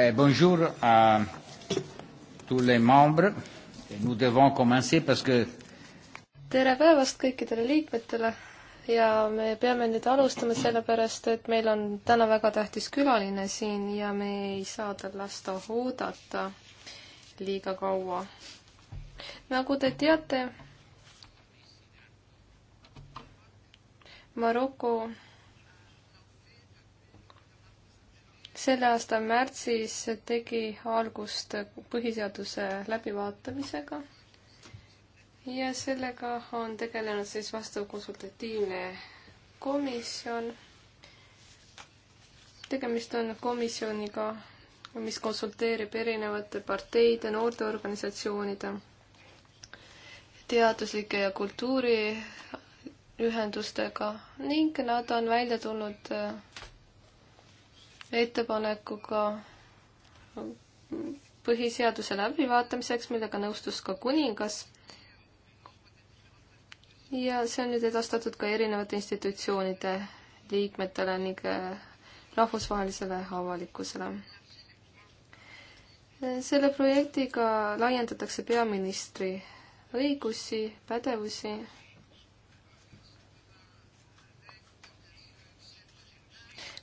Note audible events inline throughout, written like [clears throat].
Eh, bonjour à tous les membres. Nous devons commencer parce que tere päevast kõikidele liikmetele ja me peame nüüd alustama sellepärast, et meil on täna väga tähtis külaline siin ja me ei saa tal lasta oodata liiga kaua. nagu te teate, Maroko selle aasta märtsis tegi algust põhiseaduse läbivaatamisega ja sellega on tegelenud siis vastav konsultatiivne komisjon. tegemist on komisjoniga, mis konsulteerib erinevate parteide, noorteorganisatsioonide, teaduslike ja kultuuriühendustega ning nad on välja tulnud ettepanekuga põhiseaduse läbivaatamiseks, millega nõustus ka kuningas. ja see on nüüd edastatud ka erinevate institutsioonide liikmetele ning äh, rahvusvahelisele avalikkusele. selle projektiga laiendatakse peaministri õigusi, pädevusi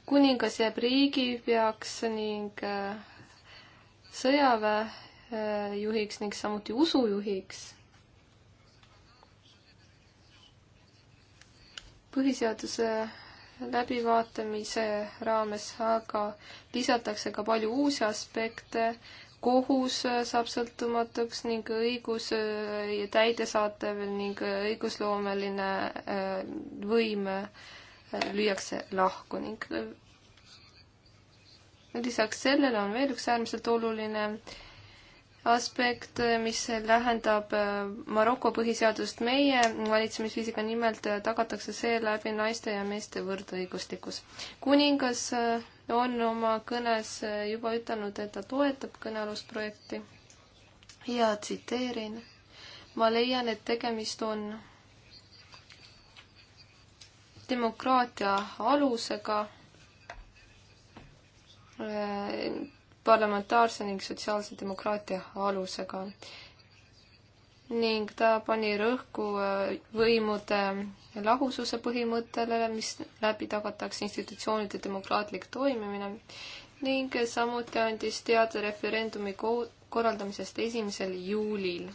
kuningas jääb riigipeaks ning äh, sõjaväe äh, juhiks ning samuti usujuhiks. põhiseaduse läbivaatamise raames aga lisatakse ka palju uusi aspekte, kohus äh, saab sõltumatuks ning õigus täidesaatev ning õigusloomeline võim lüüakse lahku ning lisaks sellele on veel üks äärmiselt oluline aspekt, mis lähendab äh, Maroko põhiseadust meie valitsemisviisiga, nimelt äh, tagatakse seeläbi naiste ja meeste võrdõiguslikkus. kuningas äh, on oma kõnes juba ütelnud, et ta toetab kõnealust projekti ja tsiteerin, ma leian, et tegemist on demokraatia alusega äh, parlamentaarse ning sotsiaalse demokraatia alusega ning ta pani rõhku äh, võimude lahususe põhimõttele, mis läbi tagatakse institutsioonide demokraatlik toimimine ning samuti andis teada referendumi korraldamisest esimesel juulil.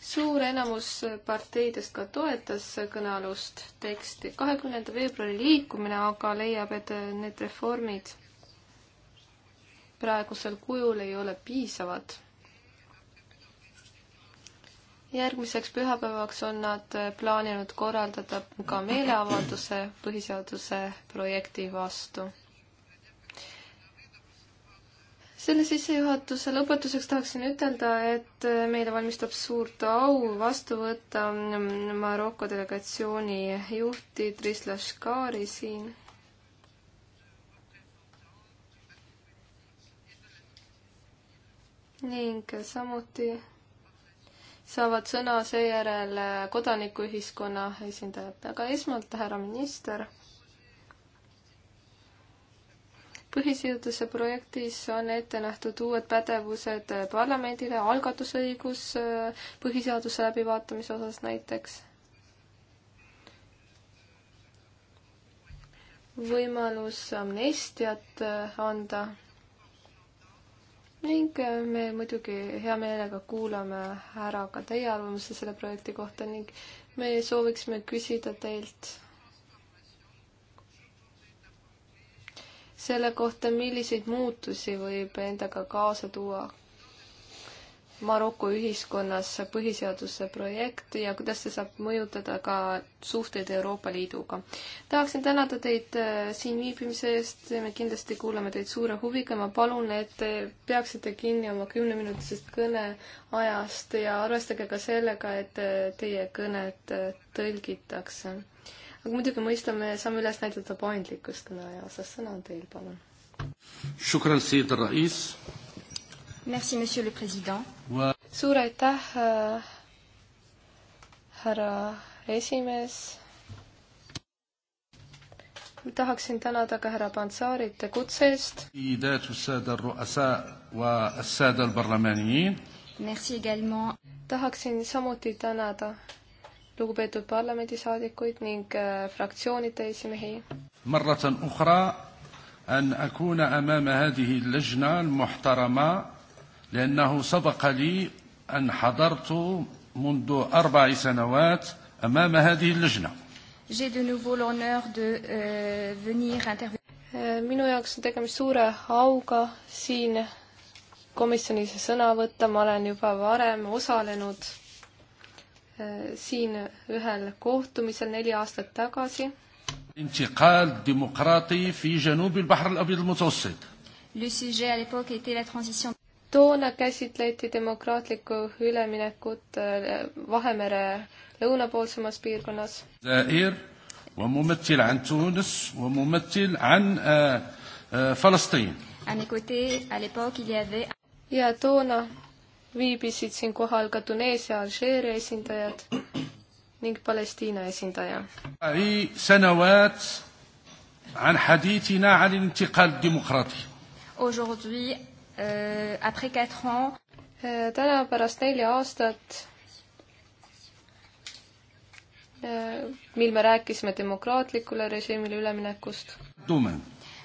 suur enamus parteidest ka toetas kõnealust teksti. kahekümnenda veebruari liikumine aga leiab, et need reformid praegusel kujul ei ole piisavad. järgmiseks pühapäevaks on nad plaaninud korraldada ka meeleavalduse põhiseaduse projekti vastu selle sissejuhatuse lõpetuseks tahaksin ütelda, et äh, meile valmistab suurt au vastu võtta mm, Maroko delegatsiooni juhti Tris Lashkari siin. ning samuti saavad sõna seejärel äh, kodanikuühiskonna esindajad, aga esmalt härra minister põhiseaduse projektis on ette nähtud uued pädevused parlamendile, algatusõigus äh, põhiseaduse läbivaatamise osas näiteks. võimalus amnestiat äh, anda ning äh, me muidugi hea meelega kuulame ära ka teie arvamuse selle projekti kohta ning me sooviksime küsida teilt selle kohta, milliseid muutusi võib endaga kaasa tuua Maroko ühiskonnas põhiseaduse projekt ja kuidas see saab mõjutada ka suhteid Euroopa Liiduga. tahaksin tänada teid äh, siin viibimise eest, me kindlasti kuulame teid suure huviga, ma palun, et te peaksite kinni oma kümneminutisest kõneajast ja arvestage ka sellega, et äh, teie kõnet äh, tõlgitakse aga muidugi mõistame ja saame üles näidata paindlikkust kõneaja osas. sõna on teil, palun. Merci, monsieur le president. suur aitäh äh,, härra esimees. tahaksin tänada ka härra Pansarit kutse eest. tahaksin samuti tänada lugupeetud parlamendisaadikuid ning äh, fraktsioonide esimehi. أن أكون أمام هذه اللجنة المحترمة لأنه سبق لي أن حضرت منذ أربع سنوات أمام هذه اللجنة. minu jaoks on tegemist suure auga siin komisjonis sõna võtta, ma olen juba varem osalenud siin ühel kohtumisel neli aastat tagasi. انتقال ديمقراطي في جنوب البحر الأبيض المتوسط. toona käsitleti demokraatlikku üleminekut äh, Vahemere lõunapoolsemas piirkonnas. وممثل عن تونس وممثل عن فلسطين. ja toona viibisid siin kohal ka Tuneesia, Alžeeria esindajad ning Palestiina esindaja. Aujourd'hui euh, après quatre ans äh, täna pärast nelja aastat, äh, mil me rääkisime demokraatlikule režiimile üleminekust.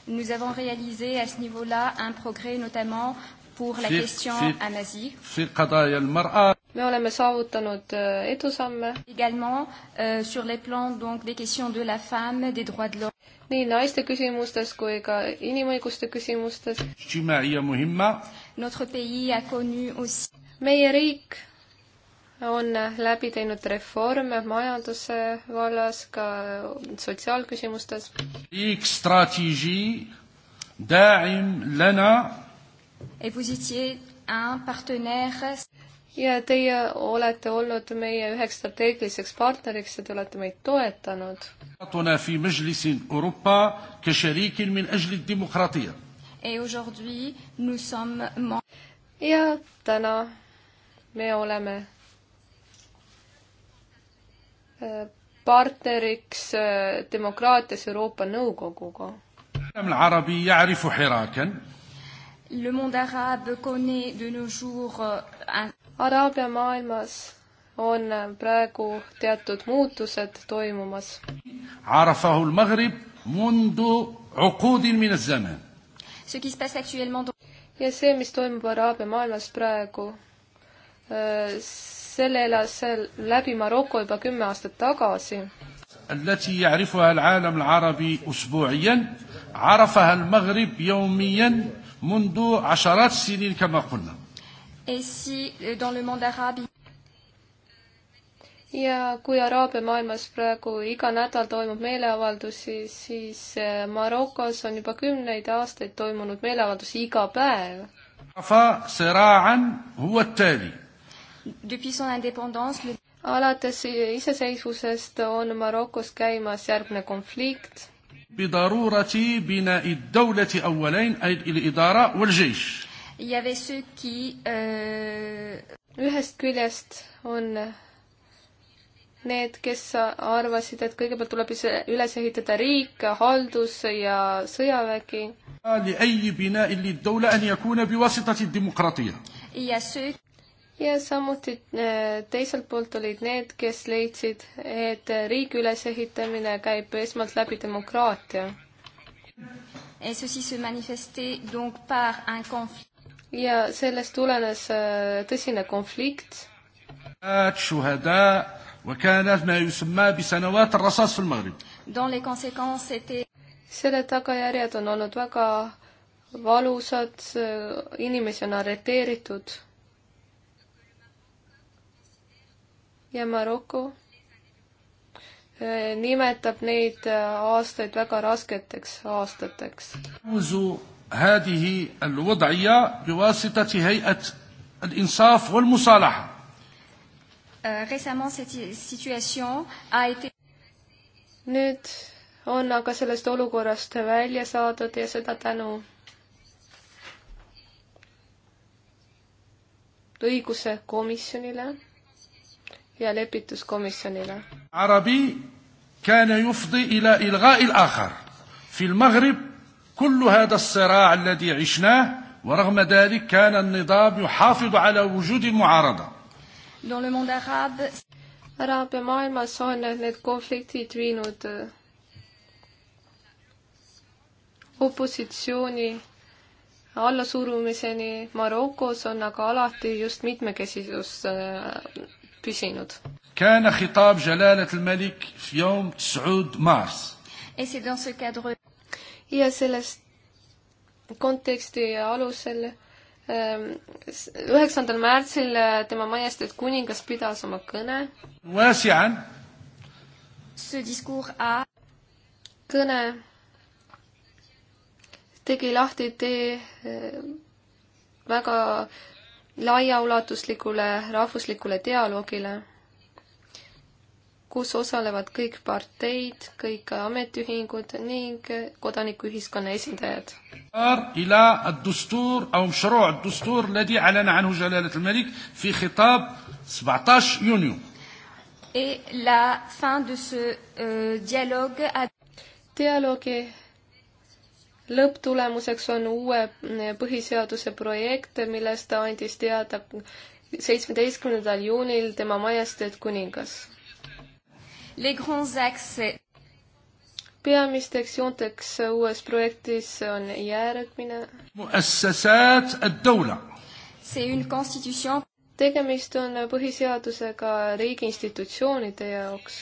Nous avons réalisé à ce niveau-là un progrès notamment me oleme saavutanud äh, edusamme. Äh, nii naiste küsimustes kui ka inimõiguste küsimustes. meie riik on läbi teinud reforme majanduse vallas, ka sotsiaalküsimustes. strateegia, daim, lena ja teie olete olnud meie üheks strateegiliseks partneriks ja te olete meid toetanud. ja täna me oleme äh, partneriks äh, demokraatias Euroopa Nõukoguga. العربي يعرف حراكا Le monde arabe connaît de nos jours euh, un... Araabia maailmas on äh, praegu teatud muutused toimumas. Arafahul Maghrib mundu uqudin min zaman. Ce qui se passe actuellement ja see, mis toimub Araabia maailmas praegu, äh, selle elas läbi Maroko juba kümme aastat tagasi. التي يعرفها العالم العربي أسبوعيا عرفها المغرب يوميا منذ عشرات السنين كما قلنا euh, ja kui Araabia maailmas praegu iga nädal toimub meeleavaldusi, siis äh, Marokos on juba kümneid aastaid toimunud meeleavaldusi iga päev. alates iseseisvusest on Marokos käimas järgmine konflikt بضرورة بناء الدولة أولين أي الإدارة والجيش Il y avait ceux qui euh... ühest küljest on need, kes arvasid, et kõigepealt tuleb üles ehitada riik, haldus ja sõjavägi. ja ceux ja samuti äh, teiselt poolt olid need, kes leidsid, et riigi ülesehitamine käib esmalt läbi demokraatia. ja sellest tulenes äh, tõsine konflikt. selle tagajärjed on olnud väga valusad, äh, inimesi on arreteeritud ja Maroko eh, nimetab neid eh, aastaid väga rasketeks aastateks. هذه الوضعية بواسطة هيئة الإنصاف والمصالحة. Récemment, cette situation a été... Nüüd on aga sellest olukorrast välja saadud ja seda tänu õiguse komisjonile ja lepituskomisjonile. Arabi kana yufdi ila ilga'il akhar. Fil Maghrib kullu hada as-sira' alladhi 'ishnah wa raghma dhalik kana an-nidab yuhafidu ala wujud al-mu'arada. Dans le monde arabe Araabia maailmas on need konfliktid viinud äh, opositsiooni allasurumiseni Marokos on aga alati just mitmekesisus äh, püsinud. ja sellest konteksti alusel ähm, üheksandal märtsil äh, tema majesteet kuningas pidas oma kõne. kõne tegi lahti tee äh, väga laiaulatuslikule rahvuslikule dialoogile, kus osalevad kõik parteid, kõik ametiühingud ning kodanikuühiskonna esindajad. إلى الدستور أو مشروع الدستور الذي أعلن عنه جلالة الملك في خطاب 17 يونيو. Et la fin de ce euh, dialogue a... Dialogue lõpptulemuseks on uue eh, põhiseaduse projekt, millest ta andis teada seitsmeteistkümnendal juunil tema majesteet kuningas. peamisteks joonteks uues projektis on järgmine. tegemist on põhiseadusega riigi institutsioonide jaoks.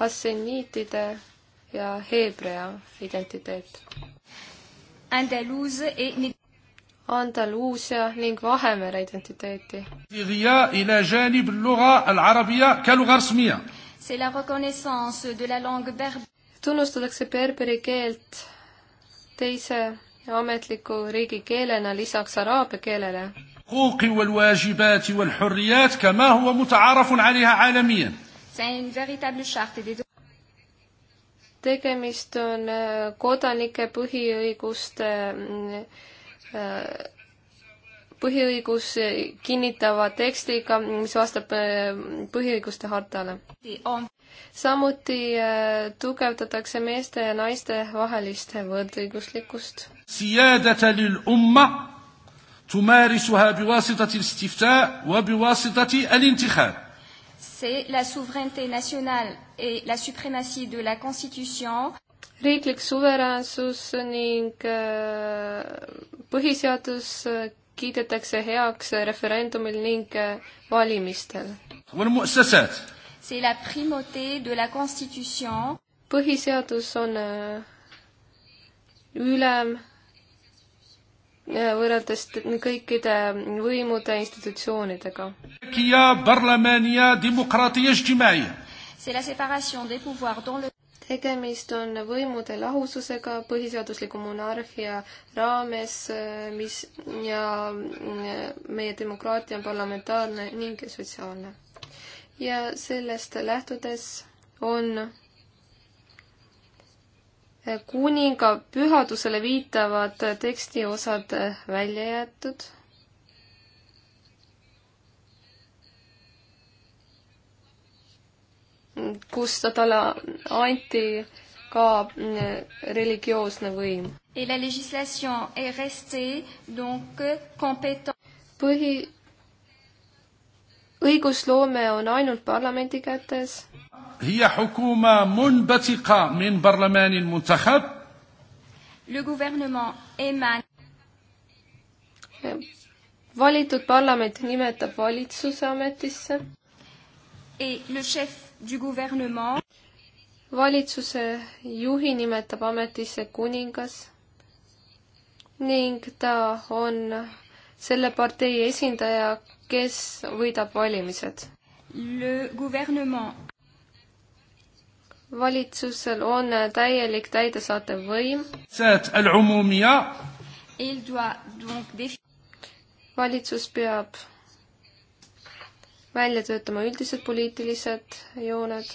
hasseniitide ja heebrea identiteet. Andaluusia ning Vahemere identiteeti. tunnustatakse berberi keelt teise ametliku riigikeelena lisaks araabia keelele tegemist on äh, kodanike põhiõiguste, äh, äh, põhiõigus kinnitava tekstiga, mis vastab põhiõiguste hartale. samuti tugevdatakse meeste ja naiste vahelist võrdõiguslikkust. تمارسها بواسطة الاستفتاء وبواسطة الانتخاب c'est la souveraineté nationale et la suprématie de la constitution. riiklik suveräänsus ning äh, põhiseadus äh, kiidetakse heaks referendumil ning äh, valimistel. C'est la primauté de la constitution. põhiseadus on ülem võrreldes kõikide võimude institutsioonidega. tegemist on võimude lahususega põhiseadusliku monarhia raames, eh, mis ja eh, meie demokraatia on parlamentaarne ning sotsiaalne. ja sellest lähtudes on kuninga pühadusele viitavad tekstiosad välja jäetud. kus ta talle anti ka mm, religioosne võim. põhi õigusloome on ainult parlamendi kätes. هي حكومة منبثقة من برلمان منتخب. Le gouvernement émane. valitud parlament nimetab valitsuse ametisse. Et le chef du gouvernement. valitsuse juhi nimetab ametisse kuningas ning ta on selle partei esindaja kes võidab valimised? valitsusel on täielik täidesaatev võim. valitsus peab välja töötama üldised poliitilised jooned.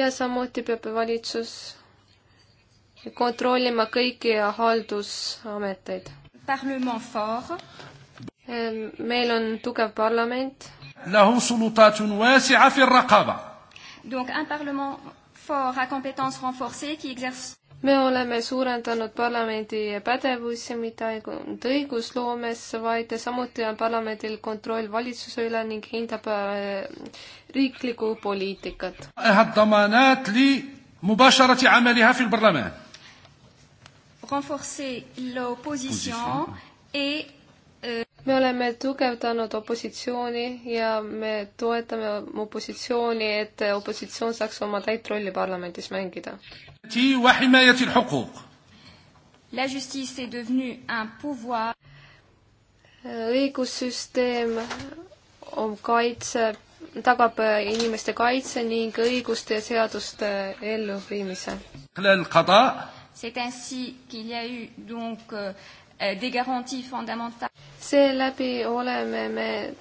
ja samuti peab valitsus kontrollima kõiki haldusameteid. Ehm, meil on tugev parlament. me oleme suurendanud parlamendi pädevusi, mitte ainult õigusloomes, vaid samuti on parlamendil kontroll valitsuse üle ning hindab äh, riiklikku poliitikat. مباشرة عملها في البرلمان renforcer l'opposition et euh, me oleme tugevdanud opositsiooni ja me toetame opositsiooni, et opositsioon saaks oma täit rolli parlamendis mängida. õigussüsteem on kaitse, tagab inimeste kaitse ning õiguste ja seaduste elluviimise. C'est ainsi qu'il y a eu donc euh, euh, des garanties fondamentales. seeläbi oleme me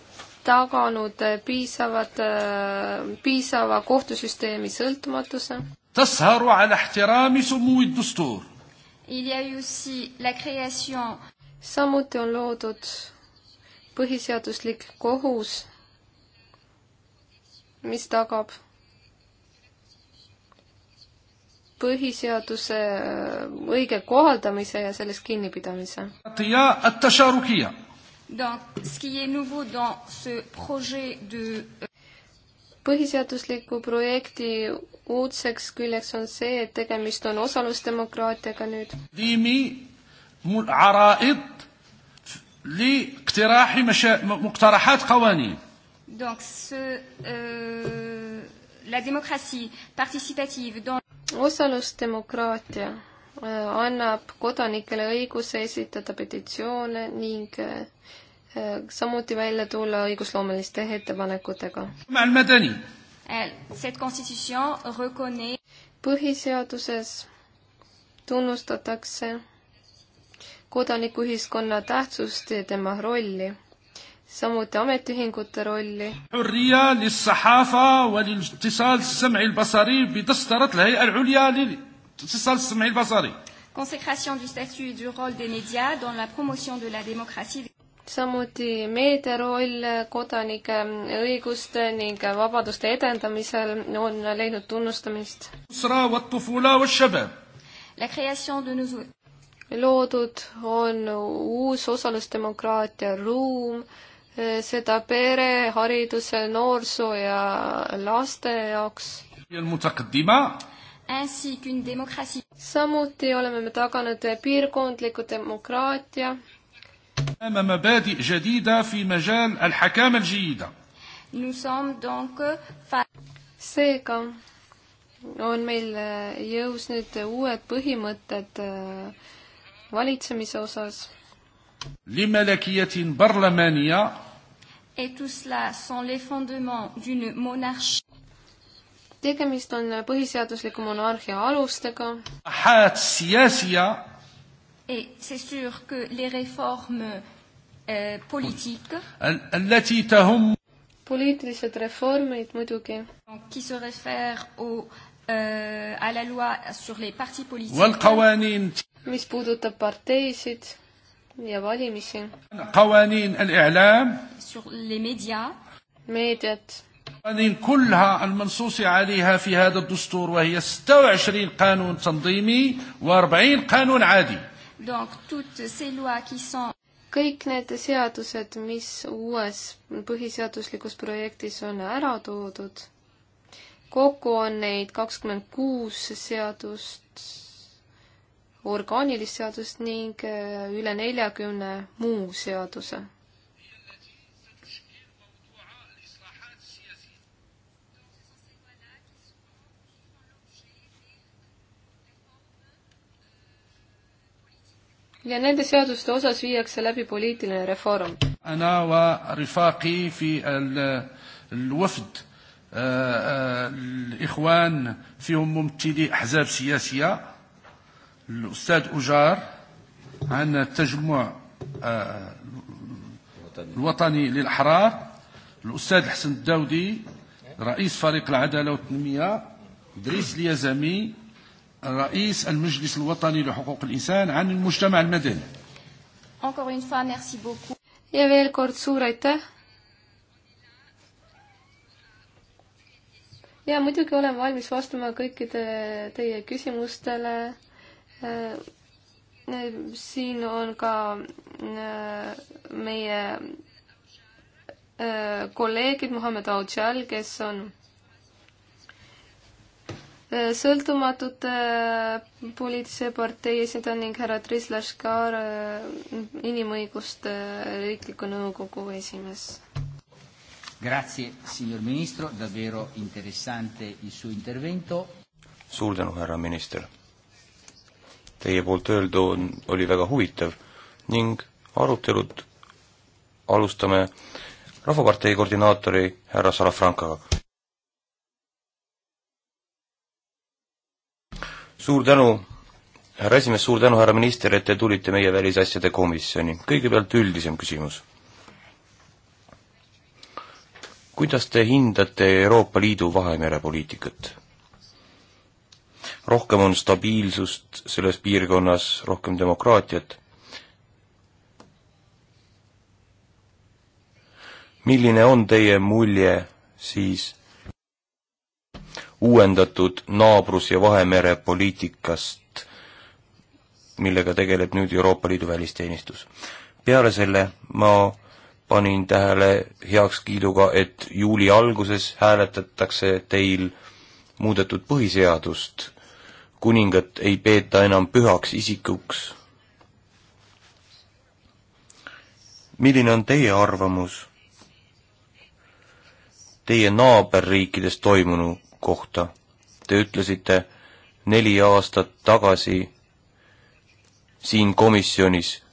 taganud piisavad, äh, piisava kohtusüsteemi sõltumatuse. تسهر على احترام سمو الدستور. Il y a eu aussi la création. samuti on loodud põhiseaduslik kohus, mis tagab põhiseaduse äh, õige kohaldamise ja sellest kinnipidamise. Euh, põhiseadusliku projekti uudseks küljeks on see, et tegemist on osalusdemokraatiaga nüüd. لاقتراح مقترحات قوانين Donc ce, euh, la démocratie participative dans osalusdemokraatia äh, annab kodanikele õiguse esitada petitsioone ning äh, samuti välja tulla õigusloomeliste ettepanekutega. põhiseaduses tunnustatakse kodanikuühiskonna tähtsust ja tema rolli samuti ametiühingute rolli. samuti meedia roll kodanike õiguste ning vabaduste edendamisel on leidnud tunnustamist. loodud on uus osalusdemokraatia ruum Eh, seda pere, hariduse, noorsoo ja laste jaoks. samuti oleme me taganud piirkondliku demokraatia. seega on meil eh, jõus nüüd uued põhimõtted eh, valitsemise osas. لملكية برلمانية et tout cela sont les fondements d'une monarchie. tegemist on põhiseadusliku monarhia alustega. Et c'est sûr que les réformes euh, politiques poliitilised reformid muidugi. qui se réfèrent au euh, à la loi sur les partis politiques. mis puudutab parteisid ja valimisi. meediat. القوانين كلها المنصوص عليها في هذا الدستور وهي 26 قانون تنظيمي و40 قانون عادي. Donc toutes ces lois qui sont kõik need seadused, mis uues põhiseaduslikus projektis on ära toodud, kokku on neid kakskümmend kuus seadust, orgaanilist seadust ning äh, üle neljakümne muu seaduse. ja nende seaduste osas viiakse läbi poliitiline reform. أنا ورفاقي في الوفد الإخوان فيهم ممثلي أحزاب سياسية الأستاذ أجار عن التجمع الوطني للأحرار الأستاذ حسن الداودي رئيس فريق العدالة والتنمية دريس اليزمي رئيس المجلس الوطني لحقوق الإنسان عن المجتمع المدني Encore une fois, merci beaucoup. ja veel kord suur aitäh. ja muidugi olen valmis vastama kõikide teie küsimustele siin on ka äh, meie äh, kolleegid Muhamed Aujal, kes on äh, sõltumatute poliitilise partei esindaja ning härra Tris Laškar, inimõiguste riikliku nõukogu esimees. Grazie, signor ministro, davvero interessante il suo intervento. suur tänu, härra minister Teie poolt öeldu on, oli väga huvitav ning arutelud alustame Rahvapartei koordinaatori härra Salafrankaga. suur tänu, härra esimees, suur tänu, härra minister, et te tulite meie välisasjade komisjoni. kõigepealt üldisem küsimus kuidas te hindate Euroopa Liidu Vahemere poliitikat? rohkem on stabiilsust selles piirkonnas, rohkem demokraatiat. milline on teie mulje siis uuendatud naabrus- ja Vahemere poliitikast, millega tegeleb nüüd Euroopa Liidu välisteenistus? peale selle ma panin tähele heakskiiduga, et juuli alguses hääletatakse teil muudetud põhiseadust kuningat ei peeta enam pühaks isikuks. milline on teie arvamus teie naaberriikides toimunu kohta? Te ütlesite neli aastat tagasi siin komisjonis,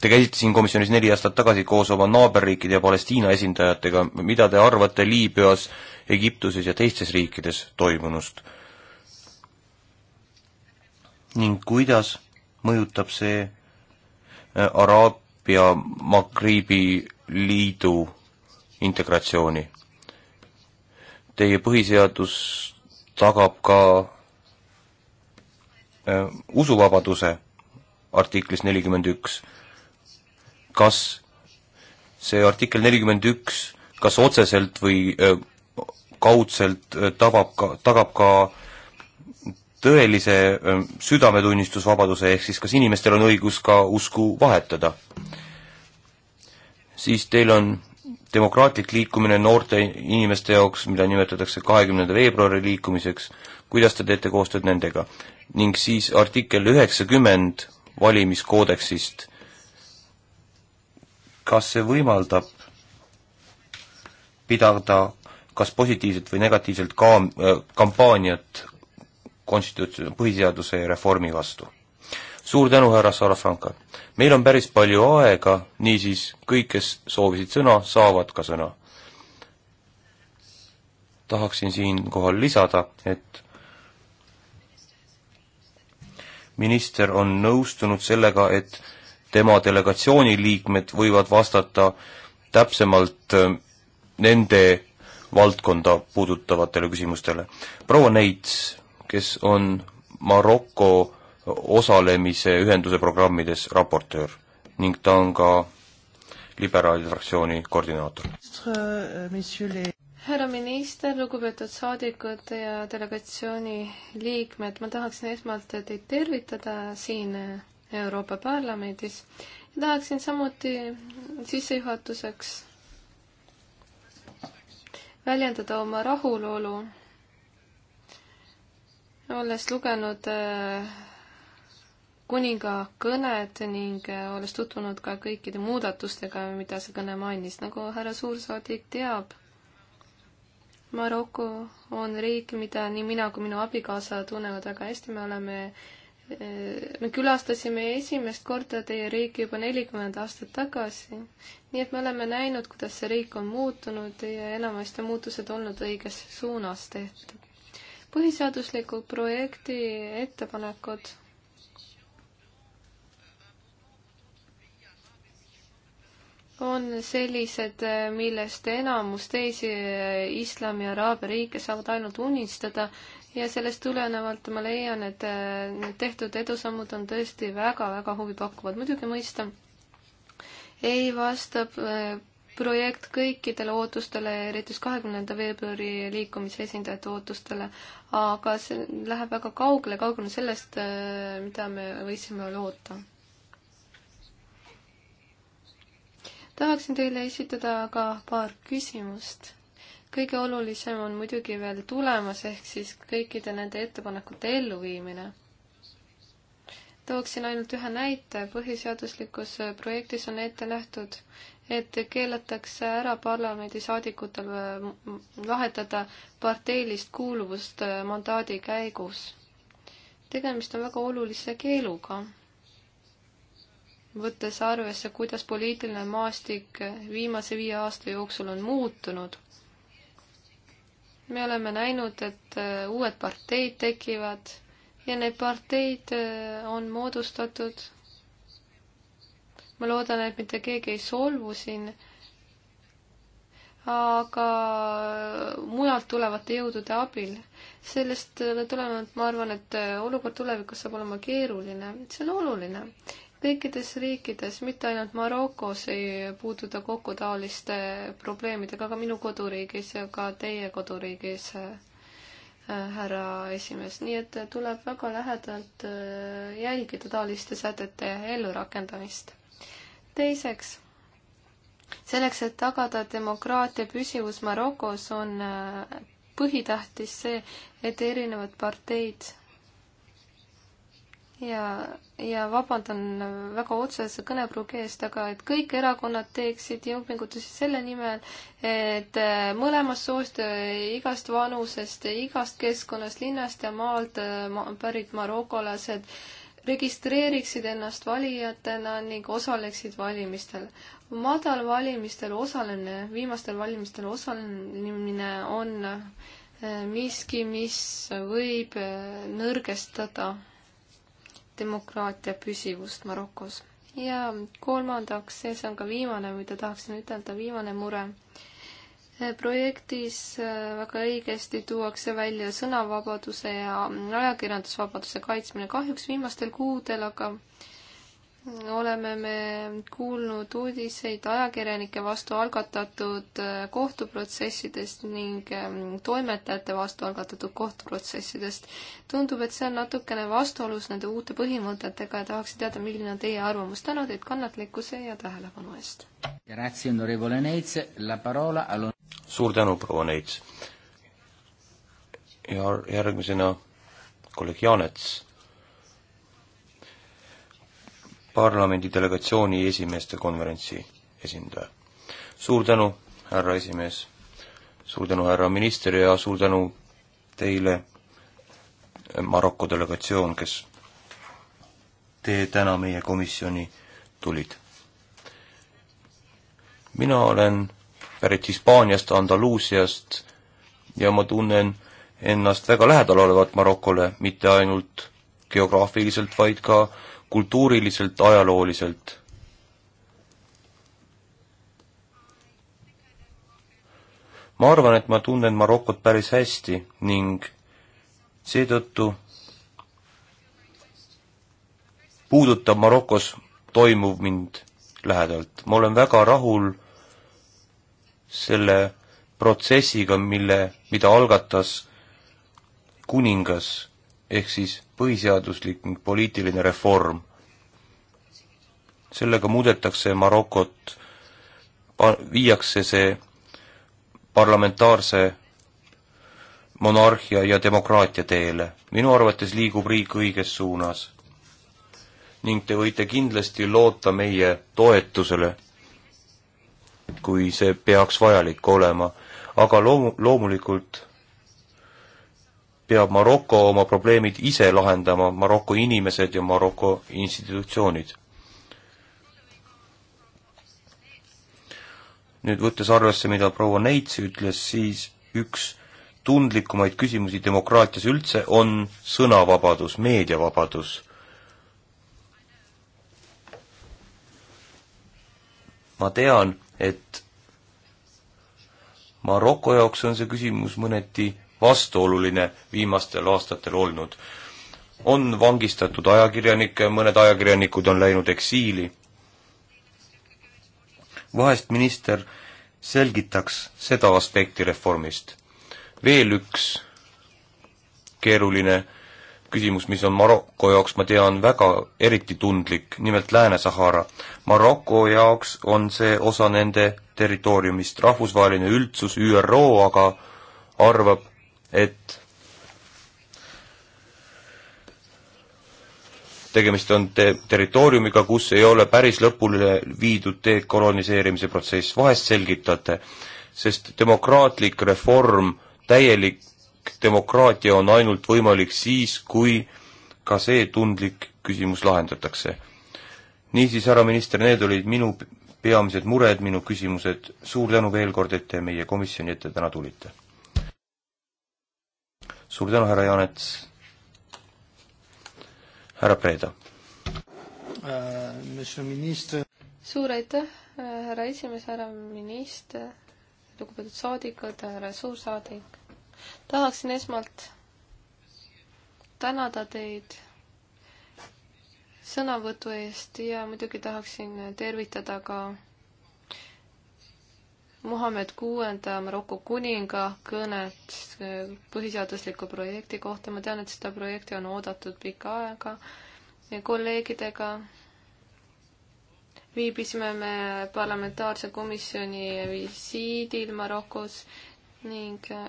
te käisite siin komisjonis neli aastat tagasi koos oma naaberriikide ja Palestiina esindajatega, mida te arvate Liibüas, Egiptuses ja teistes riikides toimunust? ning kuidas mõjutab see äh, Araabia Magribi liidu integratsiooni. Teie põhiseadus tagab ka äh, usuvabaduse artiklis nelikümmend üks. kas see artikkel nelikümmend üks, kas otseselt või äh, kaudselt äh, tabab ka, tagab ka tõelise ähm, südametunnistusvabaduse, ehk siis kas inimestel on õigus ka usku vahetada, siis teil on demokraatlik liikumine noorte inimeste jaoks, mida nimetatakse kahekümnenda veebruari liikumiseks, kuidas te teete koostööd nendega? ning siis artikkel üheksakümmend valimiskoodeksist, kas see võimaldab pidada kas positiivselt või negatiivselt ka-, äh, kampaaniat konstitutsioon, põhiseaduse reformi vastu. suur tänu, härra Sarafranka! meil on päris palju aega, niisiis kõik, kes soovisid sõna, saavad ka sõna. tahaksin siinkohal lisada, et minister on nõustunud sellega, et tema delegatsiooni liikmed võivad vastata täpsemalt äh, nende valdkonda puudutavatele küsimustele. proua Neits kes on Maroko osalemise ühenduse programmides raportöör ning ta on ka liberaalide fraktsiooni koordinaator. härra minister, lugupeetud saadikud ja delegatsiooni liikmed, ma tahaksin esmalt teid tervitada siin Euroopa Parlamendis ja tahaksin samuti sissejuhatuseks väljendada oma rahulolu olles lugenud äh, kuninga kõned ning äh, olles tutvunud ka kõikide muudatustega, mida see kõne mainis, nagu härra suursaadik teab, Maroko on riik, mida nii mina kui minu abikaasa tunnevad väga hästi, me oleme äh, me külastasime esimest korda teie riiki juba nelikümmend aastat tagasi, nii et me oleme näinud, kuidas see riik on muutunud ja enamasti on muutused olnud õiges suunas tehtud põhiseadusliku projekti ettepanekud on sellised, millest enamus teisi islami ja araabia riike saavad ainult unistada ja sellest tulenevalt ma leian, et need äh, tehtud edusammud on tõesti väga-väga huvipakkuvad. muidugi mõista ei vasta äh, projekt kõikidele ootustele, eriti just kahekümnenda veebruari liikumise esindajate ootustele, aga see läheb väga kaugele, kaugele sellest, äh, mida me võisime loota. tahaksin teile esitada ka paar küsimust. kõige olulisem on muidugi veel tulemas, ehk siis kõikide nende ettepanekute elluviimine tooksin ainult ühe näite, põhiseaduslikus projektis on ette nähtud, et keelatakse ära parlamendisaadikutel äh, vahetada parteilist kuuluvust äh, mandaadi käigus. tegemist on väga olulise keeluga, võttes arvesse, kuidas poliitiline maastik äh, viimase viie aasta jooksul on muutunud. me oleme näinud, et uued parteid tekivad ja need parteid äh, on moodustatud. ma loodan, et mitte keegi ei solvu siin. aga mujalt tulevate jõudude abil. sellest äh, tulenevalt ma arvan, et äh, olukord tulevikus saab olema keeruline, see on oluline kõikides riikides, mitte ainult Marokos ei puutuda kokku taoliste probleemidega, ka minu koduriigis ja ka teie koduriigis äh, Äh, härra esimees, nii et äh, tuleb väga lähedalt äh, jälgida taoliste sätete ellurakendamist. teiseks, selleks, et tagada demokraatia püsivus Marokos, on põhitähtis see, et erinevad parteid ja, ja vabandan väga otsese kõnepruugi eest, aga et kõik erakonnad teeksid jõupingutusi selle nimel, et äh, mõlemast soost, äh, igast vanusest, äh, igast keskkonnast, linnast ja maalt ma, pärit marokolased registreeriksid ennast valijatena ning osaleksid valimistel. madal valimistel osalemine, viimastel valimistel osalemine on miski, mis võib nõrgestada demokraatia püsivust Marokos. ja kolmandaks, see, see on ka viimane, mida tahaksin ütelda, viimane mure. Äh, projektis äh, väga õigesti tuuakse välja sõnavabaduse ja ajakirjandusvabaduse kaitsmine. kahjuks viimastel kuudel aga äh, oleme me kuulnud uudiseid ajakirjanike vastu algatatud äh, kohtuprotsessidest ning ähm, toimetajate vastu algatatud kohtuprotsessidest. tundub, et see on natukene vastuolus nende uute põhimõtetega ja tahaksin teada, milline on teie arvamus. tänu teid kannatlikkuse ja tähelepanu eest. suur tänu, proua Neits. ja järgmisena kolleeg Jaanets parlamendi delegatsiooni esimeeste konverentsi esindaja. suur tänu, härra esimees, suur tänu, härra minister ja suur tänu teile, eh, Maroko delegatsioon, kes te täna meie komisjoni tulid. mina olen pärit Hispaaniast, Andaluusiast ja ma tunnen ennast väga lähedal olevat Marokole, mitte ainult geograafiliselt, vaid ka kultuuriliselt, ajalooliselt. ma arvan, et ma tunnen Marokot päris hästi ning seetõttu puudutab Marokos toimuv mind lähedalt. ma olen väga rahul selle protsessiga, mille, mida algatas kuningas ehk siis põhiseaduslik ning poliitiline reform. sellega muudetakse Marokot, viiakse see parlamentaarse monarhia ja demokraatia teele. minu arvates liigub riik õiges suunas. ning te võite kindlasti loota meie toetusele, kui see peaks vajalik olema, aga loomu-, loomulikult peab Maroko oma probleemid ise lahendama, Maroko inimesed ja Maroko institutsioonid. nüüd võttes arvesse, mida proua Neits ütles, siis üks tundlikumaid küsimusi demokraatias üldse on sõnavabadus, meediavabadus. ma tean, et Maroko jaoks on see küsimus mõneti vastuoluline viimastel aastatel olnud. on vangistatud ajakirjanikke, mõned ajakirjanikud on läinud eksiili. vahest minister selgitaks seda aspekti reformist. veel üks keeruline küsimus, mis on Maroko jaoks, ma tean, väga eriti tundlik, nimelt Lääne-Sahara. Maroko jaoks on see osa nende territooriumist, rahvusvaheline üldsus, ÜRO aga arvab, et tegemist on te-, territooriumiga, kus ei ole päris lõpule viidud dekoloniseerimise protsess, vahest selgitate, sest demokraatlik reform, täielik demokraatia on ainult võimalik siis, kui ka see tundlik küsimus lahendatakse. niisiis, härra minister, need olid minu peamised mured, minu küsimused, suur tänu veel kord, et te meie komisjoni ette täna tulite suur tänu, härra Jaanet. härra Preeda äh,. suur aitäh, äh, härra esimees, härra minister, lugupeetud saadikud, härra suursaadik. tahaksin esmalt tänada teid sõnavõtu eest ja muidugi tahaksin tervitada ka Muhamed kuuenda Maroko kuninga kõnet äh, põhiseadusliku projekti kohta. ma tean, et seda projekti on oodatud pikka aega. kolleegidega viibisime me parlamentaarse komisjoni visiidil Marokos ning äh,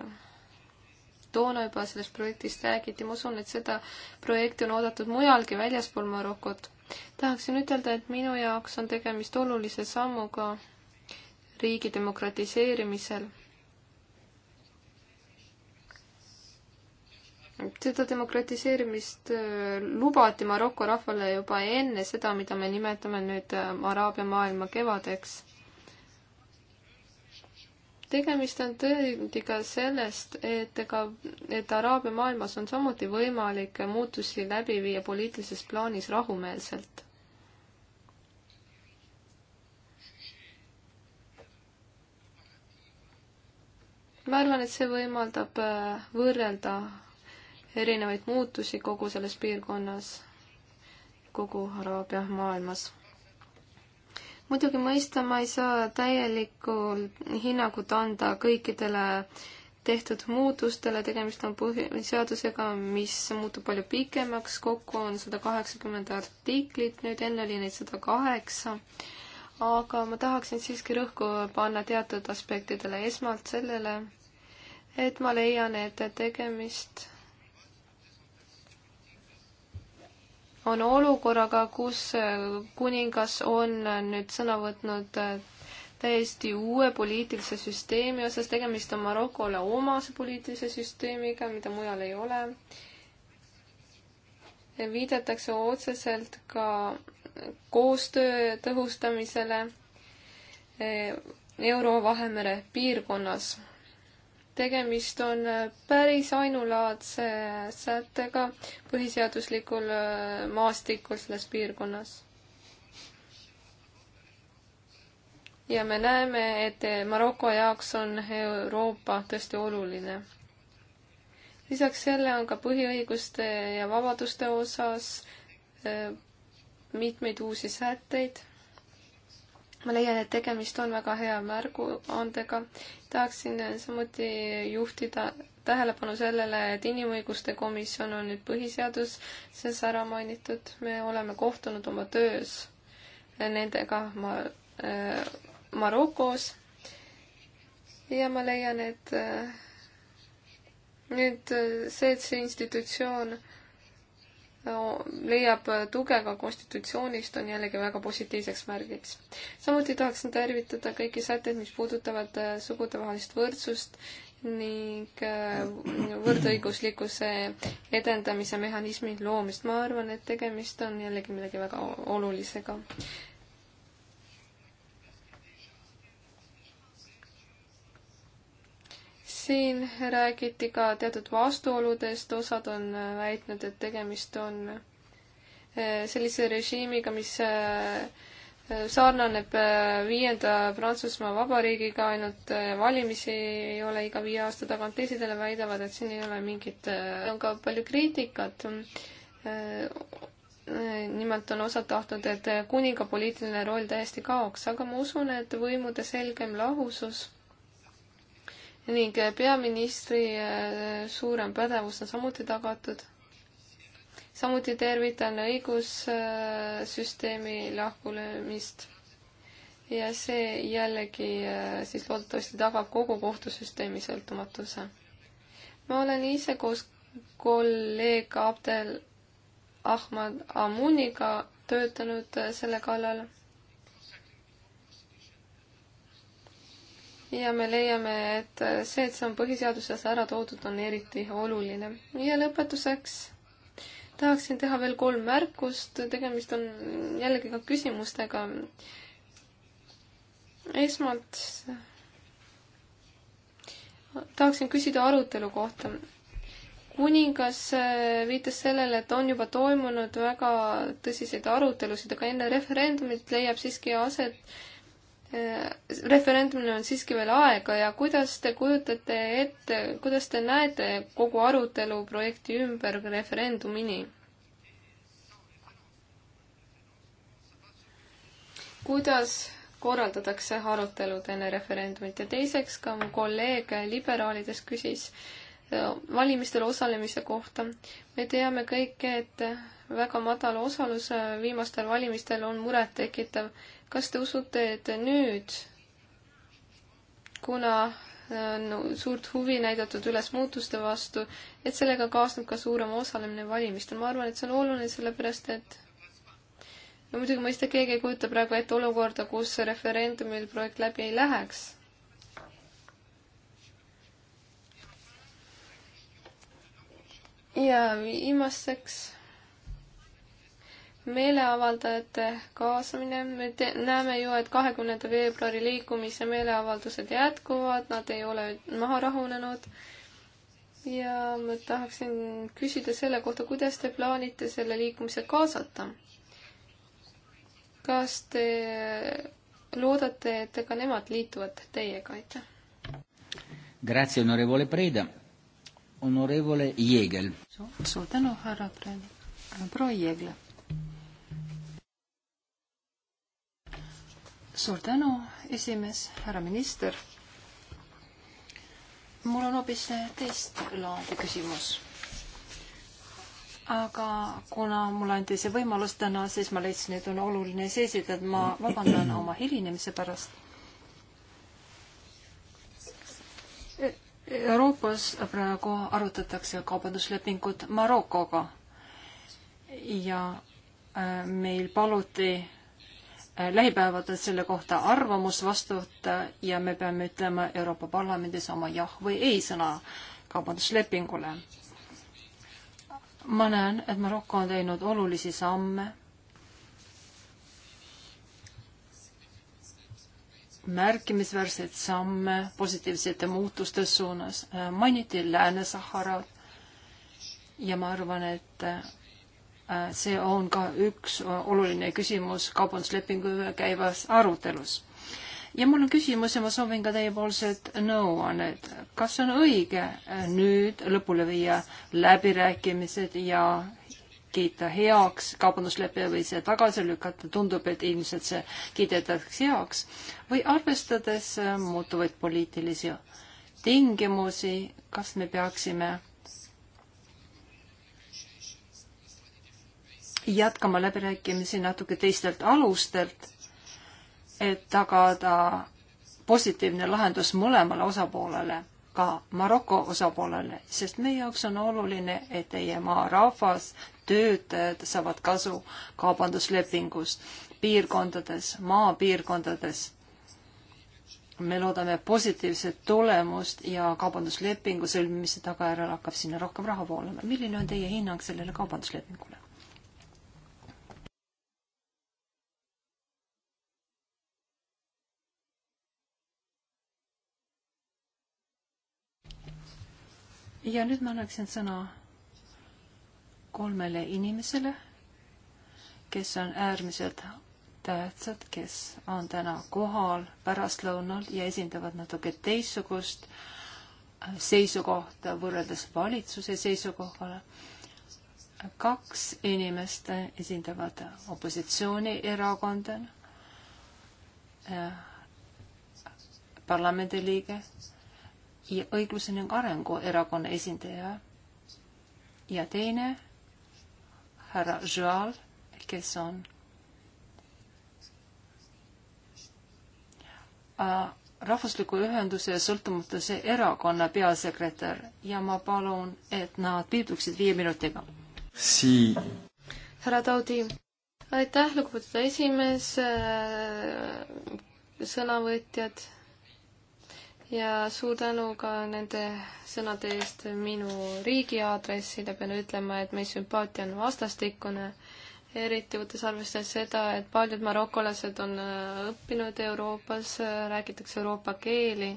toona juba sellest projektist räägiti, ma usun, et seda projekti on oodatud mujalgi väljaspool Marokot. tahaksin ütelda, et minu jaoks on tegemist olulise sammuga riigi demokratiseerimisel. seda demokratiseerimist äh, lubati Maroko rahvale juba enne seda, mida me nimetame nüüd äh, Araabia maailma kevadeks. tegemist on tõendiga sellest, et ega, et Araabia maailmas on samuti võimalik muutusi läbi viia poliitilises plaanis rahumeelselt ma arvan, et see võimaldab äh, võrrelda erinevaid muutusi kogu selles piirkonnas, kogu Araabia maailmas. muidugi mõista ma ei saa täielikku hinnangut anda kõikidele tehtud muutustele, tegemist on põhiseadusega, mis muutub palju pikemaks, kokku on sada kaheksakümmend artiklit, nüüd enne oli neid sada kaheksa aga ma tahaksin siiski rõhku panna teatud aspektidele. esmalt sellele, et ma leian, et tegemist on olukorraga, kus kuningas on nüüd sõna võtnud täiesti uue poliitilise süsteemi osas, tegemist on Marokole omase poliitilise süsteemiga, mida mujal ei ole. viidatakse otseselt ka koostöö tõhustamisele Euro-Vahemere piirkonnas tegemist on äh, päris ainulaadse äh, sättega põhiseaduslikul äh, maastikul selles piirkonnas. ja me näeme, et Maroko jaoks on Euroopa tõesti oluline. lisaks selle on ka põhiõiguste ja vabaduste osas mitmeid uusi sätteid ma leian, et tegemist on väga hea märguandega. tahaksin samuti juhtida tähelepanu sellele, et Inimõiguste Komisjon on nüüd põhiseaduses ära mainitud. me oleme kohtunud oma töös nendega Mar äh, Marokos ja ma leian, et äh, nüüd äh, see, et see institutsioon äh, leiab tuge ka konstitutsioonist, on jällegi väga positiivseks märgiks. samuti tahaksin tervitada kõiki sätteid, mis puudutavad äh, sugudevahelist võrdsust ning äh, võrdõiguslikkuse edendamise mehhanismi loomist. ma arvan, et tegemist on jällegi millegi väga olulisega. siin räägiti ka teatud vastuoludest, osad on väitnud, et tegemist on eh, sellise režiimiga, mis eh, sarnaneb eh, viienda Prantsusmaa vabariigiga, ainult valimisi ei ole iga viie aasta tagant, teised jälle väidavad, et siin ei ole mingit, on ka palju kriitikat. nimelt on osad tahtnud, et kuninga poliitiline roll täiesti kaoks, aga ma usun, et võimude selgem lahusus ning peaministri äh, suurem pädevus on samuti tagatud. samuti tervitan õigussüsteemi lahkulöömist ja see jällegi äh, siis loodetavasti tagab kogu kohtusüsteemi sõltumatuse. ma olen ise koos kolleeg Abdel Ahmad Amuniga töötanud äh, selle kallal ja me leiame, et see, et see on põhiseaduses ära toodud, on eriti oluline. ja lõpetuseks tahaksin teha veel kolm märkust, tegemist on jällegi ka küsimustega. esmalt tahaksin küsida arutelu kohta. kuningas äh, viitas sellele, et on juba toimunud väga tõsiseid arutelusid, aga enne referendumit leiab siiski aset äh, referendumil on siiski veel aega ja kuidas te kujutate ette, kuidas te näete kogu arutelu projekti ümber referendumini? kuidas korraldatakse arutelud enne referendumit ja teiseks ka mu kolleeg liberaalidest küsis äh, valimistel osalemise kohta. me teame kõik, et väga madal osalus äh, viimastel valimistel on murettekitav kas te usute, et nüüd, kuna äh, on suurt huvi näidatud üles muutuste vastu, et sellega kaasneb ka suurem osalemine valimistel. ma arvan, et see on oluline, sellepärast et no muidugi mõista, keegi ei kujuta praegu ette olukorda, kus referendumil projekt läbi ei läheks. ja viimaseks meeleavaldajate kaasamine, me te-, näeme ju, et kahekümnenda veebruari liikumise meeleavaldused jätkuvad, nad ei ole maha rahunenud ja ma tahaksin küsida selle kohta, kuidas te plaanite selle liikumise kaasata? kas te loodate, et ka nemad liituvad teiega, aitäh? Grazie, onorevole Preda. Onorevole Jeegel. suur tänu, härra Preda. proua Jeegla suur tänu, esimees, härra minister. mul on hoopis teist laadi küsimus. aga kuna mulle anti see võimalus täna, siis ma leidsin, et on oluline see esitada, ma vabandan oma hilinemise pärast. Euroopas praegu arutatakse kaubanduslepingut Marokoga ja äh, meil paluti lähipäevadel selle kohta arvamus vastu võtta ja me peame ütlema Euroopa Parlamendis oma jah või ei sõna kaubanduslepingule. ma näen, et Maroko on teinud olulisi samme. märkimisväärseid samme positiivsete muutuste suunas. mainiti Lääne-Saharat ja ma arvan, et Äh, see on ka üks äh, oluline küsimus kaubanduslepingu üle käivas arutelus. ja mul on küsimus ja ma soovin ka teiepoolset nõuannet no,. kas on õige äh, nüüd lõpule viia läbirääkimised ja kiita heaks kaubanduslepe või see tagasi lükata, tundub, et ilmselt see kiidetakse heaks või arvestades muutuvaid poliitilisi tingimusi, kas me peaksime jätkama läbirääkimisi natuke teistelt alustelt, et tagada positiivne lahendus mõlemale osapoolele, ka Maroko osapoolele, sest meie jaoks on oluline, et teie maa rahvas, töötajad saavad kasu kaubanduslepingust piirkondades, maapiirkondades. me loodame positiivset tulemust ja kaubanduslepingu sõlmimise tagajärjel hakkab sinna rohkem raha voolama. milline on teie hinnang sellele kaubanduslepingule? ja nüüd ma annaksin sõna kolmele inimesele, kes on äärmiselt tähtsad, kes on täna kohal pärastlõunal ja esindavad natuke teistsugust seisukohta võrreldes valitsuse seisukohale. kaks inimest esindavad opositsioonierakonda, eh, parlamendiliige ja õigluse ning arengu erakonna esindaja ja teine härra Joal, kes on äh, rahvusliku ühenduse sõltumatuse erakonna peasekretär ja ma palun, et nad piirduksid viie minutiga. Sii. härra Taudi, aitäh, lugupeetud esimees, äh, sõnavõtjad ja suur tänu ka nende sõnade eest minu riigi aadressile, pean ütlema, et meie sümpaatia on vastastikune, eriti võttes arvestades seda, et paljud marokolased on äh, õppinud Euroopas, äh, räägitakse Euroopa keeli.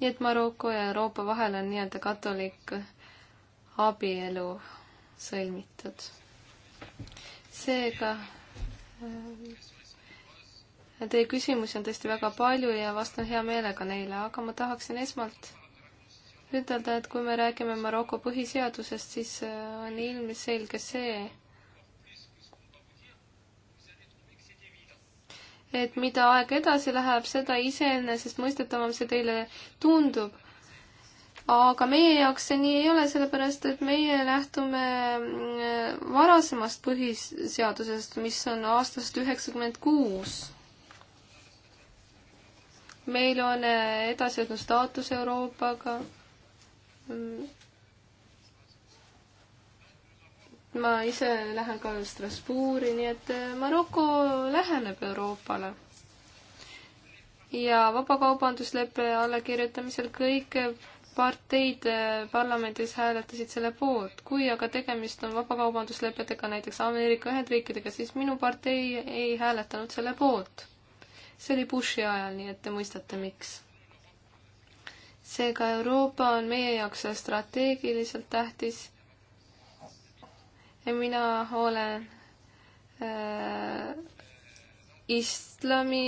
nii et Maroko ja Euroopa vahel on nii-öelda katolik abielu sõlmitud. seega äh, Teie küsimusi on tõesti väga palju ja vastan hea meelega neile, aga ma tahaksin esmalt ütelda, et kui me räägime Maroko põhiseadusest, siis äh, on ilmselge see, et mida aeg edasi läheb, seda iseenesestmõistetavam see teile tundub. aga meie jaoks see nii ei ole, sellepärast et meie lähtume äh, varasemast põhiseadusest, mis on aastast üheksakümmend kuus meil on äh, edasijõudnud staatus Euroopaga. Mm. ma ise lähen ka Strasbourgi, nii et äh, Maroko läheneb Euroopale. ja vabakaubandusleppe allakirjutamisel kõik parteid äh, parlamendis hääletasid selle poolt. kui aga tegemist on vabakaubanduslepetega näiteks Ameerika Ühendriikidega, siis minu partei ei hääletanud selle poolt see oli Bushi ajal, nii et te mõistate, miks. seega Euroopa on meie jaoks strateegiliselt tähtis. mina olen äh, islami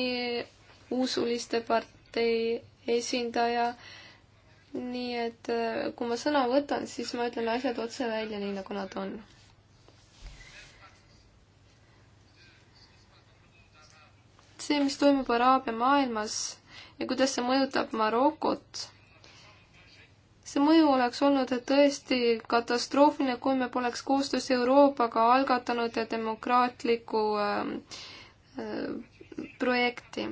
usuliste partei esindaja nii et äh, kui ma sõna võtan, siis ma ütlen asjad otse välja, nii nagu nad on. see, mis toimub Araabia maailmas ja kuidas see mõjutab Marokot. see mõju oleks olnud tõesti katastroofiline, kui me poleks koostöös Euroopaga algatanud demokraatlikku äh, äh, projekti.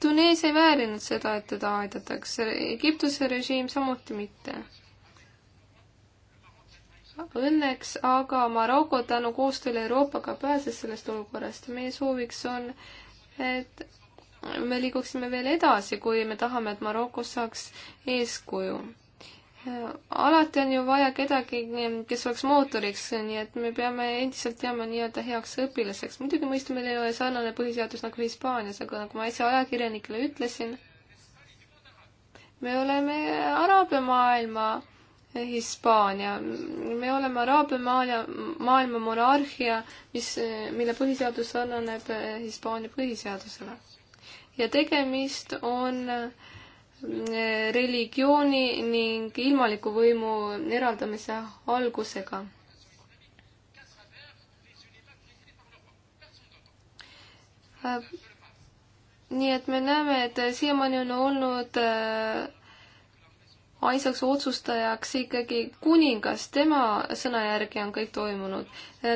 Tunees ei väärinud seda, et teda aidatakse, Egiptuse režiim samuti mitte Õnneks aga Maroko tänu koostööle Euroopaga pääses sellest olukorrast. meie sooviks on, et me liiguksime veel edasi, kui me tahame, et Maroko saaks eeskuju. alati on ju vaja kedagi, kes oleks mootoriks, nii et me peame endiselt jääma nii-öelda heaks õpilaseks. muidugi mõistame, meil ei ole sarnane põhiseadus nagu Hispaanias, aga nagu ma äsja ajakirjanikele ütlesin, me oleme araabia maailma Hispaania. me oleme araabia maailma, maailma monarhia, mis, mille põhiseadus sarnaneb eh, Hispaania põhiseadusele. ja tegemist on eh, religiooni ning ilmaliku võimu eraldamise algusega äh, nii et me näeme, et siiamaani on olnud äh, ainsaks otsustajaks ikkagi kuningas, tema sõna järgi on kõik toimunud.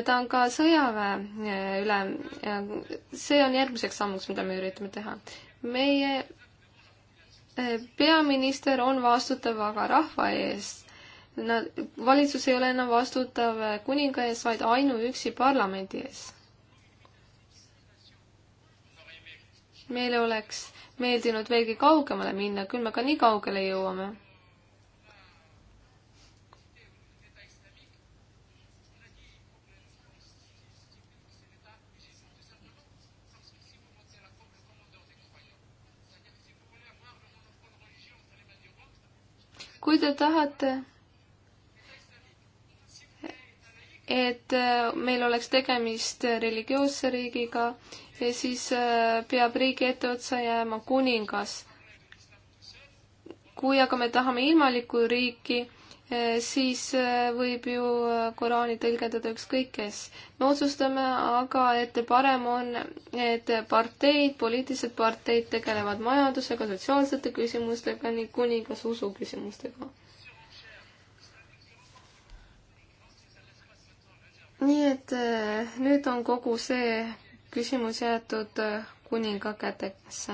ta on ka sõjaväe eh, ülem, eh, see on järgmiseks sammuks, mida me üritame teha. meie eh, peaminister on vastutav aga rahva ees. Nad, valitsus ei ole enam vastutav kuninga ees, vaid ainuüksi parlamendi ees. meile oleks meeldinud veelgi kaugemale minna, küll me ka nii kaugele jõuame kui te tahate, et äh, meil oleks tegemist religioosse riigiga, eh, siis äh, peab riigi etteotsa jääma kuningas. kui aga me tahame ilmalikku riiki, Eh, siis eh, võib ju eh, Koraani tõlgendada ükskõik kes. me otsustame aga, et parem on, et parteid, poliitilised parteid tegelevad majandusega, sotsiaalsete küsimustega ning kuni kas usuküsimustega. nii et nüüd on kogu see küsimus jäetud kuninga kätesse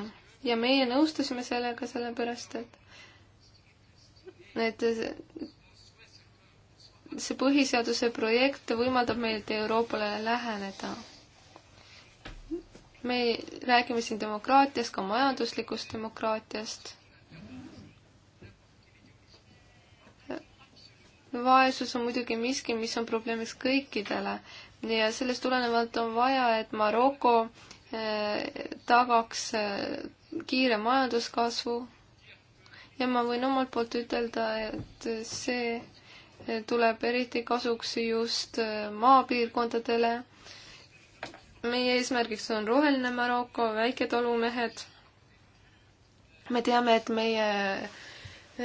ja meie nõustusime sellega sellepärast, et et see põhiseaduse projekt võimaldab meil Euroopale läheneda. me räägime siin demokraatiast, ka majanduslikust demokraatiast vaesus on muidugi miski, mis on probleemiks kõikidele ja sellest tulenevalt on vaja, et Maroko eh, tagaks eh, kiire majanduskasvu ja ma võin omalt poolt ütelda, et see tuleb eriti kasuks just äh, maapiirkondadele. meie eesmärgiks on roheline Maroko, väiketorumehed. me teame, et meie,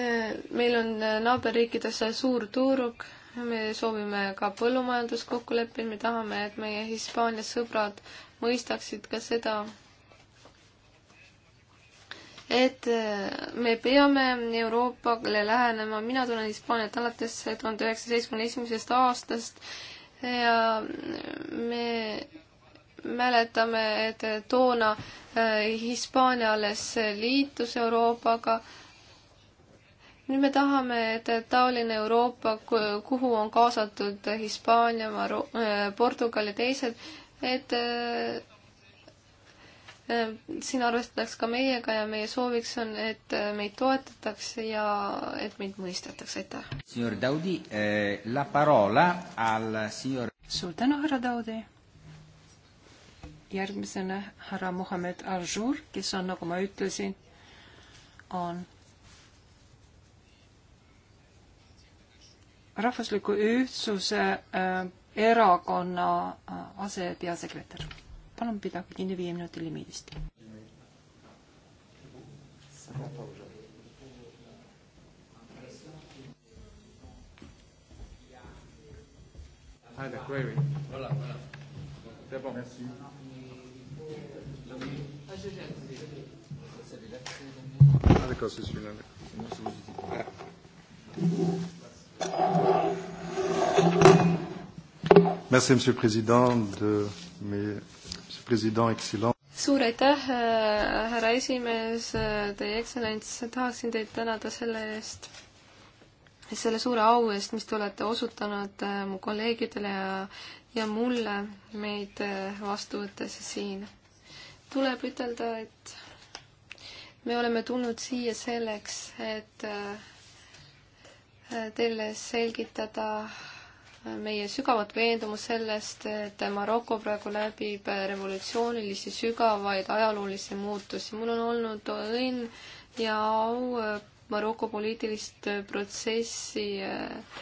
äh, meil on äh, naaberriikides suur turg, me soovime ka põllumajanduskokkuleppeid, me tahame, et meie Hispaania sõbrad mõistaksid ka seda, et äh, me peame Euroopale lähenema, mina tunnen Hispaaniat alates tuhande üheksasaja seitsmekümne esimesest aastast ja me mäletame, et toona äh, Hispaania alles liitus Euroopaga. nüüd me tahame, et taoline Euroopa, kuhu on kaasatud Hispaania, äh, Portugal ja teised, et Äh, siin arvestatakse ka meiega ja meie sooviks on, et äh, meid toetatakse ja et meid mõistetakse, aitäh. Signor Daudi eh,, la parola al signor. suur tänu, härra Daudi. järgmisena härra Muhamed Arjur, kes on, nagu ma ütlesin, on rahvusliku ühtsuse äh, erakonna äh, asepeasekretär palun pidage kinni viie minuti limiidist. Allez, oui, oui. Voilà, voilà. C'est bon. Merci. Ah, d'accord, c'est celui-là. Ah. Merci, Monsieur le Président, de mes suur aitäh, äh, härra esimees, äh, teie ekstsellents, tahaksin teid tänada selle eest, selle suure au eest, mis te olete osutanud äh, mu kolleegidele ja, ja mulle meid vastu võttes siin. tuleb ütelda, et me oleme tulnud siia selleks, et teile selgitada meie sügavat veendumust sellest, et Maroko praegu läbib revolutsioonilisi sügavaid ajaloolisi muutusi. mul on olnud õnn ja au äh, Maroko poliitilist protsessi, äh,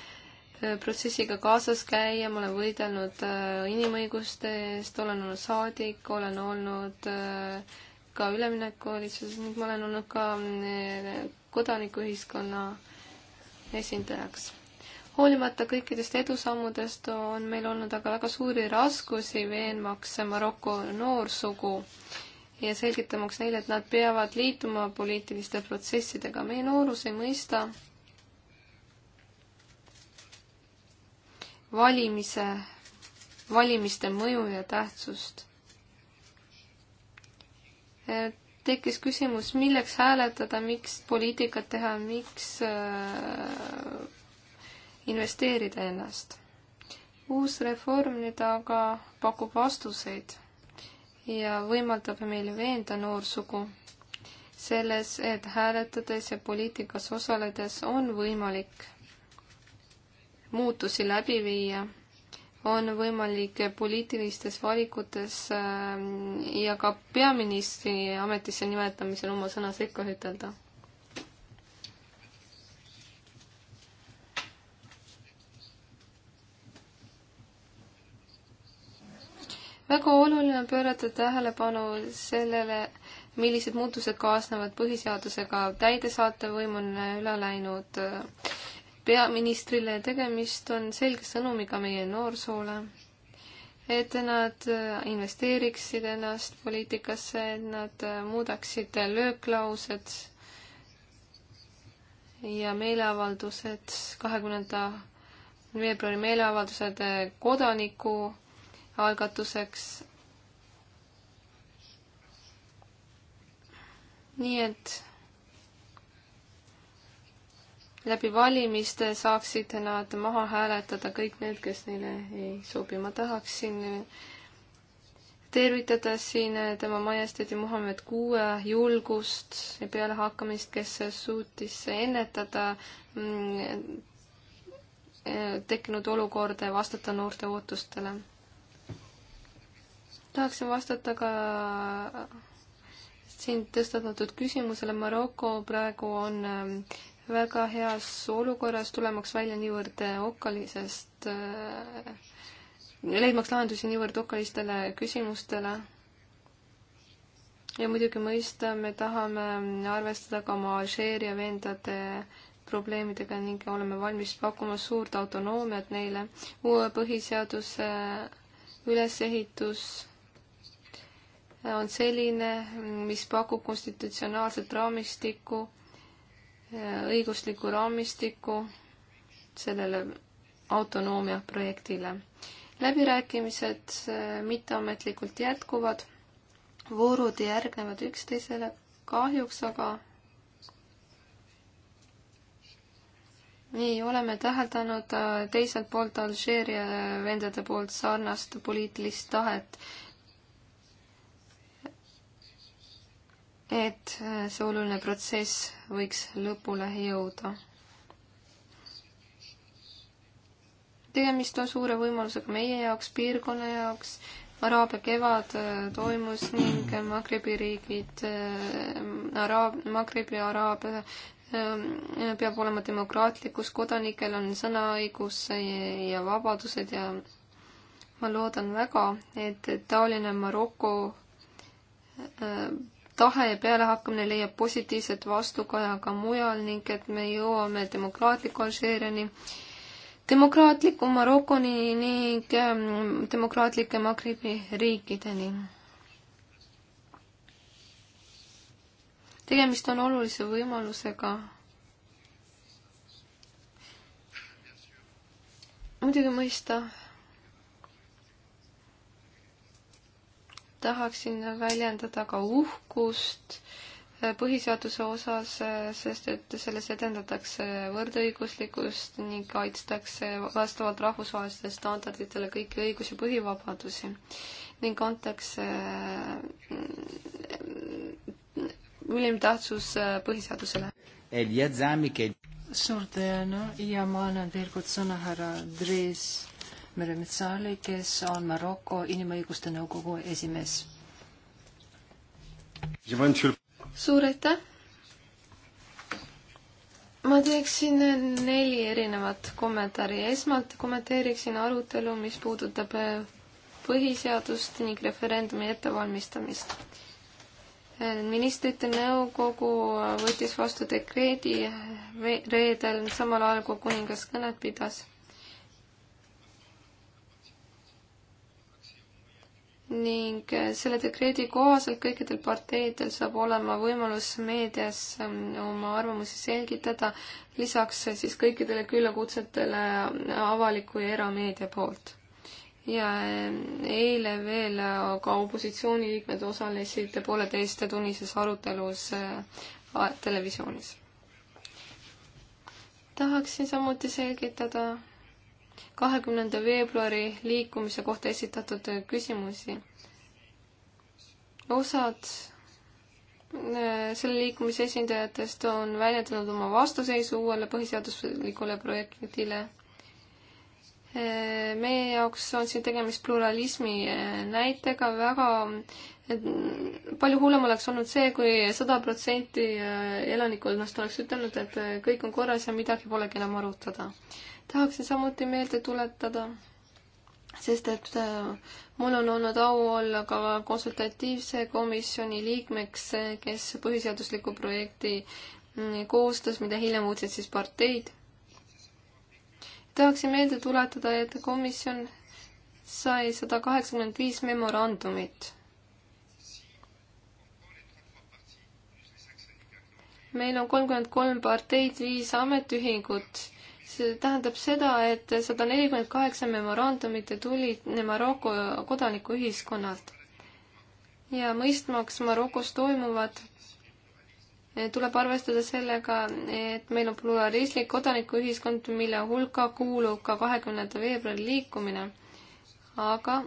protsessiga kaasas käia, ma olen võidelnud äh, inimõiguste eest, olen olnud saadik, olen olnud ka üleminekuvalitsuses ning ma olen olnud ka kodanikuühiskonna esindajaks hoolimata kõikidest edusammudest on meil olnud aga väga suuri raskusi veenmaks Maroko noorsugu ja selgitamaks neile, et nad peavad liituma poliitiliste protsessidega. meie noorus ei mõista valimise, valimiste mõju ja tähtsust. tekkis küsimus, milleks hääletada, miks poliitikat teha, miks äh, investeerida ennast. uus reform nüüd aga pakub vastuseid ja võimaldab meil veenda noorsugu selles, et hääletades ja poliitikas osaledes on võimalik muutusi läbi viia, on võimalik poliitilistes valikutes ähm, ja ka peaministri ametisse nimetamisel oma sõna sekka ütelda väga oluline on pöörata tähelepanu sellele, millised muutused kaasnevad põhiseadusega, täidesaatev võim on üle läinud äh, peaministrile, tegemist on selge sõnumiga meie noorsoole, et nad äh, investeeriksid ennast poliitikasse, et nad äh, muudaksid lööklaused ja meeleavaldused, kahekümnenda veebruari meeleavaldused kodaniku algatuseks. nii et läbi valimiste saaksid nad maha hääletada kõik need, kes neile ei sobi. ma tahaksin tervitada siin tema majesteedi Muhamed kuue julgust ja pealehakkamist, kes suutis ennetada mm, tekkinud olukorda ja vastata noorte ootustele tahaksin vastata ka siin tõstatatud küsimusele. Maroko praegu on ähm, väga heas olukorras, tulemaks välja niivõrd okkalisest, äh, leidmaks lahendusi niivõrd okkalistele küsimustele. ja muidugi mõista, me tahame ähm, arvestada ka oma Alžeeria vendade probleemidega ning oleme valmis pakkuma suurt autonoomiat neile. uue põhiseaduse äh, ülesehitus on selline, mis pakub konstitutsionaalset raamistikku, õiguslikku raamistikku sellele autonoomia projektile. läbirääkimised äh, mitteametlikult jätkuvad, voorud järgnevad üksteisele, kahjuks aga nii, oleme täheldanud äh, teiselt poolt Alžeeria vendade poolt sarnast poliitilist tahet et äh, see oluline protsess võiks lõpule jõuda. tegemist on suure võimalusega meie jaoks, piirkonna jaoks. Araabia kevad äh, toimus ning Magrebi riigid, äh, Araab, Magrebi Araabia peab olema demokraatlikus, kodanikel on sõnaõigus ja vabadused ja ma loodan väga, et taoline Maroko tahe ja pealehakkamine leiab positiivset vastukaja ka mujal ning et me jõuame demokraatliku Alžeeriani, demokraatliku Marokoni ning ähm, demokraatlike Magribi riikideni. tegemist on olulise võimalusega muidugi mõista tahaksin väljendada ka uhkust eh, põhiseaduse osas, eh, sest et selles edendatakse võrdõiguslikkust ning kaitstakse vastavalt rahvusvahelistele standarditele kõiki õigusi ja põhivabadusi ning antakse ülim eh, tähtsus põhiseadusele. suur tänu ja ma annan veel kord sõna härra Dres Meremetsali, kes on Maroko Inimõiguste Nõukogu esimees. suur aitäh! ma teeksin neli erinevat kommentaari. esmalt kommenteeriksin arutelu, mis puudutab põhiseadust ning referendumi ettevalmistamist. ministrite nõukogu võttis vastu dekreedi reedel, samal ajal kui kuningas kõnet pidas. ning äh, selle dekreedi kohaselt kõikidel parteidel saab olema võimalus meedias ähm, oma arvamusi selgitada, lisaks äh, siis kõikidele küllakutsetele äh, avaliku ja erameedia poolt. ja ähm, eile veel ka opositsiooniliikmed osalesid pooleteistetunnises arutelus televisioonis. tahaksin samuti selgitada kahekümnenda veebruari liikumise kohta esitatud küsimusi. osad äh, selle liikumise esindajatest on väljendanud oma vastuseisu uuele põhiseaduslikule projektile. Äh, meie jaoks on siin tegemist pluralismi äh, näitega väga, palju hullem oleks olnud see kui, kui sada protsenti elanikkonnast oleks ütelnud, et kõik on korras ja midagi polegi enam arutada tahaksin samuti meelde tuletada, sest et äh, mul on olnud au olla ka konsultatiivse komisjoni liikmeks, äh, kes põhiseadusliku projekti mm, koostas, mida hiljem muutsid siis parteid. tahaksin meelde tuletada, et komisjon sai sada kaheksakümmend viis memorandumit. meil on kolmkümmend kolm parteid, viis ametiühingut see tähendab seda, et sada nelikümmend kaheksa memorandumit tulid Maroko kodanikuühiskonnalt. ja mõistmaks Marokos toimuvat, eh, tuleb arvestada sellega, et meil on pluralistlik kodanikuühiskond, mille hulka kuulub ka kahekümnenda veebruari liikumine. aga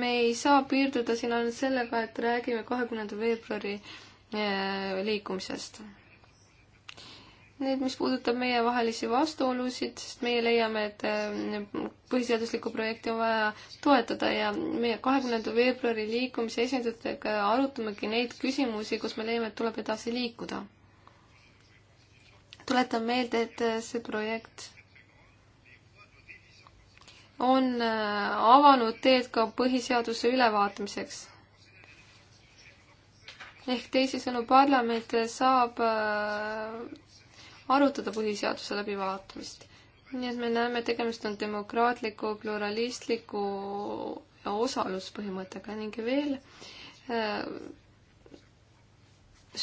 me ei saa piirduda siin ainult sellega, et räägime kahekümnenda veebruari eh, liikumisest nüüd, mis puudutab meievahelisi vastuolusid, sest meie leiame, et äh, põhiseaduslikku projekti on vaja toetada ja meie kahekümnenda veebruari liikumise esindajatega arutamegi neid küsimusi, kus me leiame, et tuleb edasi liikuda. tuletan meelde, et äh, see projekt on äh, avanud teed ka põhiseaduse ülevaatamiseks ehk teisisõnu parlament saab arutada põhiseaduse läbivaatamist. nii et me näeme, tegemist on demokraatliku, pluralistliku osaluspõhimõttega ning veel äh,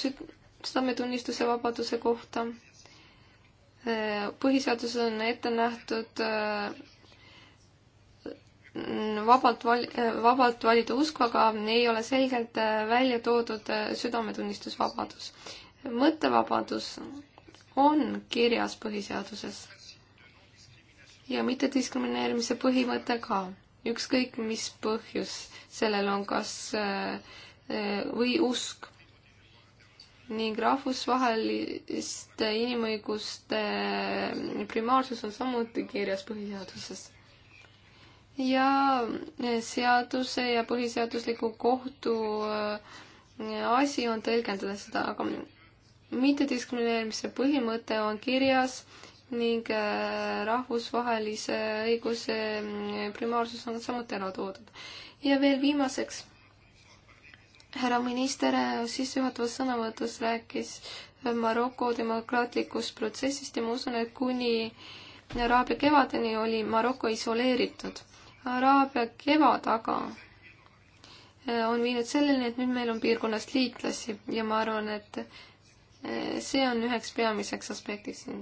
südametunnistuse vabaduse kohta. Äh, põhiseaduses on ette nähtud äh, vabalt val-, vabalt valida usk, aga ei ole selgelt välja toodud südametunnistusvabadus. mõttevabadus on kirjas põhiseaduses. ja mittediskrimineerimise põhimõte ka, ükskõik mis põhjus sellel on, kas äh, äh, või usk ning rahvusvaheliste inimõiguste äh, primaarsus on samuti kirjas põhiseaduses. ja seaduse ja põhiseadusliku kohtu asi on tõlgendada seda, aga mittediskrimineerimise põhimõte on kirjas ning äh, rahvusvahelise õiguse mm, primaarsus on samuti ära toodud. ja veel viimaseks, härra minister äh, sissejuhatavas sõnavõtus rääkis äh, Maroko demokraatlikust protsessist ja ma usun, et kuni Araabia kevadeni oli Maroko isoleeritud. Araabia kevad aga on viinud selleni, et nüüd meil on piirkonnast liitlasi ja ma arvan, et see on üheks peamiseks aspektiks siin.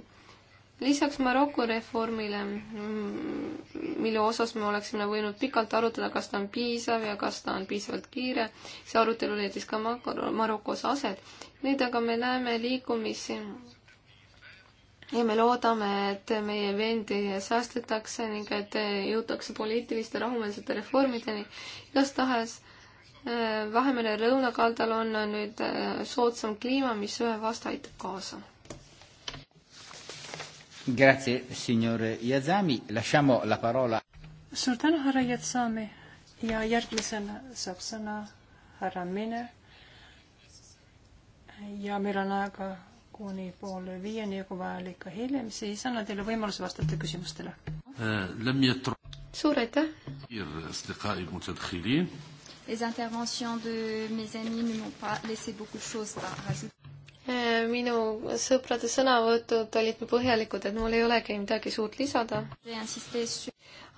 lisaks Maroko reformile, mille osas me oleksime võinud pikalt arutleda, kas ta on piisav ja kas ta on piisavalt kiire, see arutelu leidis ka Marokos aset. nüüd aga me näeme liikumisi ja me loodame, et meie vendi säästetakse ning et jõutakse poliitiliste rahumeelsete reformideni. igastahes Äh, Vahemere lõunakaldal on nüüd äh, soodsam kliima, mis ühe vastu aitab kaasa. Grazie, signor Yazami, lasciamo la parola. suur tänu, härra Yazami ja järgmisena saab sõna härra Mine. ja meil on aega kuni poole viieni ja kui vajalik ka hiljem, siis annan teile võimaluse vastata küsimustele. Äh, suur aitäh! Les interventions de mes amis ne m'ont pas laissé beaucoup de choses à rajouter. Eh, minu sõprade sõnavõtud olid nii põhjalikud, et mul ei olegi midagi suurt lisada.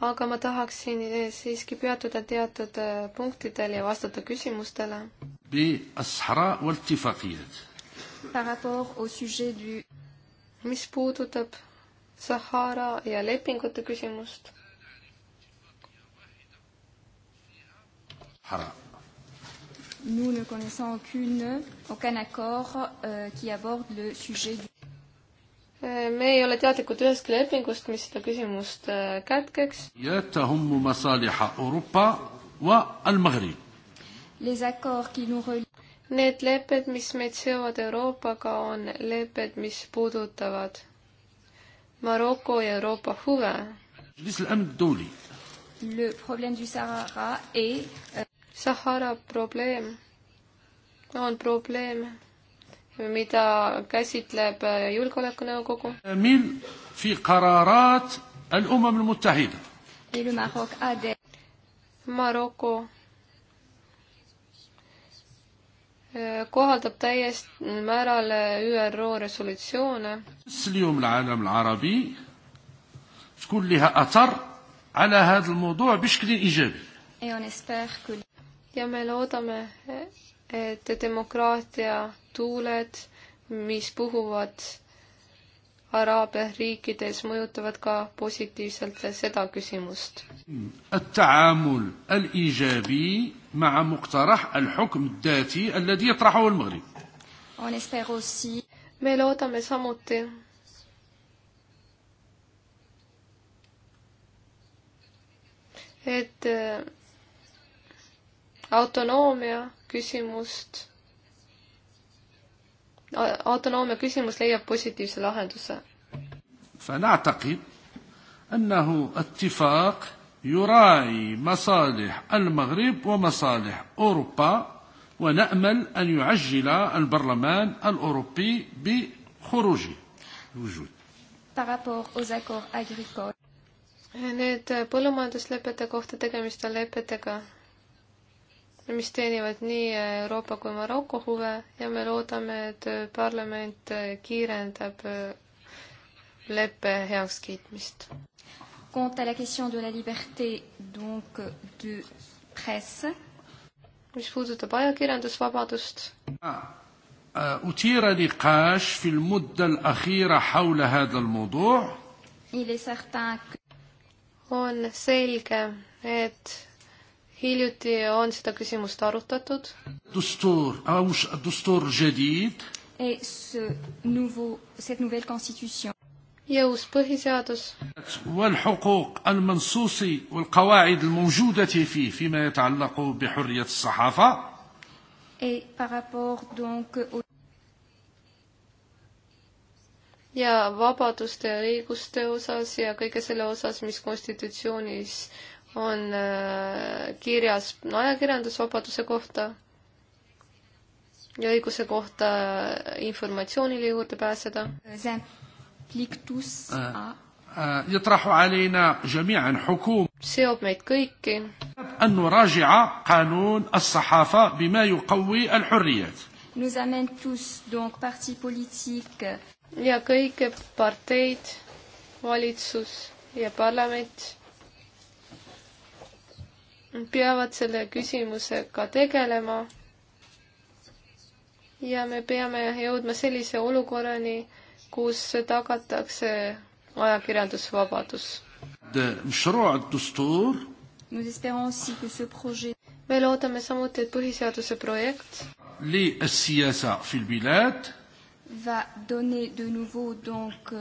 aga ma tahaksin eh, siiski peatuda teatud eh, punktidel ja vastata küsimustele. mis puudutab Sahara ja lepingute küsimust Hara. Nous ne connaissons aucune, aucun accord euh, qui aborde le sujet du äh, me ei ole teadlikud ühestki lepingust, mis seda küsimust äh, kätkeks. Need lepped, mis meid seovad Euroopaga, on lepped, mis puudutavad Maroko ja Euroopa huve. Sahara probleem on probleem, mida käsitleb äh, Julgeolekunõukogu. Maroko äh, kohaldab täiesti määral äh, ÜRO resolutsioone. كلها أثر على هذا الموضوع بشكل إيجابي. Et on espère que ja me loodame, et demokraatia tuuled, mis puhuvad Araabia riikides, mõjutavad ka positiivselt seda küsimust. me loodame samuti, et autonoomia küsimust, autonoomia küsimus leiab positiivse lahenduse. فنعتقد أنه اتفاق يراعي مصالح المغرب ومصالح أوروبا ونأمل أن يعجل البرلمان الأوروبي بخروجه الوجود par rapport aux accords agricoles. Need põllumajanduslepete kohta tegemist on lepetega, mis teenivad nii Euroopa kui Maroko huve ja me loodame, et parlament kiirendab äh, leppe heakskiitmist. Quant à la question de la liberté donc de presse. mis puudutab ajakirjandusvabadust. أثير نقاش في المدة الأخيرة حول هذا الموضوع. Il est certain que... on selge, et hiljuti on seda küsimust arutatud. jõus põhiseadus. والحقوق المنصوص والقواعد الموجودة فيه فيما يتعلق بحرية الصحافة. Et par rapport donc au ja vabaduste ja õiguste osas ja kõige selle osas, mis konstitutsioonis äh, on äh, kirjas ajakirjandusvabaduse kohta ja õiguse kohta äh, informatsioonile juurde pääseda. Äh, seob meid kõiki. أن نراجع قانون الصحافة بما يقوي الحريات. Nous amène tous donc partis politiques. ja kõik parteid, valitsus ja parlament peavad selle küsimusega tegelema. ja me peame jõudma sellise olukorrani, kus tagatakse ajakirjandusvabadus. me loodame samuti, et põhiseaduse projekt va donner de nouveau donc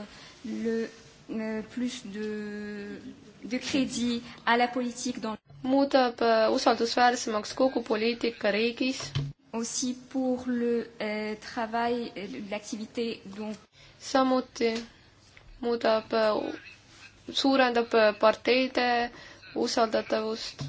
le euh, plus de, de crédit à la politique dans muudab äh, usaldusväärsemaks kogu poliitika riigis. Aussi pour le äh, euh, travail, l'activité donc. samuti muudab, äh, suurendab parteide usaldatavust.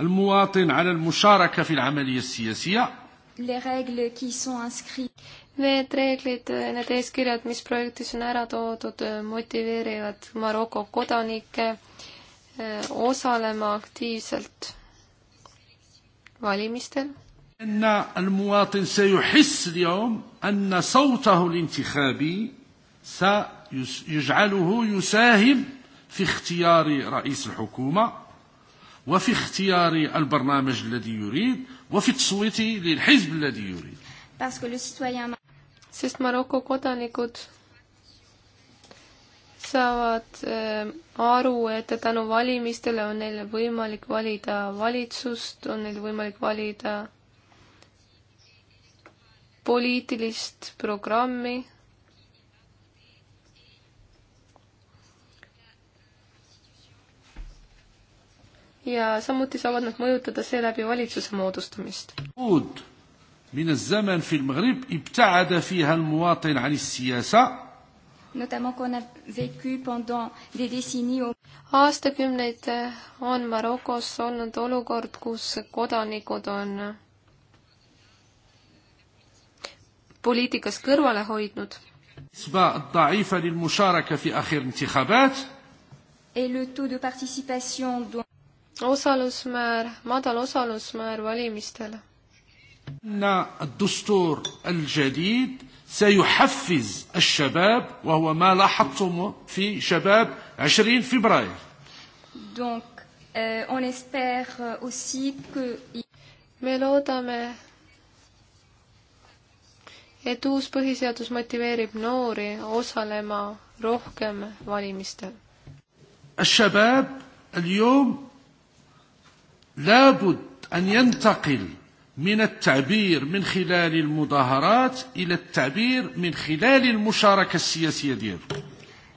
المواطن على المشاركة في العملية السياسية. Les règles qui sont inscrites. Need reeglid, need eeskirjad, mis projektis on ära toodud, motiveerivad Maroko kodanikke osalema aktiivselt valimistel. أن المواطن سيحس اليوم أن صوته الانتخابي سيجعله يساهم في اختيار رئيس الحكومة وفي اختيار البرنامج الذي يريد وفي التصويت للحزب الذي يريد. sest Maroko kodanikud saavad äh, aru, et tänu valimistele on neil võimalik valida valitsust, on neil võimalik valida poliitilist programmi. ja samuti saavad nad mõjutada seeläbi valitsuse moodustamist. من الزمن في المغرب ابتعد فيها المواطن عن السياسه aastakümneid on Marokos olnud olukord, kus kodanikud on poliitikast kõrvale hoidnud. osalusmäär, madal osalusmäär valimistel. الدستور الجديد سيحفز الشباب وهو ما لاحظتم في شباب 20 فبراير Donc, euh, on espère euh, aussi que... me loodame, et uus põhiseadus motiveerib noori osalema rohkem valimistel. الشباب اليوم لابد أن ينتقل من التعبير من خلال المظاهرات إلى التعبير من خلال المشاركة السياسية ديالو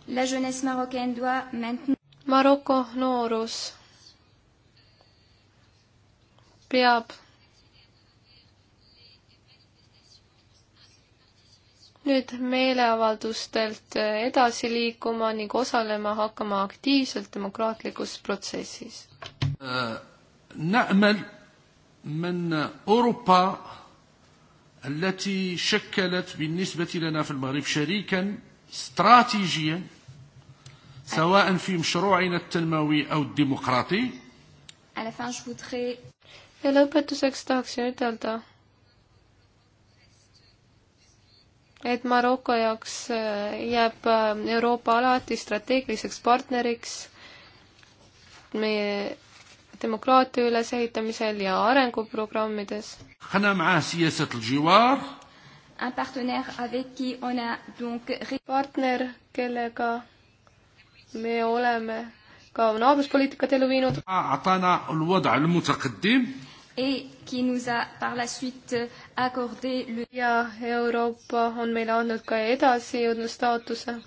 La jeunesse marocaine doit maintenant Maroko noorus peab nüüd meeleavaldustelt edasi liikuma ning osalema hakkama aktiivselt demokraatlikus protsessis. نأمل äh, من أوروبا التي شكلت بالنسبة لنا في المغرب شريكا استراتيجيا سواء في مشروعنا التنموي أو الديمقراطي ja lõpetuseks tahaksin ütelda, et Maroko jaoks äh, jääb äh, Euroopa alati strateegiliseks partneriks meie demokraatia ülesehitamisel ja arenguprogrammides. partner, kellega me oleme ka naabruspoliitikat ellu viinud. ja Euroopa on meile andnud ka edasijõudnud staatuse.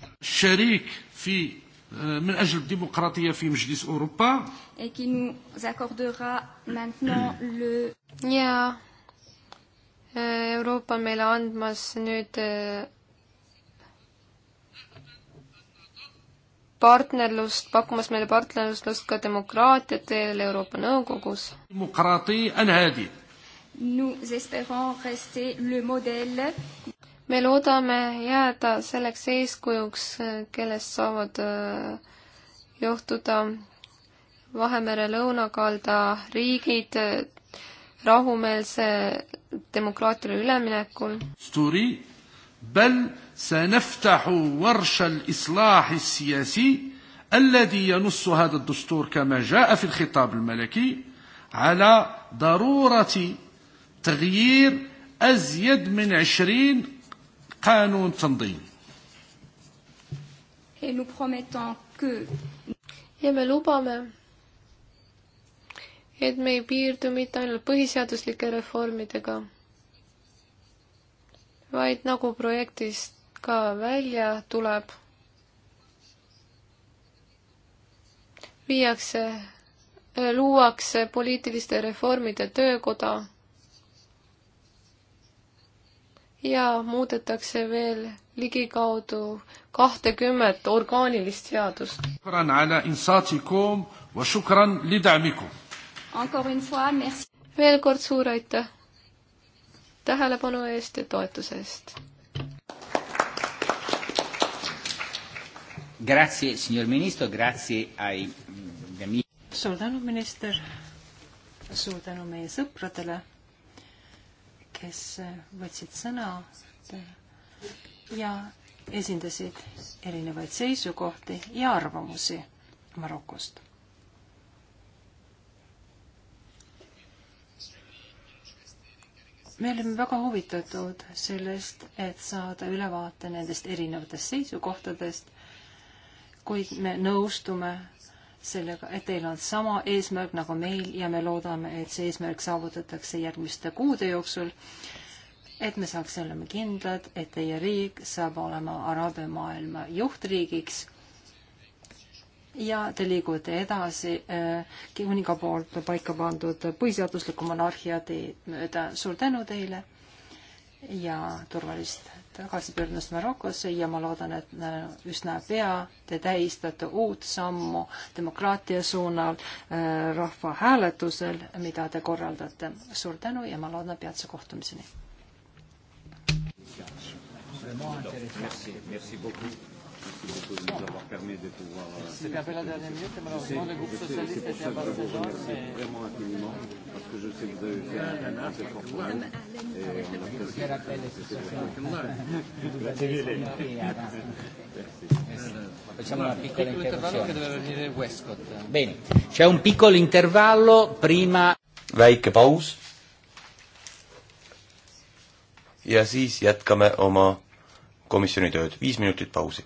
Euh, من أجل الديمقراطية في مجلس أوروبا. Et qui nous accordera maintenant le... Yeah. Äh, Euroopa meile andmas nüüd äh, partnerlust, pakkumas meile partnerlust ka demokraatia teel Euroopa Nõukogus. Nous espérons rester le modèle me loodame jääda selleks eeskujuks, kellest saavad äh, johtuda Vahemere lõunakalda riigid äh, rahumeelse demokraatiale üleminekul. بل سنفتح ورش الإصلاح السياسي الذي ينص هذا الدستور كما جاء في الخطاب الملكي على ضرورة تغيير أزيد من عشرين قانون تنظيم ja me lubame, et me ei piirdu mitte ainult põhiseaduslike reformidega, vaid nagu projektist ka välja tuleb, viiakse, luuakse poliitiliste reformide töökoda ja muudetakse veel ligikaudu kahtekümmet orgaanilist seadust. veel kord suur aitäh tähelepanu eest ja toetuse eest. Grazie, signor ministro, grazie ai suur tänu, minister, suur tänu meie sõpradele kes võtsid sõna ja esindasid erinevaid seisukohti ja arvamusi Marokost. me olime väga huvitatud sellest, et saada ülevaate nendest erinevatest seisukohtadest, kuid me nõustume sellega, et teil on sama eesmärk nagu meil ja me loodame, et see eesmärk saavutatakse järgmiste kuude jooksul, et me saaks olema kindlad, et teie riik saab olema araabia maailma juhtriigiks ja te liigute edasi kuninga äh, poolt paika pandud põhiseadusliku monarhia teed mööda. suur tänu teile ja turvalist tagasi pöördunud Marokosse ja ma loodan, et äh, üsna pea te tähistate uut sammu demokraatia suunal äh, rahvahääletusel, mida te korraldate. suur tänu ja ma loodan peatse kohtumiseni. Merci, merci beaucoup. Merci beaucoup de nous avoir permis de pouvoir. C'était un peu la dernière minute, et malheureusement, le groupe socialiste était pas assez loin. Merci vraiment infiniment, parce que je sais que vous avez fait un grand effort pour nous. Et on apprécie. Grazie mille. Facciamo una piccola intervallo che doveva venire Westcott. Bene, c'è un piccolo intervallo prima. väike paus. ja siis jätkame oma komisjoni tööd, viis minutit pausi.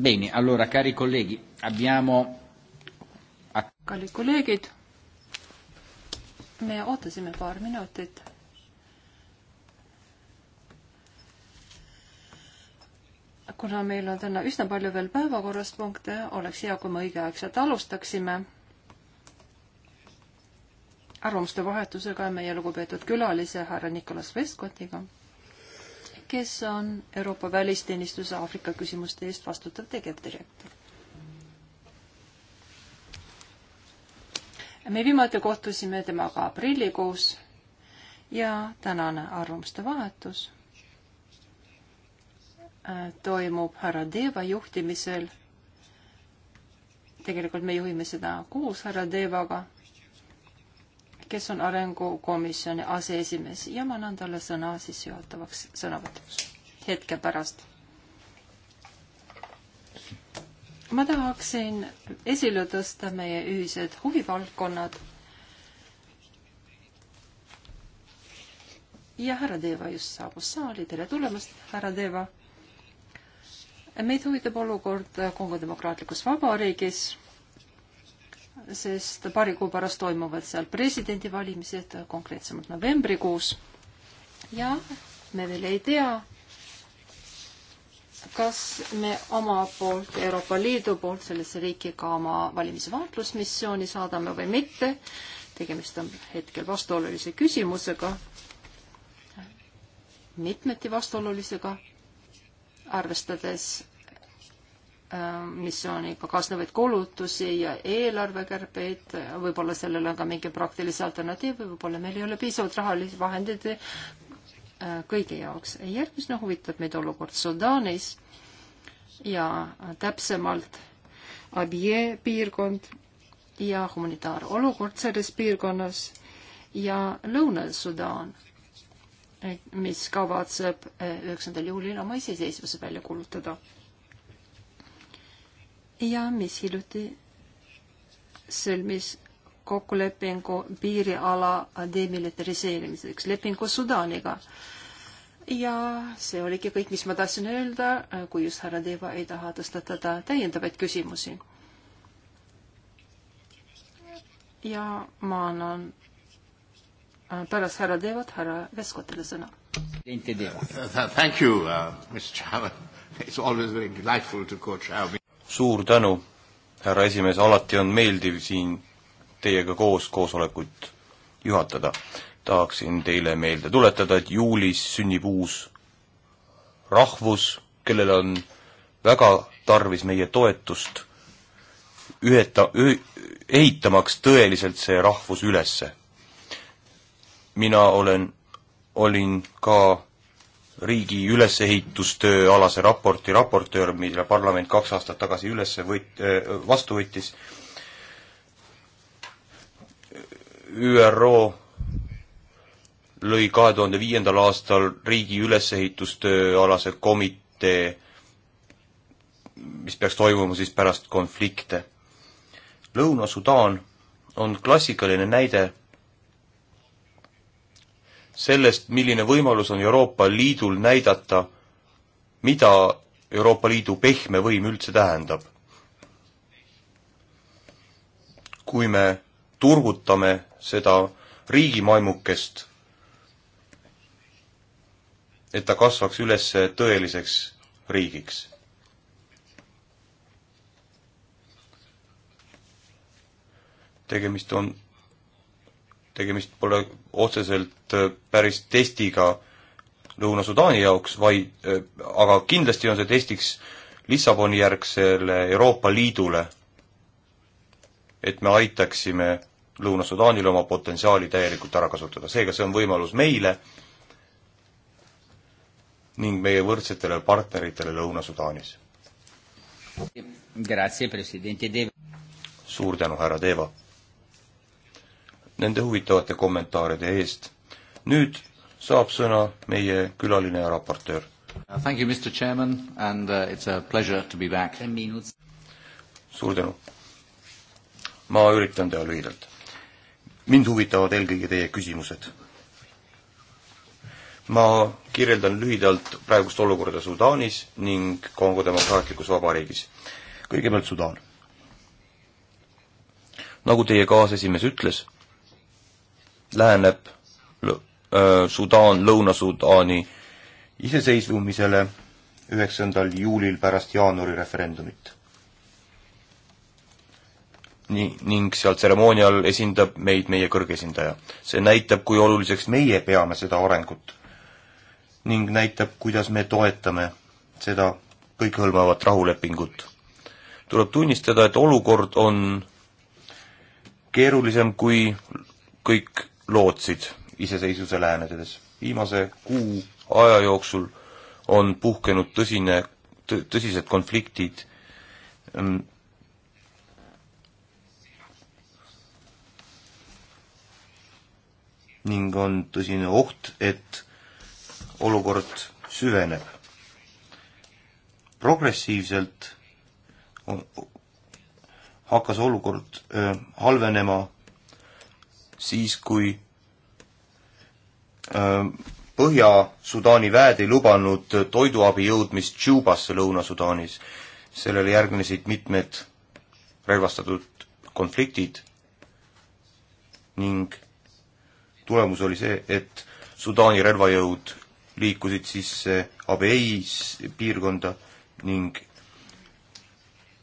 Bene, allora cari colleghi, abbiamo... kallid kolleegid, me ootasime paar minutit. kuna meil on täna üsna palju veel päevakorrast punkte, oleks hea, kui me õigeaegselt alustaksime arvamuste vahetusega meie lugupeetud külalise härra Nicolas Vestkotiga kes on Euroopa Välisteenistuse Aafrika küsimuste eest vastutav tegevdirektor. me viimati kohtusime temaga aprillikuus ja tänane arvamuste vahetus äh, toimub härra Deva juhtimisel. tegelikult me juhime seda koos härra Devaga kes on Arengukomisjoni aseesimees ja ma annan talle sõna sissejuhatavaks sõnavõtuks hetke pärast. ma tahaksin esile tõsta meie ühised huvivaldkonnad. ja härra Deva just saabus saali, tere tulemast, härra Deva. meid huvitab olukord Kongo Demokraatlikus Vabariigis sest paari kuu pärast toimuvad seal presidendivalimised, konkreetsemalt novembrikuus. ja me veel ei tea, kas me oma poolt, Euroopa Liidu poolt sellesse riiki ka oma valimisvaatlusmissiooni saadame või mitte. tegemist on hetkel vastuolulise küsimusega, mitmeti vastuolulisega, arvestades Äh, missiooniga kaasnevaid kulutusi ja eelarvekärbeid, võib-olla sellel on ka mingi praktilise alternatiiv, võib-olla meil ei ole piisavalt rahalisi vahendeid äh, kõigi jaoks. järgmisena no, huvitab meid olukord Sudaanis ja täpsemalt Abie piirkond ja humanitaarolukord selles piirkonnas ja Lõuna-Sudaan, mis kavatseb äh, üheksandal juulil oma iseseisvuse välja kuulutada ja mis hiljuti sõlmis kokkulepingu piiriala demilitariseerimiseks, lepingu Sudaaniga. ja see oligi kõik, mis ma tahtsin öelda, kui just härra Deva ei taha tõstatada täiendavaid küsimusi. ja ma annan äh, pärast härra Devat härra Veskotele sõna. Thank you uh,, Mr Chairman. It's always very delightful to co-chair suur tänu, härra esimees, alati on meeldiv siin teiega koos koosolekut juhatada. tahaksin teile meelde tuletada, et juulis sünnib uus rahvus, kellel on väga tarvis meie toetust üheta-, ehitamaks tõeliselt see rahvus ülesse. mina olen, olin ka riigi ülesehitustöö alase raporti raportöör, mille parlament kaks aastat tagasi üles võt-, äh, vastu võttis. ÜRO lõi kahe tuhande viiendal aastal riigi ülesehitustöö alase komitee, mis peaks toimuma siis pärast konflikte. Lõuna-Sudaan on klassikaline näide sellest, milline võimalus on Euroopa Liidul näidata, mida Euroopa Liidu pehme võim üldse tähendab. kui me turgutame seda riigimaimukest, et ta kasvaks üles tõeliseks riigiks. tegemist on tegemist pole otseselt äh, päris testiga Lõuna-Sudaani jaoks, vaid, äh, aga kindlasti on see testiks Lissaboni järgsele Euroopa Liidule, et me aitaksime Lõuna-Sudaanil oma potentsiaali täielikult ära kasutada, seega see on võimalus meile ning meie võrdsetele partneritele Lõuna-Sudaanis. suur tänu, härra Teeva! nende huvitavate kommentaaride eest. nüüd saab sõna meie külaline ja raportöör. Uh, thank you, Mr Chairman and uh, it's a pleasure to be back. suur tänu. ma üritan teha lühidalt. mind huvitavad eelkõige teie küsimused. ma kirjeldan lühidalt praegust olukorda Sudaanis ning Kongo Demokraatlikus Vabariigis. kõigepealt Sudaan. nagu teie kaasesimees ütles läheneb äh, Sudaan, Lõuna-Sudaani iseseisvumisele üheksandal juulil pärast jaanuari referendumit. nii, ning seal tseremoonial esindab meid meie kõrgesindaja. see näitab, kui oluliseks meie peame seda arengut ning näitab, kuidas me toetame seda kõikehõlmavat rahulepingut. tuleb tunnistada, et olukord on keerulisem, kui kõik lootsid iseseisvuse lähenedes. viimase kuu aja jooksul on puhkenud tõsine, tõsised konfliktid mm, ning on tõsine oht, et olukord süveneb. progressiivselt on, hakkas olukord öö, halvenema siis, kui äh, Põhja-Sudaani väed ei lubanud toiduabi jõudmist Tšuubasse Lõuna-Sudaanis. sellele järgnesid mitmed relvastatud konfliktid ning tulemus oli see, et Sudaani relvajõud liikusid sisse Abeis piirkonda ning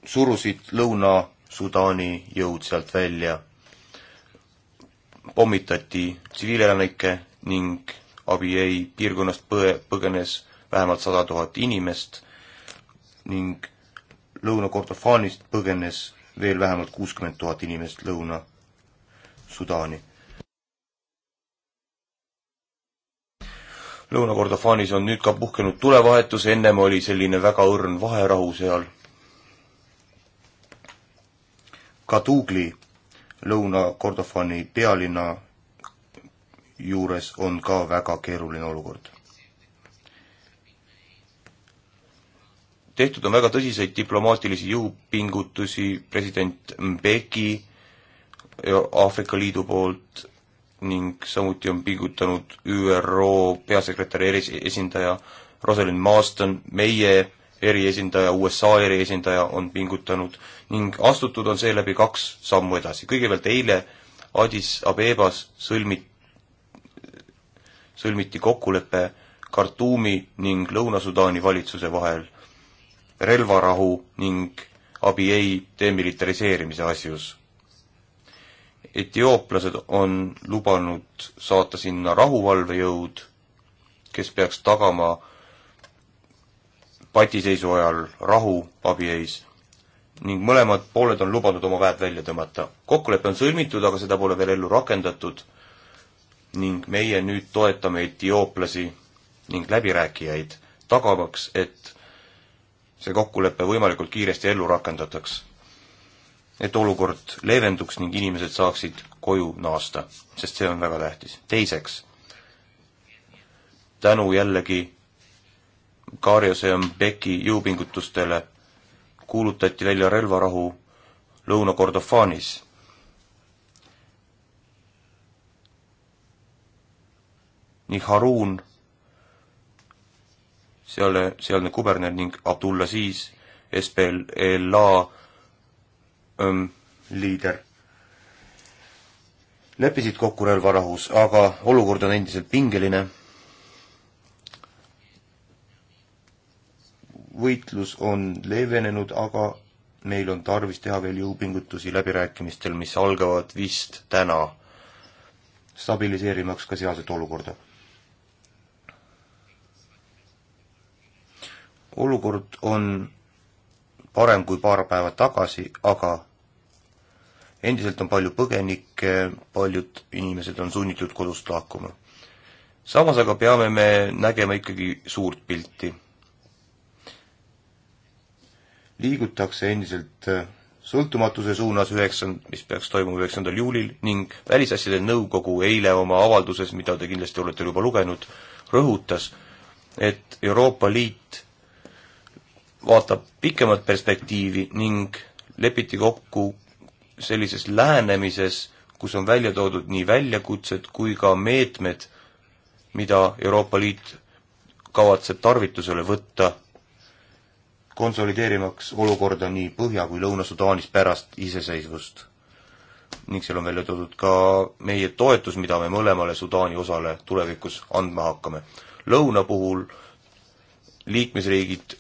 surusid Lõuna-Sudaani jõud sealt välja pommitati tsiviilelanikke ning Abiei piirkonnast põe, põgenes vähemalt sada tuhat inimest ning Lõuna-Kordofaanist põgenes veel vähemalt kuuskümmend tuhat inimest Lõuna-Sudaani. Lõuna-Kordofaanis on nüüd ka puhkenud tulevahetus, ennem oli selline väga õrn vaherahu seal. Kadugli Lõuna-Kordofani pealinna juures on ka väga keeruline olukord. tehtud on väga tõsiseid diplomaatilisi jõupingutusi president Mbeki Aafrika Liidu poolt ning samuti on pingutanud ÜRO peasekretäri esindaja Rosalind Marston, meie eriesindaja, USA eriesindaja on pingutanud ning astutud on seeläbi kaks sammu edasi. kõigepealt eile Addis Abebas sõlmi-, sõlmiti kokkulepe Khartoumi ning Lõuna-Sudaani valitsuse vahel relvarahu ning abiei demilitariseerimise asjus. etiooplased on lubanud saata sinna rahuvalvejõud, kes peaks tagama patiseisu ajal rahu abieis ning mõlemad pooled on lubanud oma väed välja tõmmata. kokkulepe on sõlmitud, aga seda pole veel ellu rakendatud ning meie nüüd toetame etiooplasi ning läbirääkijaid, tagamaks, et see kokkulepe võimalikult kiiresti ellu rakendataks. et olukord leevenduks ning inimesed saaksid koju naasta, sest see on väga tähtis. teiseks, tänu jällegi Kaarjase ja Mbeki jõupingutustele kuulutati välja relvarahu Lõuna-Kordofaanis. nii Harun, sealne, sealne kuberner ning Abdulaziz, SPLA ähm, liider, leppisid kokku relvarahus, aga olukord on endiselt pingeline võitlus on leevenenud, aga meil on tarvis teha veel jõupingutusi läbirääkimistel, mis algavad vist täna, stabiliseerimaks ka sealset olukorda. olukord on parem kui paar päeva tagasi, aga endiselt on palju põgenikke, paljud inimesed on sunnitud kodust lahkuma. samas aga peame me nägema ikkagi suurt pilti liigutakse endiselt äh, sõltumatuse suunas üheksand-, mis peaks toimuma üheksandal juulil ning Välisasjade Nõukogu eile oma avalduses, mida te kindlasti olete juba lugenud, rõhutas, et Euroopa Liit vaatab pikemat perspektiivi ning lepiti kokku sellises lähenemises, kus on välja toodud nii väljakutsed kui ka meetmed, mida Euroopa Liit kavatseb tarvitusele võtta konsolideerimaks olukorda nii Põhja- kui Lõuna-Sudaanis pärast iseseisvust. ning seal on välja toodud ka meie toetus, mida me mõlemale Sudaani osale tulevikus andma hakkame. Lõuna puhul liikmesriigid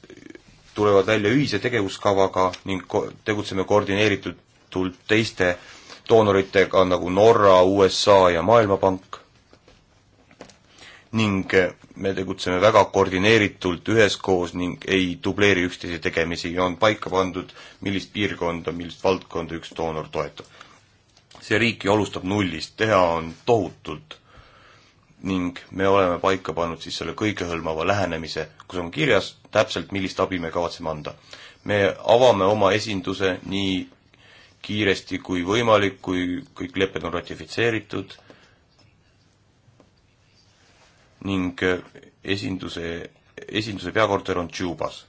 tulevad välja ühise tegevuskavaga ning ko-, tegutseme koordineeritult teiste doonoritega, nagu Norra, USA ja Maailmapank ning eh, me tegutseme väga koordineeritult üheskoos ning ei dubleeri üksteise tegemisi ja on paika pandud, millist piirkonda, millist valdkonda üks doonor toetab. see riik ju alustab nullist, teha on tohutult ning me oleme paika pannud siis selle kõigehõlmava lähenemise, kus on kirjas täpselt, millist abi me kavatseme anda. me avame oma esinduse nii kiiresti kui võimalik, kui kõik lepped on ratifitseeritud ning äh, esinduse, esinduse peakorter on Tšuubas.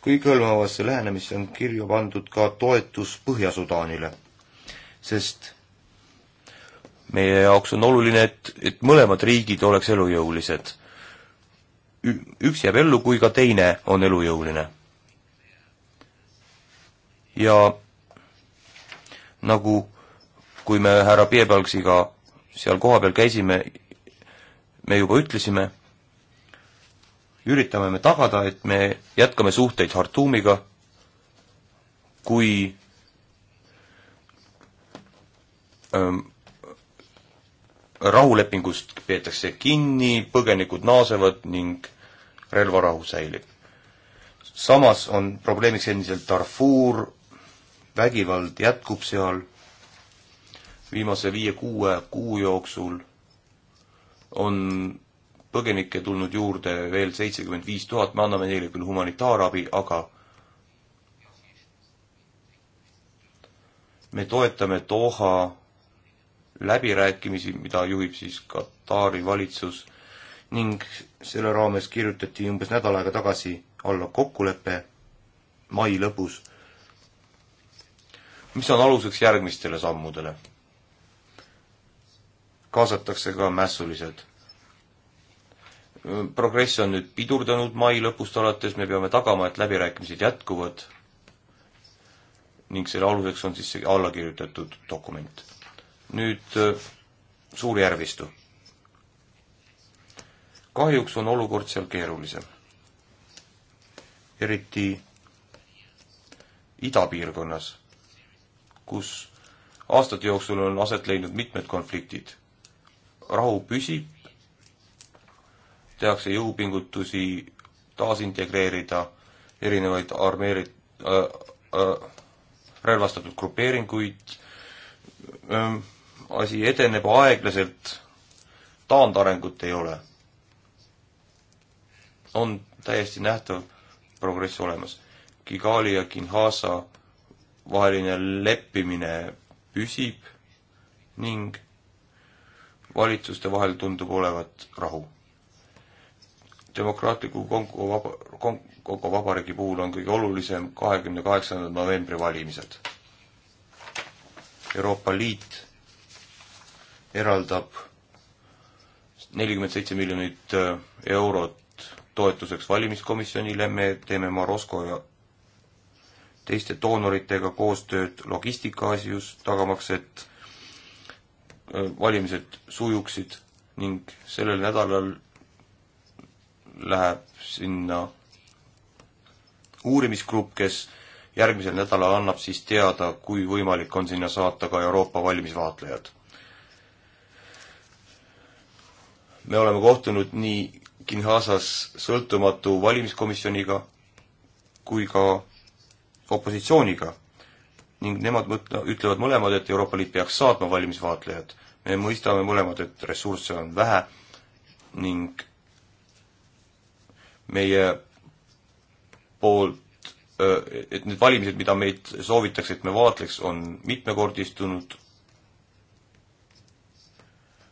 kõikehõlmavasse lähenemisse on kirja pandud ka toetus Põhja-Sudaanile, sest meie jaoks on oluline, et, et mõlemad riigid oleks elujõulised. üks jääb ellu, kui ka teine on elujõuline. ja nagu kui me härra Piebalgsiga seal kohapeal käisime, me juba ütlesime, üritame me tagada, et me jätkame suhteid Hartumiga, kui ähm, rahulepingust peetakse kinni, põgenikud naasevad ning relvarahu säilib. samas on probleemiks endiselt Darfur, vägivald jätkub seal, viimase viie-kuue kuu jooksul on põgenikke tulnud juurde veel seitsekümmend viis tuhat, me anname neile küll humanitaarabi, aga me toetame Doha läbirääkimisi, mida juhib siis Katari valitsus ning selle raames kirjutati umbes nädal aega tagasi alla kokkulepe mai lõpus, mis on aluseks järgmistele sammudele kaasatakse ka mässulised. progress on nüüd pidurdunud mai lõpust alates, me peame tagama, et läbirääkimised jätkuvad ning selle aluseks on siis see allakirjutatud dokument. nüüd äh, Suurjärvistu. kahjuks on olukord seal keerulisem. eriti idapiirkonnas, kus aastate jooksul on aset leidnud mitmed konfliktid rahu püsib, tehakse jõupingutusi taasintegreerida erinevaid armeerid- äh,, äh, relvastatud grupeeringuid äh,, asi edeneb aeglaselt, taandarengut ei ole. on täiesti nähtav progress olemas. Kigali ja Kinshasa vaheline leppimine püsib ning valitsuste vahel tundub olevat rahu. demokraatliku Kongo vaba, Kongo vabariigi puhul on kõige olulisem kahekümne kaheksanda novembri valimised. Euroopa Liit eraldab nelikümmend seitse miljonit äh, eurot toetuseks valimiskomisjonile, me teeme Marosco ja teiste doonoritega koostööd logistika asjus, tagamaks, et valimised sujuksid ning sellel nädalal läheb sinna uurimisgrupp, kes järgmisel nädalal annab siis teada, kui võimalik on sinna saata ka Euroopa valimisvaatlejad. me oleme kohtunud nii Kinshasas sõltumatu valimiskomisjoniga kui ka opositsiooniga ning nemad mõtla-, ütlevad mõlemad, et Euroopa Liit peaks saatma valimisvaatlejad. me mõistame mõlemad, et ressursse on vähe ning meie poolt, et need valimised, mida meilt soovitakse, et me vaatleks, on mitmekordistunud,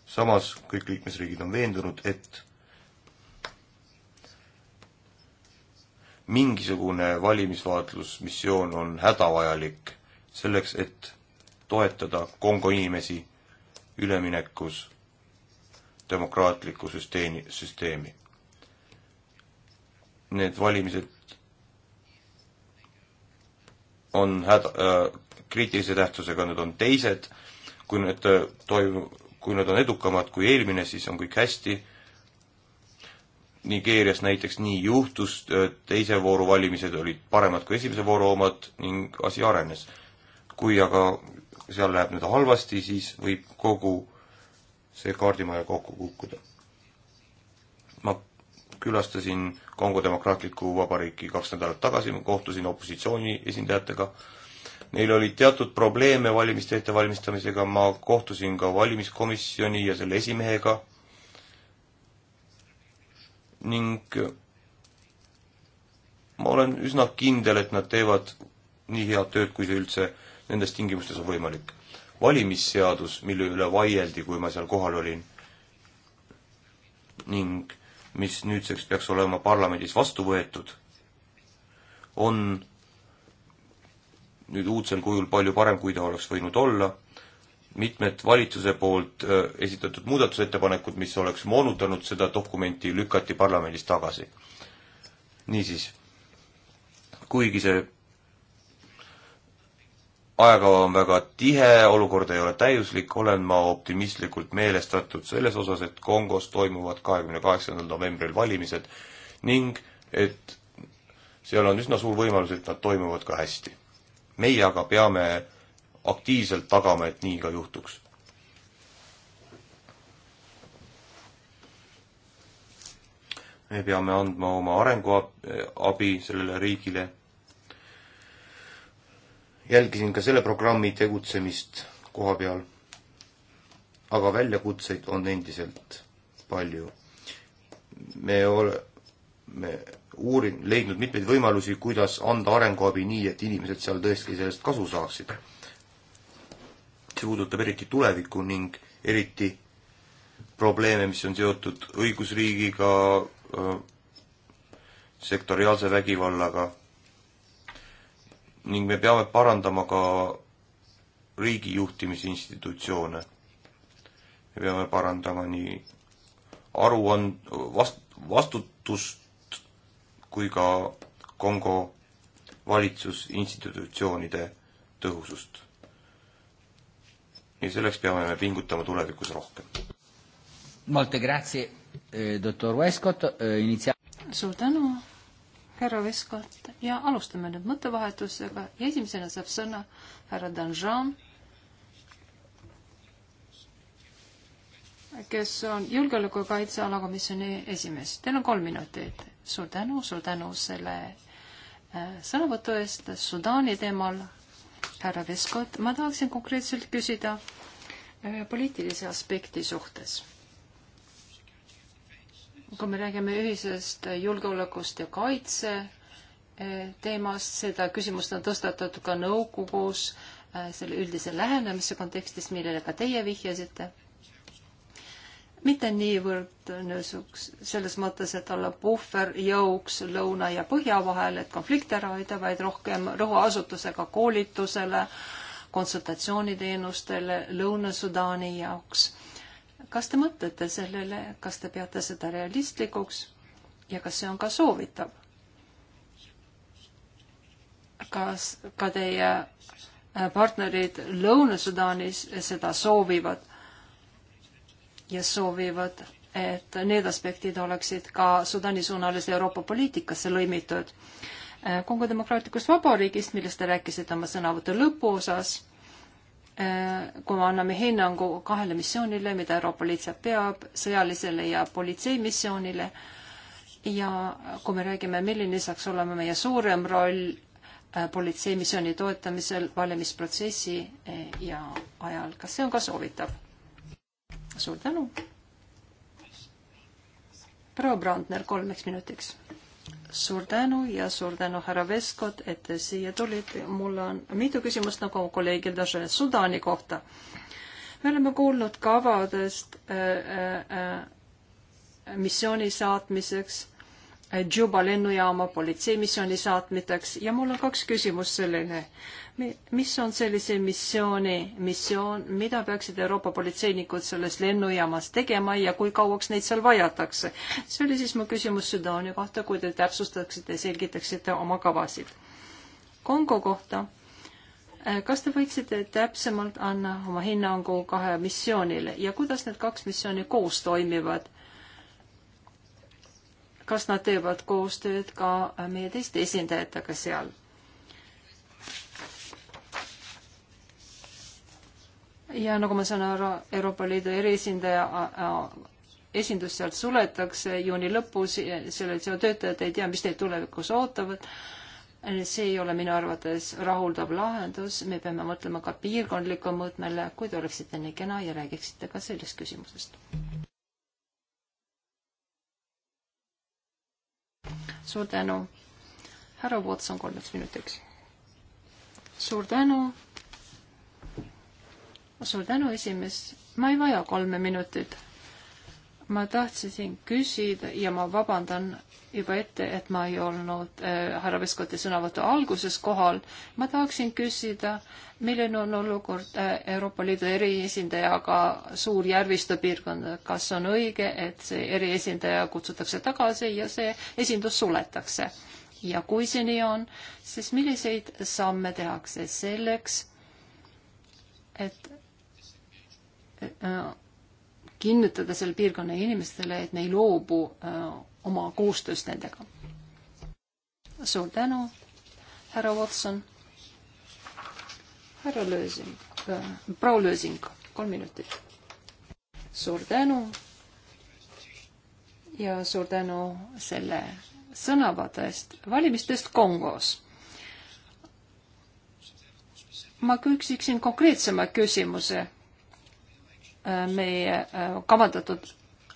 samas kõik liikmesriigid on veendunud, et mingisugune valimisvaatlusmissioon on hädavajalik selleks, et toetada Kongo inimesi üleminekus demokraatliku süsteemi, süsteemi. Need valimised on häda- äh,, kriitilise tähtsusega, need on teised, kui need äh, toimu-, kui nad on edukamad kui eelmine, siis on kõik hästi. Nigeerias näiteks nii juhtus, äh, teise vooru valimised olid paremad kui esimese vooru omad ning asi arenes kui aga seal läheb nüüd halvasti, siis võib kogu see kaardimaja kokku kukkuda. ma külastasin Kongo Demokraatlikku Vabariiki kaks nädalat tagasi, ma kohtusin opositsiooni esindajatega, neil oli teatud probleeme valimiste ettevalmistamisega, ma kohtusin ka valimiskomisjoni ja selle esimehega ning ma olen üsna kindel, et nad teevad nii head tööd, kui see üldse äh, nendes tingimustes on võimalik. valimisseadus, mille üle vaieldi, kui ma seal kohal olin, ning mis nüüdseks peaks olema parlamendis vastu võetud, on nüüd uudsel kujul palju parem, kui ta oleks võinud olla, mitmed valitsuse poolt äh, esitatud muudatusettepanekud, mis oleks moonutanud seda dokumenti, lükati parlamendis tagasi. niisiis, kuigi see ajakava on väga tihe, olukord ei ole täiuslik, olen ma optimistlikult meelestatud selles osas, et Kongos toimuvad kahekümne kaheksandal novembril valimised ning et seal on üsna suur võimalus, et nad toimuvad ka hästi. meie aga peame aktiivselt tagama, et nii ka juhtuks. me peame andma oma arenguabi sellele riigile jälgisin ka selle programmi tegutsemist koha peal. aga väljakutseid on endiselt palju. me ole-, me uurin-, leidnud mitmeid võimalusi, kuidas anda arenguabi nii, et inimesed seal tõesti sellest kasu saaksid. see puudutab eriti tulevikku ning eriti probleeme, mis on seotud õigusriigiga, sektoriaalse vägivallaga ning me peame parandama ka riigi juhtimisinstitutsioone. me peame parandama nii aruand-, vast-, vastutust kui ka Kongo valitsusinstitutsioonide tõhusust. ja selleks peame me pingutama tulevikus rohkem. Molte grazie, eh, doktor Westcott, eh, initsia-. suur tänu härra Veskalt ja alustame nüüd mõttevahetusega ja esimesena saab sõna härra Danjean, kes on julgeoleku kaitse alakomisjoni esimees. Teil on kolm minutit. suur tänu, suur tänu selle äh, sõnavõtu eest Sudaani teemal. härra Veskot, ma tahaksin konkreetselt küsida äh, poliitilise aspekti suhtes kui me räägime ühisest julgeolekust ja kaitse eh, teemast, seda küsimust on tõstatatud ka nõukogus eh, selle üldise lähenemise kontekstis, millele ka teie vihjasite. mitte niivõrd nõusuks selles mõttes, et olla puhver jõuks lõuna ja põhja vahel, et konflikte ära hoida, vaid rohkem rõhuasutusega koolitusele, konsultatsiooniteenustele Lõuna-Sudaani jaoks kas te mõtlete sellele, kas te peate seda realistlikuks ja kas see on ka soovitav? kas ka teie äh, partnerid Lõuna-Sudaanis seda soovivad ja soovivad, et need aspektid oleksid ka Sudaani suunalise Euroopa poliitikasse lõimitud. Äh, Kongo demokraatlikust vabariigist, millest te rääkisite oma sõnavõtu lõpuosas Äh, kui me anname hinnangu kahele missioonile, mida Euroopa Liit peab, sõjalisele ja politseimissioonile, ja kui me räägime, milline saaks olema meie suurem roll äh, politseimissiooni toetamisel valimisprotsessi äh, ja ajal, kas see on ka soovitav? suur tänu! proua Brandner kolmeks minutiks suur tänu ja suur tänu, härra Veskot, et te siia tulite. mul on mitu küsimust nagu kolleegil Dažel Sudaani kohta. me oleme kuulnud kavadest äh, äh, äh missiooni saatmiseks Juba lennujaama politseimissiooni saatmiseks ja mul on kaks küsimust selline. mis on sellise missiooni missioon, mida peaksid Euroopa politseinikud selles lennujaamas tegema ja kui kauaks neid seal vajatakse? see oli siis mu küsimus Sudaani kohta, kui te täpsustaksite ja selgitaksite oma kavasid. Kongo kohta, äh, kas te võiksite täpsemalt anda oma hinnangu kahe missioonile ja kuidas need kaks missiooni koos toimivad? kas nad teevad koostööd ka meie teiste esindajatega seal? ja nagu ma saan aru, Euroopa Liidu eriesindaja esindus sealt suletakse juuni lõpus, sellel töötajad ei tea, mis neid tulevikus ootavad see ei ole minu arvates rahuldav lahendus, me peame mõtlema ka piirkondliku mõõtmele, kui te oleksite nii kena ja räägiksite ka sellest küsimusest. suur tänu. härra Watson kolmeks minutiks. suur tänu. suur tänu, esimees. ma ei vaja kolme minutit ma tahtsin küsida ja ma vabandan juba ette, et ma ei olnud äh, härra Veskoti sõnavõtu alguses kohal. ma tahaksin küsida, milline on olukord äh, Euroopa Liidu eriesindajaga Suur-Järvistu piirkonda, kas on õige, et see eriesindaja kutsutakse tagasi ja see esindus suletakse? ja kui see nii on, siis milliseid samme tehakse selleks, et äh, kinnitada selle piirkonna inimestele, et me ei loobu äh, oma koostööst nendega. suur tänu, härra Watson. härra Lösing äh,, proua Lösing, kolm minutit. suur tänu ja suur tänu selle sõnavõtu eest valimistest Kongos. ma küsiksin konkreetsema küsimuse meie äh, kavandatud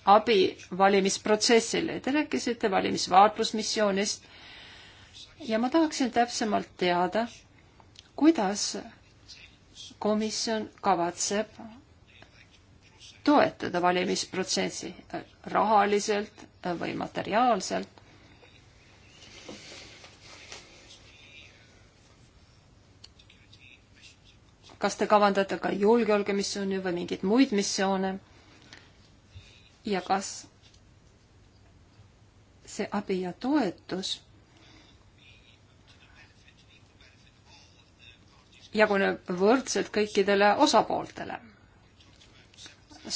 abi valimisprotsessile. Te rääkisite valimisvaatlusmissioonist ja ma tahaksin täpsemalt teada, kuidas komisjon kavatseb toetada valimisprotsessi äh, rahaliselt või materiaalselt kas te kavandate ka julgeolekumissiooni või mingeid muid missioone? ja kas see abi ja toetus jaguneb võrdselt kõikidele osapooltele?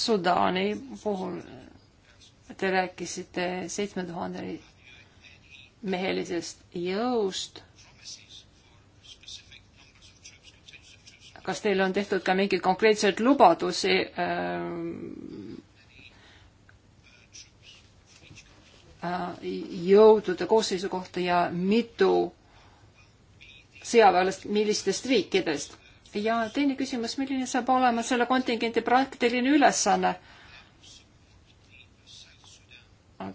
Sudaani puhul te rääkisite seitsme tuhande mehelisest jõust kas teil on tehtud ka mingeid konkreetseid lubadusi ähm, äh, jõudude koosseisu kohta ja mitu sõjaväelast, millistest riikidest? ja teine küsimus, milline saab olema selle kontingendi praktiline ülesanne?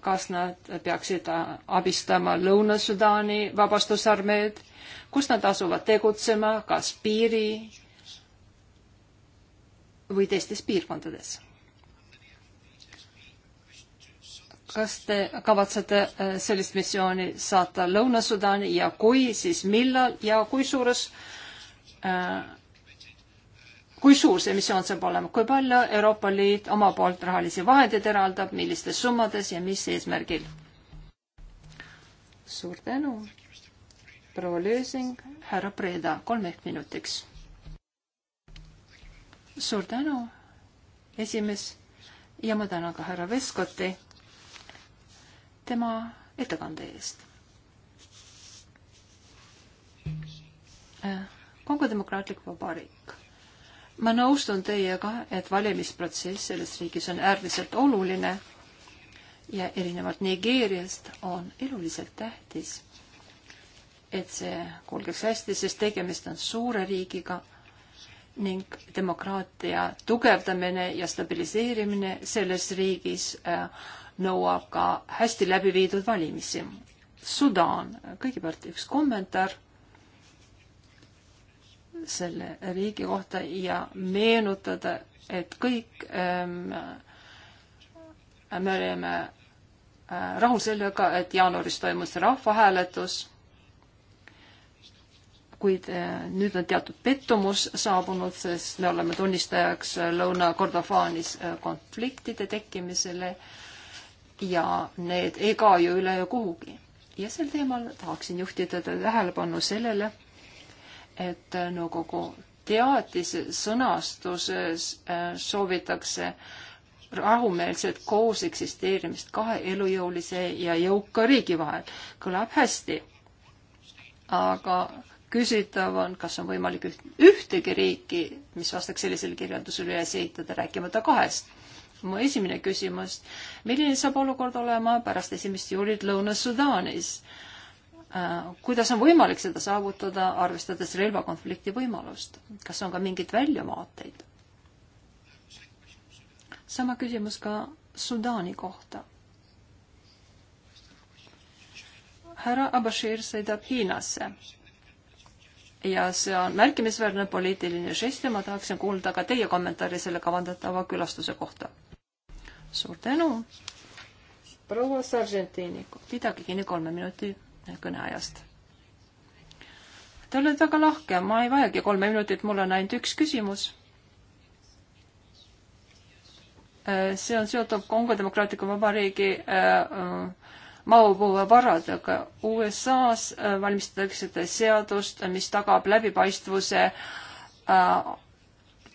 kas nad peaksid abistama Lõuna-Sudaani vabastusarmeed, kus nad asuvad tegutsema, kas piiri või teistes piirkondades. kas te kavatsete äh, sellist missiooni saata Lõuna-Sudaani ja kui, siis millal ja kui suures äh, kui suur see missioon saab olema, kui palju Euroopa Liit oma poolt rahalisi vahendeid eraldab, millistes summades ja mis eesmärgil? suur tänu, proua Lösing, härra Preda, kolmeks minutiks suur tänu, esimees ja ma tänan ka härra Veskoti tema ettekande eest. Äh, Kongo Demokraatlik Vabariik. ma nõustun teiega, et valimisprotsess selles riigis on äärmiselt oluline ja erinevalt Nigeeriast on eluliselt tähtis, et see kulgeks hästi, sest tegemist on suure riigiga ning demokraatia tugevdamine ja stabiliseerimine selles riigis äh, nõuab ka hästi läbi viidud valimisi. Sudaan, kõigepealt üks kommentaar selle riigi kohta ja meenutada, et kõik ähm, me oleme äh, rahul sellega, et jaanuaris toimus rahvahääletus kuid eh, nüüd on teatud pettumus saabunud, sest me oleme tunnistajaks eh, Lõuna-Kordofaanis eh, konfliktide tekkimisele ja need ei kao ju üle kuhugi. ja sel teemal tahaksin juhtida tähelepanu sellele, et nõukogu teadise sõnastuses soovitakse rahumeelset koos eksisteerimist kahe elujõulise ja jõuka riigi vahel. kõlab hästi, aga küsitav on, kas on võimalik üht, ühtegi riiki, mis vastaks sellisele kirjeldusele üles ehitada, rääkimata kahest. mu esimene küsimus, milline saab olukord olema pärast esimest juulit Lõuna-Sudaanis? Äh, kuidas on võimalik seda saavutada, arvestades relvakonflikti võimalust? kas on ka mingeid väljamaateid? sama küsimus ka Sudaani kohta. härra Abashir sõidab Hiinasse ja see on märkimisväärne poliitiline žest ja ma tahaksin kuulda ka teie kommentaari selle kavandatava külastuse kohta. suur tänu. proua Sargentini, pidage kinni kolme minuti kõneajast. Te olete väga lahke, ma ei vajagi kolme minutit, mul on ainult üks küsimus. Äh, see on seotud Kongo Demokraatliku Vabariigi äh, maopõue varadega. USA-s äh, valmistatakse seda seadust, mis tagab läbipaistvuse äh,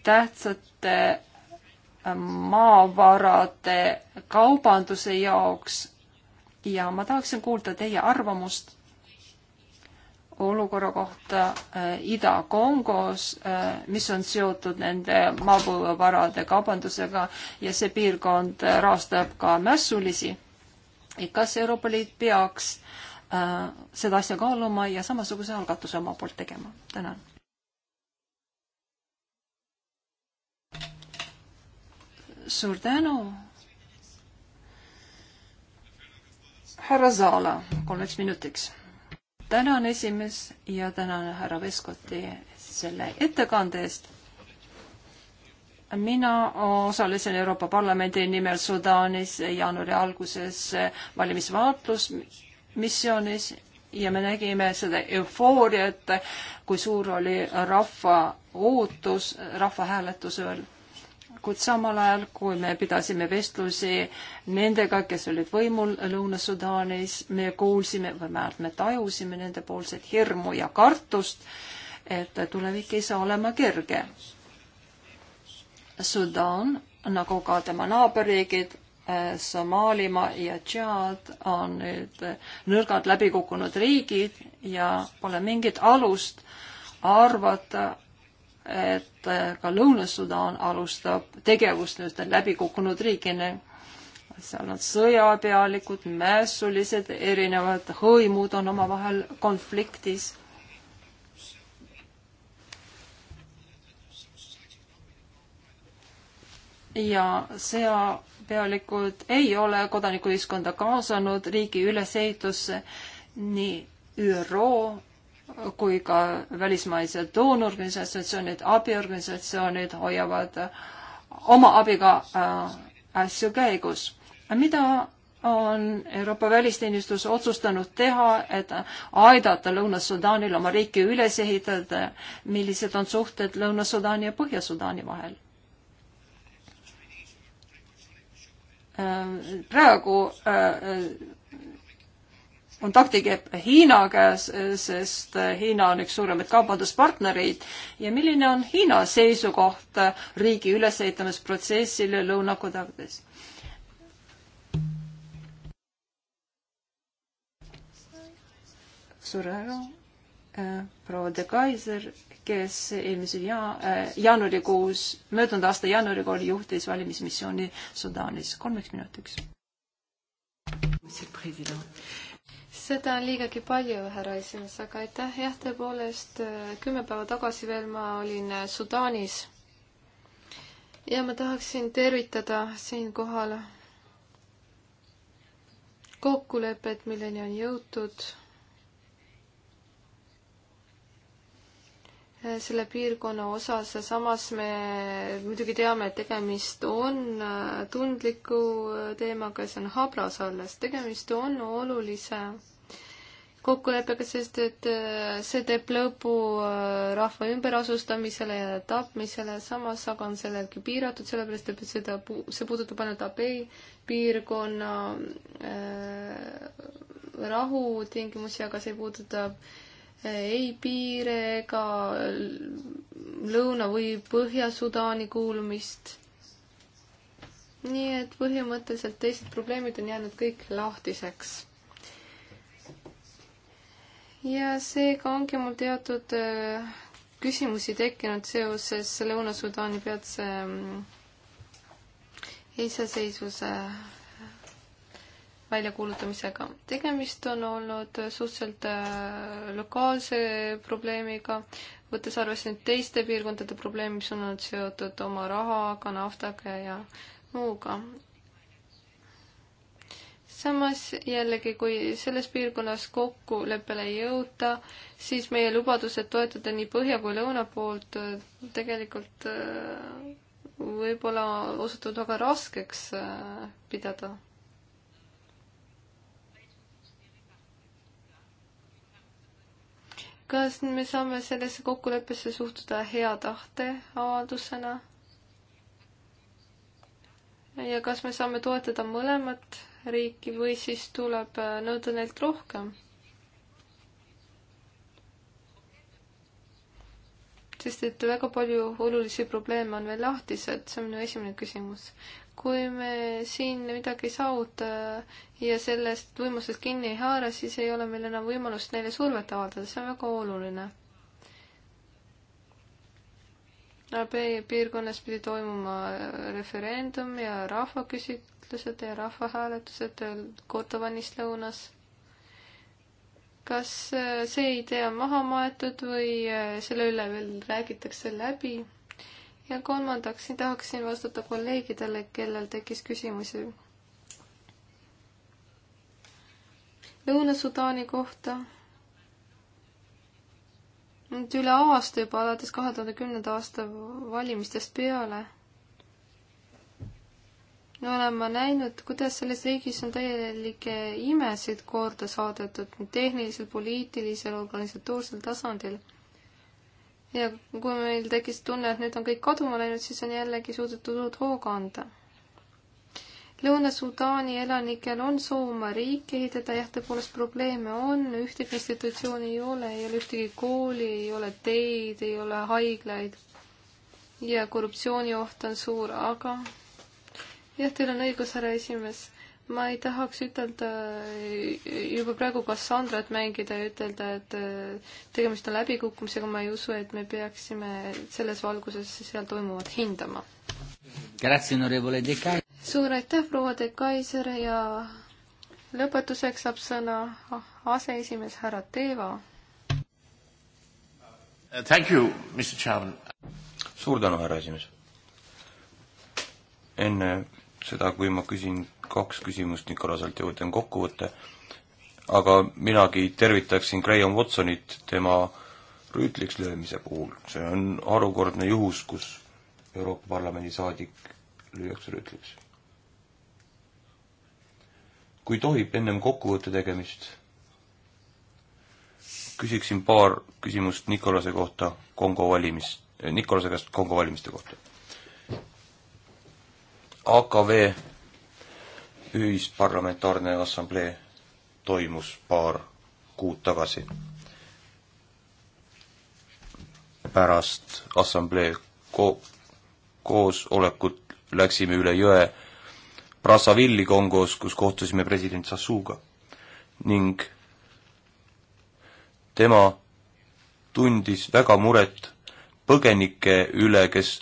tähtsate äh, maavarade kaubanduse jaoks ja ma tahaksin kuulda teie arvamust olukorra kohta äh, Ida-Kongos äh,, mis on seotud nende maapõuevarade kaubandusega ja see piirkond äh, rahastab ka mässulisi kas Euroopa Liit peaks äh, seda asja kaaluma ja samasuguse algatuse oma poolt tegema? tänan. suur tänu. härra Zaala, kolmeks minutiks. tänan esimees ja tänan härra Veskoti selle ettekande eest mina osalesin Euroopa Parlamendi nimel Sudaanis jaanuari alguses valimisvaatlusmissioonis ja me nägime seda eufooriat, kui suur oli rahva ootus rahvahääletusel. kuid samal ajal, kui me pidasime vestlusi nendega, kes olid võimul Lõuna-Sudaanis, me kuulsime või vähemalt me tajusime nendepoolset hirmu ja kartust, et tulevik ei saa olema kerge Sudaan, nagu ka tema naaberriigid, eh, Somaalimaa ja Tšaad on nüüd nõrgad läbi kukkunud riigid ja pole mingit alust arvata, et eh, ka Lõuna-Sudaan alustab tegevust nüüd läbikukkunud riigina. seal on sõjapealikud, mässulised, erinevad hõimud on omavahel konfliktis ja sõjapealikud ei ole kodanikuühiskonda kaasanud riigi ülesehitusse nii ÜRO kui ka välismaised doonorganisatsioonid, abiorganisatsioonid hoiavad oma abiga äh, asju käigus. mida on Euroopa välisteenistus otsustanud teha, et aidata Lõuna-Sudaanil oma riiki üles ehitada, millised on suhted Lõuna-Sudaani ja Põhja-Sudaani vahel? praegu äh, äh, on taktikepp Hiina käes, sest Hiina on üks suuremaid kaubanduspartnereid ja milline on Hiina seisukoht riigi ülesehitamisprotsessile Lõuna-Kodavides? suur tänu Äh, proua de Kaiser, kes eelmisel ja-, äh, jaanuarikuus, möödunud aasta jaanuarikuul juhtis valimismissiooni Sudaanis kolmeks minutiks. seda on liigagi palju, härra esimees, aga aitäh, jah, tõepoolest äh, kümme päeva tagasi veel ma olin Sudaanis ja ma tahaksin tervitada siinkohal kokkulepet, milleni on jõutud selle piirkonna osas, samas me muidugi teame, et tegemist on äh, tundliku äh, teemaga, see on habras alles, tegemist on olulise kokkuleppega, sest et äh, see teeb lõpu rahva ümberasustamisele ja tapmisele, samas aga on sellelgi piiratud, sellepärast et seda, see puudutab ainult Abei piirkonna äh, rahutingimusi, aga see puudutab äh, ei piire ega Lõuna- või Põhja-Sudaani kuulumist. nii et põhimõtteliselt teised probleemid on jäänud kõik lahtiseks. ja seega ongi mul teatud äh, küsimusi tekkinud seoses Lõuna-Sudaani peatse mm, iseseisvuse väljakuulutamisega. tegemist on olnud suhteliselt äh, lokaalse probleemiga, võttes arvesse nüüd teiste piirkondade probleeme, mis on olnud seotud oma rahaga, naftaga ja muuga. samas jällegi, kui selles piirkonnas kokkuleppele ei jõuta, siis meie lubadused toetada nii põhja kui lõuna poolt äh, tegelikult äh, võib-olla osutuvad väga raskeks pidada kas me saame sellesse kokkuleppesse suhtuda hea tahte avaldusena? ja kas me saame toetada mõlemat riiki või siis tuleb äh, nõuda neilt rohkem? sest et väga palju olulisi probleeme on veel lahtised, see on minu esimene küsimus kui me siin midagi ei saavuta ja sellest võimalusest kinni ei haara, siis ei ole meil enam võimalust neile survet avaldada, see on väga oluline. AB piirkonnas pidi toimuma referendum ja rahvaküsitlused ja rahvahääletused Kordovanis lõunas. kas äh, see idee on maha maetud või äh, selle üle veel räägitakse läbi? ja kolmandaks tahaksin vastata kolleegidele, kellel tekkis küsimusi. Lõuna-Sudaani kohta. nüüd üle aasta juba, alates kahe tuhande kümnenda aasta valimistest peale. me oleme näinud, kuidas selles riigis on täielikke imesid korda saadetud tehniliselt, poliitilisel, organisatoorsel tasandil ja kui meil tekkis tunne, et nüüd on kõik kaduma läinud, siis on jällegi suudetud uut hooga anda. Lõuna-Sudaani elanikel on soov oma riiki ehitada, jah, tõepoolest probleeme on, ühtegi institutsiooni ei ole, ei ole ühtegi kooli, ei ole teid, ei ole haiglaid ja korruptsioonioht on suur, aga jah, teil on õigus, härra esimees ma ei tahaks ütelda äh, juba praegu Cassandrat mängida ja ütelda, et äh, tegemist on läbikukkumisega, ma ei usu, et me peaksime selles valguses seal toimuvat hindama. suur aitäh, proua de Kaiser ja lõpetuseks saab sõna aseesimees härra Teeva. Uh, suur tänu, härra esimees. enne seda, kui ma küsin kaks küsimust Nicolaselt ja teen kokkuvõtte, aga minagi tervitaksin Graham Watsonit tema rüütliks löömise puhul, see on harukordne juhus, kus Euroopa Parlamendi saadik lüüakse rüütliks. kui tohib, ennem kokkuvõtte tegemist küsiksin paar küsimust Nikolase kohta Kongo valimis, Nikolase käest Kongo valimiste kohta. AKV ühisparlamentaarne assamblee toimus paar kuud tagasi. pärast assamblee ko-, koosolekut läksime üle jõe Brassavilli Kongos, kus kohtusime president Sassouga ning tema tundis väga muret põgenike üle, kes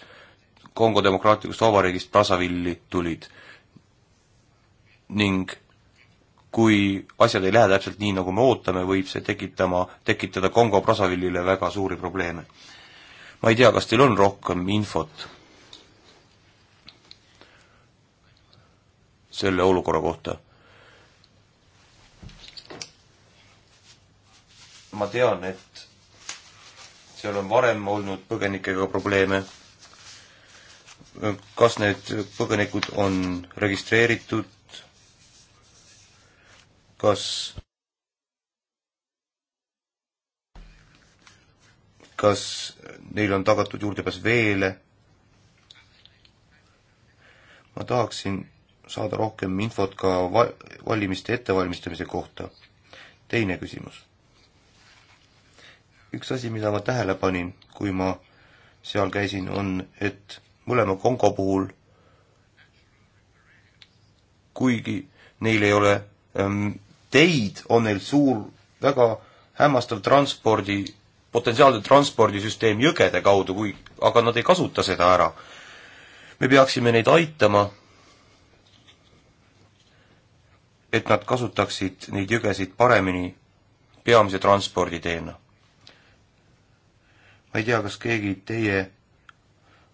Kongo demokraatlikust vabariigist Brassavilli tulid ning kui asjad ei lähe täpselt nii, nagu me ootame, võib see tekitama, tekitada Kongo Brazzaville'ile väga suuri probleeme. ma ei tea, kas teil on rohkem infot selle olukorra kohta? ma tean, et seal on varem olnud põgenikega probleeme, kas need põgenikud on registreeritud, kas, kas neil on tagatud juurdepääs veele. ma tahaksin saada rohkem infot ka va valimiste ettevalmistamise kohta. teine küsimus. üks asi, mida ma tähele panin, kui ma seal käisin, on, et mõlema Kongo puhul, kuigi neil ei ole ähm, teid on neil suur, väga hämmastav transpordi, potentsiaalne transpordisüsteem jõgede kaudu, kui, aga nad ei kasuta seda ära. me peaksime neid aitama, et nad kasutaksid neid jõgesid paremini peamise transporditeena. ma ei tea, kas keegi teie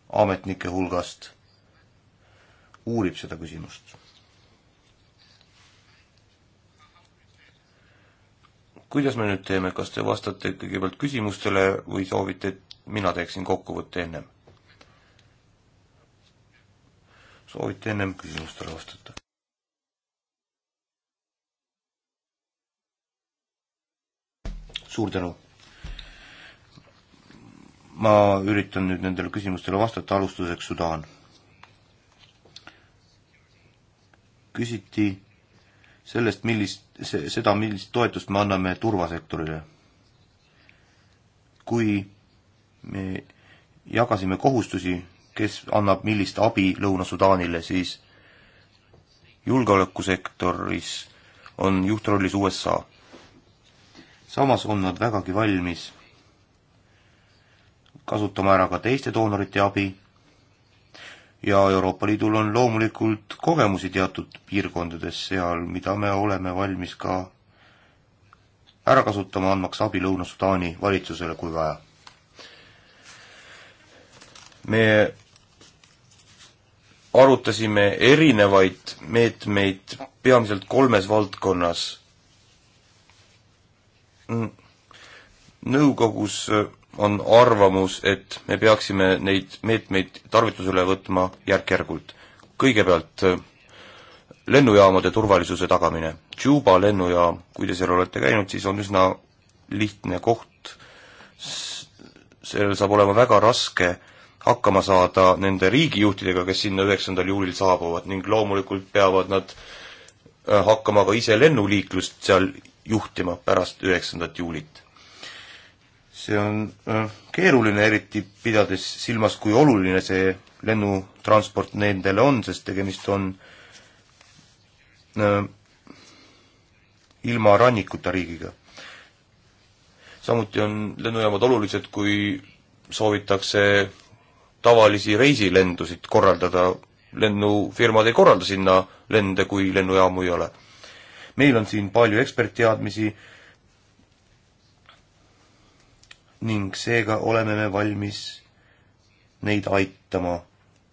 ametnike hulgast uurib seda küsimust kuidas me nüüd teeme, kas te vastate kõigepealt küsimustele või soovite, et mina teeksin kokkuvõtte ennem? soovite ennem küsimustele vastata? suur tänu! ma üritan nüüd nendele küsimustele vastata, alustuseks Sudaan. küsiti sellest, millist, seda, millist toetust me anname turvasektorile. kui me jagasime kohustusi, kes annab millist abi Lõuna-Sudaanile, siis julgeolekusektoris on juhtrollis USA. samas on nad vägagi valmis kasutama ära ka teiste doonorite abi ja Euroopa Liidul on loomulikult kogemusi teatud piirkondades seal, mida me oleme valmis ka ära kasutama, andmaks abi Lõuna-Sudaani valitsusele, kui vaja. me arutasime erinevaid meetmeid peamiselt kolmes valdkonnas. nõukogus on arvamus, et me peaksime neid meetmeid tarvitusele võtma järk-järgult. kõigepealt äh, lennujaamade turvalisuse tagamine. Juba lennujaam, kui te seal olete käinud, siis on üsna lihtne koht, sellel saab olema väga raske hakkama saada nende riigijuhtidega, kes sinna üheksandal juulil saabuvad ning loomulikult peavad nad äh, hakkama ka ise lennuliiklust seal juhtima pärast üheksandat juulit see on äh, keeruline, eriti pidades silmas, kui oluline see lennutransport nendele on, sest tegemist on äh, ilma rannikuta riigiga. samuti on lennujaamad olulised, kui soovitakse tavalisi reisilendusid korraldada, lennufirmad ei korralda sinna lende, kui lennujaamu ei ole. meil on siin palju ekspertteadmisi, ning seega oleme me valmis neid aitama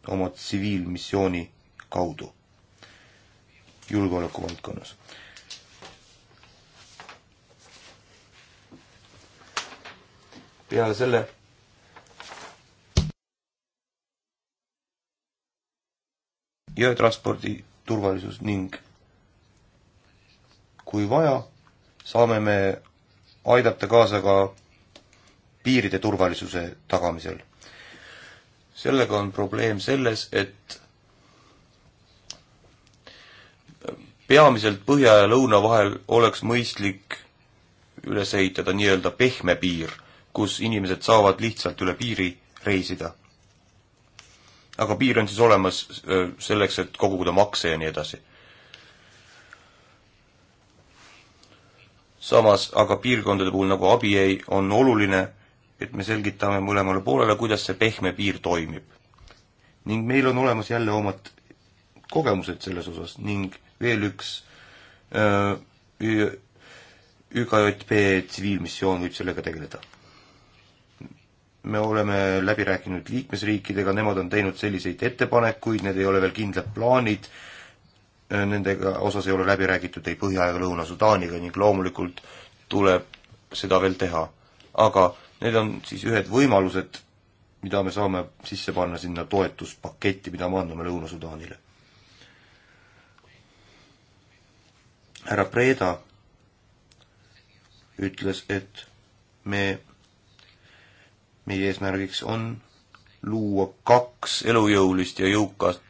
oma tsiviilmissiooni kaudu julgeoleku valdkonnas. peale selle jõetranspordi turvalisus ning kui vaja, saame me aidata kaasa ka piiride turvalisuse tagamisel. sellega on probleem selles, et peamiselt põhja ja lõuna vahel oleks mõistlik üles ehitada nii-öelda pehme piir, kus inimesed saavad lihtsalt üle piiri reisida. aga piir on siis olemas selleks, et koguda makse ja nii edasi. samas aga piirkondade puhul nagu Abiey on oluline, et me selgitame mõlemale poolele, kuidas see pehme piir toimib. ning meil on olemas jälle omad kogemused selles osas ning veel üks öö, äh, ÜKJP tsiviilmissioon võib sellega tegeleda. me oleme läbi rääkinud liikmesriikidega, nemad on teinud selliseid ettepanekuid, need ei ole veel kindlad plaanid, äh, nendega osas ei ole läbi räägitud ei Põhja- ega Lõuna-Sudaaniga ning loomulikult tuleb seda veel teha. aga Need on siis ühed võimalused, mida me saame sisse panna sinna toetuspaketti, mida me anname Lõuna-Sudaanile. härra Preda ütles, et me, meie eesmärgiks on luua kaks elujõulist ja jõukat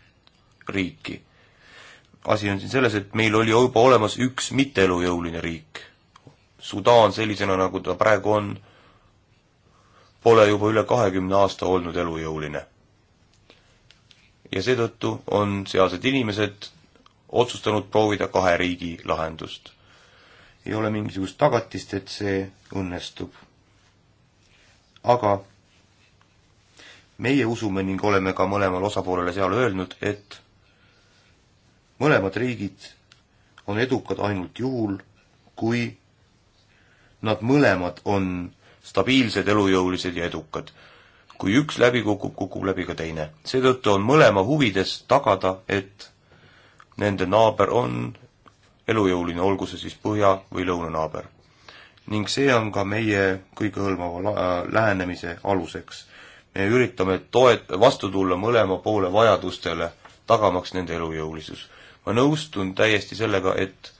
riiki. asi on siin selles, et meil oli juba olemas üks mitteelujõuline riik. Sudaan sellisena, nagu ta praegu on, pole juba üle kahekümne aasta olnud elujõuline. ja seetõttu on sealsed inimesed otsustanud proovida kahe riigi lahendust. ei ole mingisugust tagatist, et see õnnestub. aga meie usume ning oleme ka mõlemale osapoolele seal öelnud, et mõlemad riigid on edukad ainult juhul, kui nad mõlemad on stabiilsed, elujõulised ja edukad. kui üks läbi kukub, kukub läbi ka teine. seetõttu on mõlema huvides tagada, et nende naaber on elujõuline, olgu see siis põhja- või lõunanaaber. ning see on ka meie kõigehõlmava lähenemise aluseks. me üritame toet-, vastu tulla mõlema poole vajadustele, tagamaks nende elujõulisus. ma nõustun täiesti sellega, et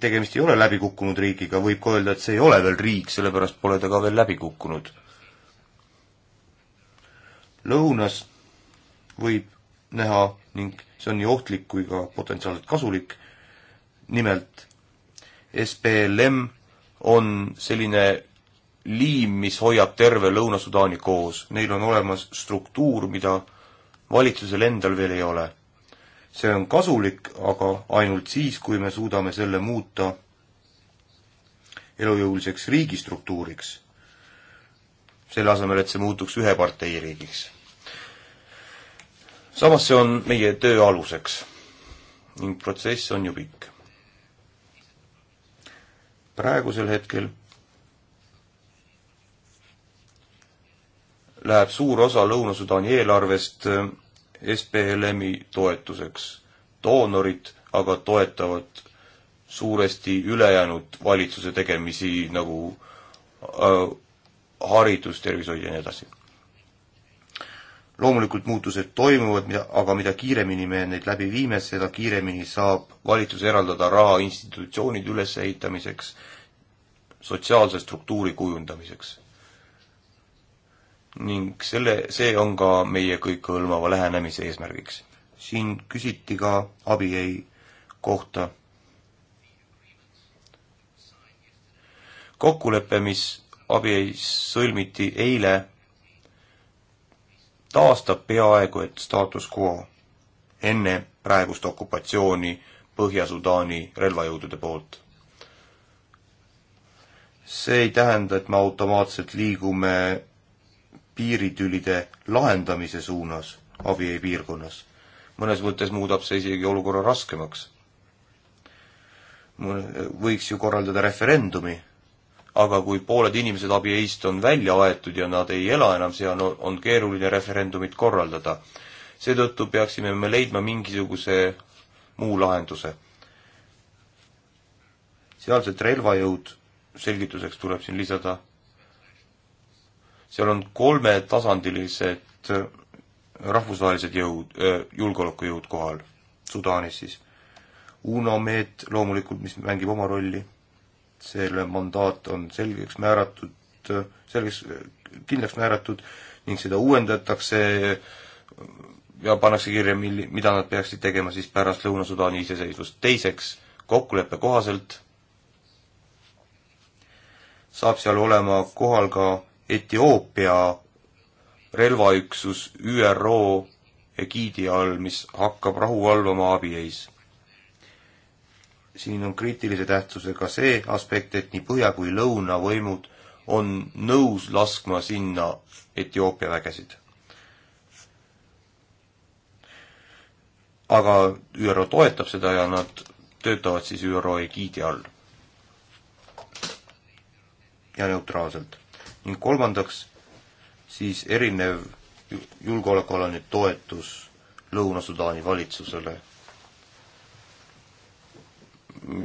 tegemist ei ole läbikukkunud riigiga, võib ka öelda, et see ei ole veel riik, sellepärast pole ta ka veel läbi kukkunud. lõunas võib näha ning see on nii ohtlik kui ka potentsiaalselt kasulik, nimelt SPLM on selline liim, mis hoiab terve Lõuna-Sudaani koos, neil on olemas struktuur, mida valitsusel endal veel ei ole see on kasulik, aga ainult siis, kui me suudame selle muuta elujõuliseks riigistruktuuriks, selle asemel, et see muutuks ühe partei riigiks. samas see on meie töö aluseks ning protsess on ju pikk. praegusel hetkel läheb suur osa Lõuna-Sudaani eelarvest SPLM-i toetuseks. doonorid aga toetavad suuresti ülejäänud valitsuse tegemisi nagu äh, haridus, tervishoid ja nii edasi. loomulikult muutused toimuvad, aga mida kiiremini me neid läbi viime, seda kiiremini saab valitsus eraldada raha institutsioonide ülesehitamiseks, sotsiaalse struktuuri kujundamiseks ning selle, see on ka meie kõikehõlmava lähenemise eesmärgiks. siin küsiti ka abiei kohta. kokkulepe, mis abiei sõlmiti eile, taastab peaaegu et staatus quo enne praegust okupatsiooni Põhja-Sudaani relvajõudude poolt. see ei tähenda, et me automaatselt liigume piiritülide lahendamise suunas abi piirkonnas. mõnes mõttes muudab see isegi olukorra raskemaks. võiks ju korraldada referendumi, aga kui pooled inimesed abieist on välja aetud ja nad ei ela enam seal, on keeruline referendumit korraldada. seetõttu peaksime me leidma mingisuguse muu lahenduse. sealset relvajõud, selgituseks tuleb siin lisada seal on kolmetasandilised äh, rahvusvahelised jõud, äh, julgeolekujõud kohal, Sudaanis siis. UNAMED loomulikult, mis mängib oma rolli, selle mandaat on selgeks määratud, äh, selgeks, kindlaks määratud ning seda uuendatakse ja pannakse kirja, milli-, mida nad peaksid tegema siis pärast Lõuna-Sudaani iseseisvust. teiseks, kokkuleppe kohaselt saab seal olema kohal ka Etioopia relvaüksus ÜRO egiidi all, mis hakkab rahu valvama abieis. siin on kriitilise tähtsusega see aspekt, et nii põhja kui lõuna võimud on nõus laskma sinna Etioopia vägesid. aga ÜRO toetab seda ja nad töötavad siis ÜRO egiidi all. ja neutraalselt ning kolmandaks siis erinev julgeolekualane toetus Lõuna-Sudaani valitsusele,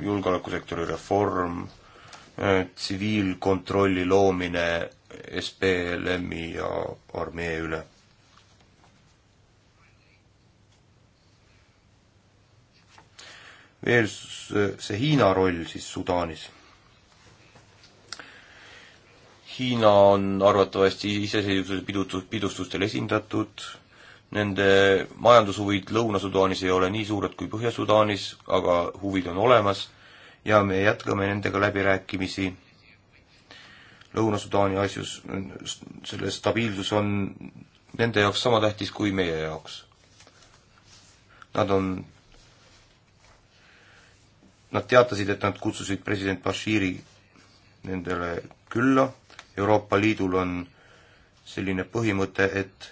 julgeolekusektori reform, äh, tsiviilkontrolli loomine SPLM-i ja armee üle. veel see Hiina roll siis Sudaanis Hiina on arvatavasti iseseisvuse pidutus, pidustustel esindatud, nende majandushuvid Lõuna-Sudaanis ei ole nii suured kui Põhja-Sudaanis, aga huvid on olemas ja me jätkame nendega läbirääkimisi Lõuna-Sudaani asjus, selle stabiilsus on nende jaoks sama tähtis kui meie jaoks. Nad on, nad teatasid, et nad kutsusid president Bashiri nendele külla Euroopa Liidul on selline põhimõte, et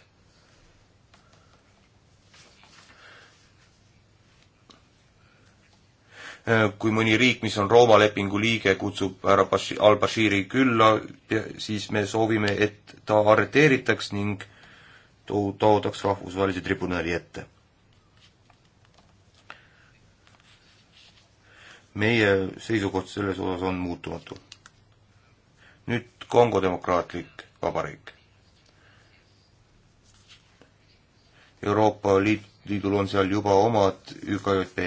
kui mõni riik, mis on Rooma lepingu liige, kutsub härra Bashi-, al-Bashiri külla, siis me soovime, et ta arreteeritaks ning to-, toodaks rahvusvahelise tribunali ette. meie seisukoht selles osas on muutumatu. nüüd Kongo Demokraatlik Vabariik. Euroopa Liit, Liidul on seal juba omad ÜKJP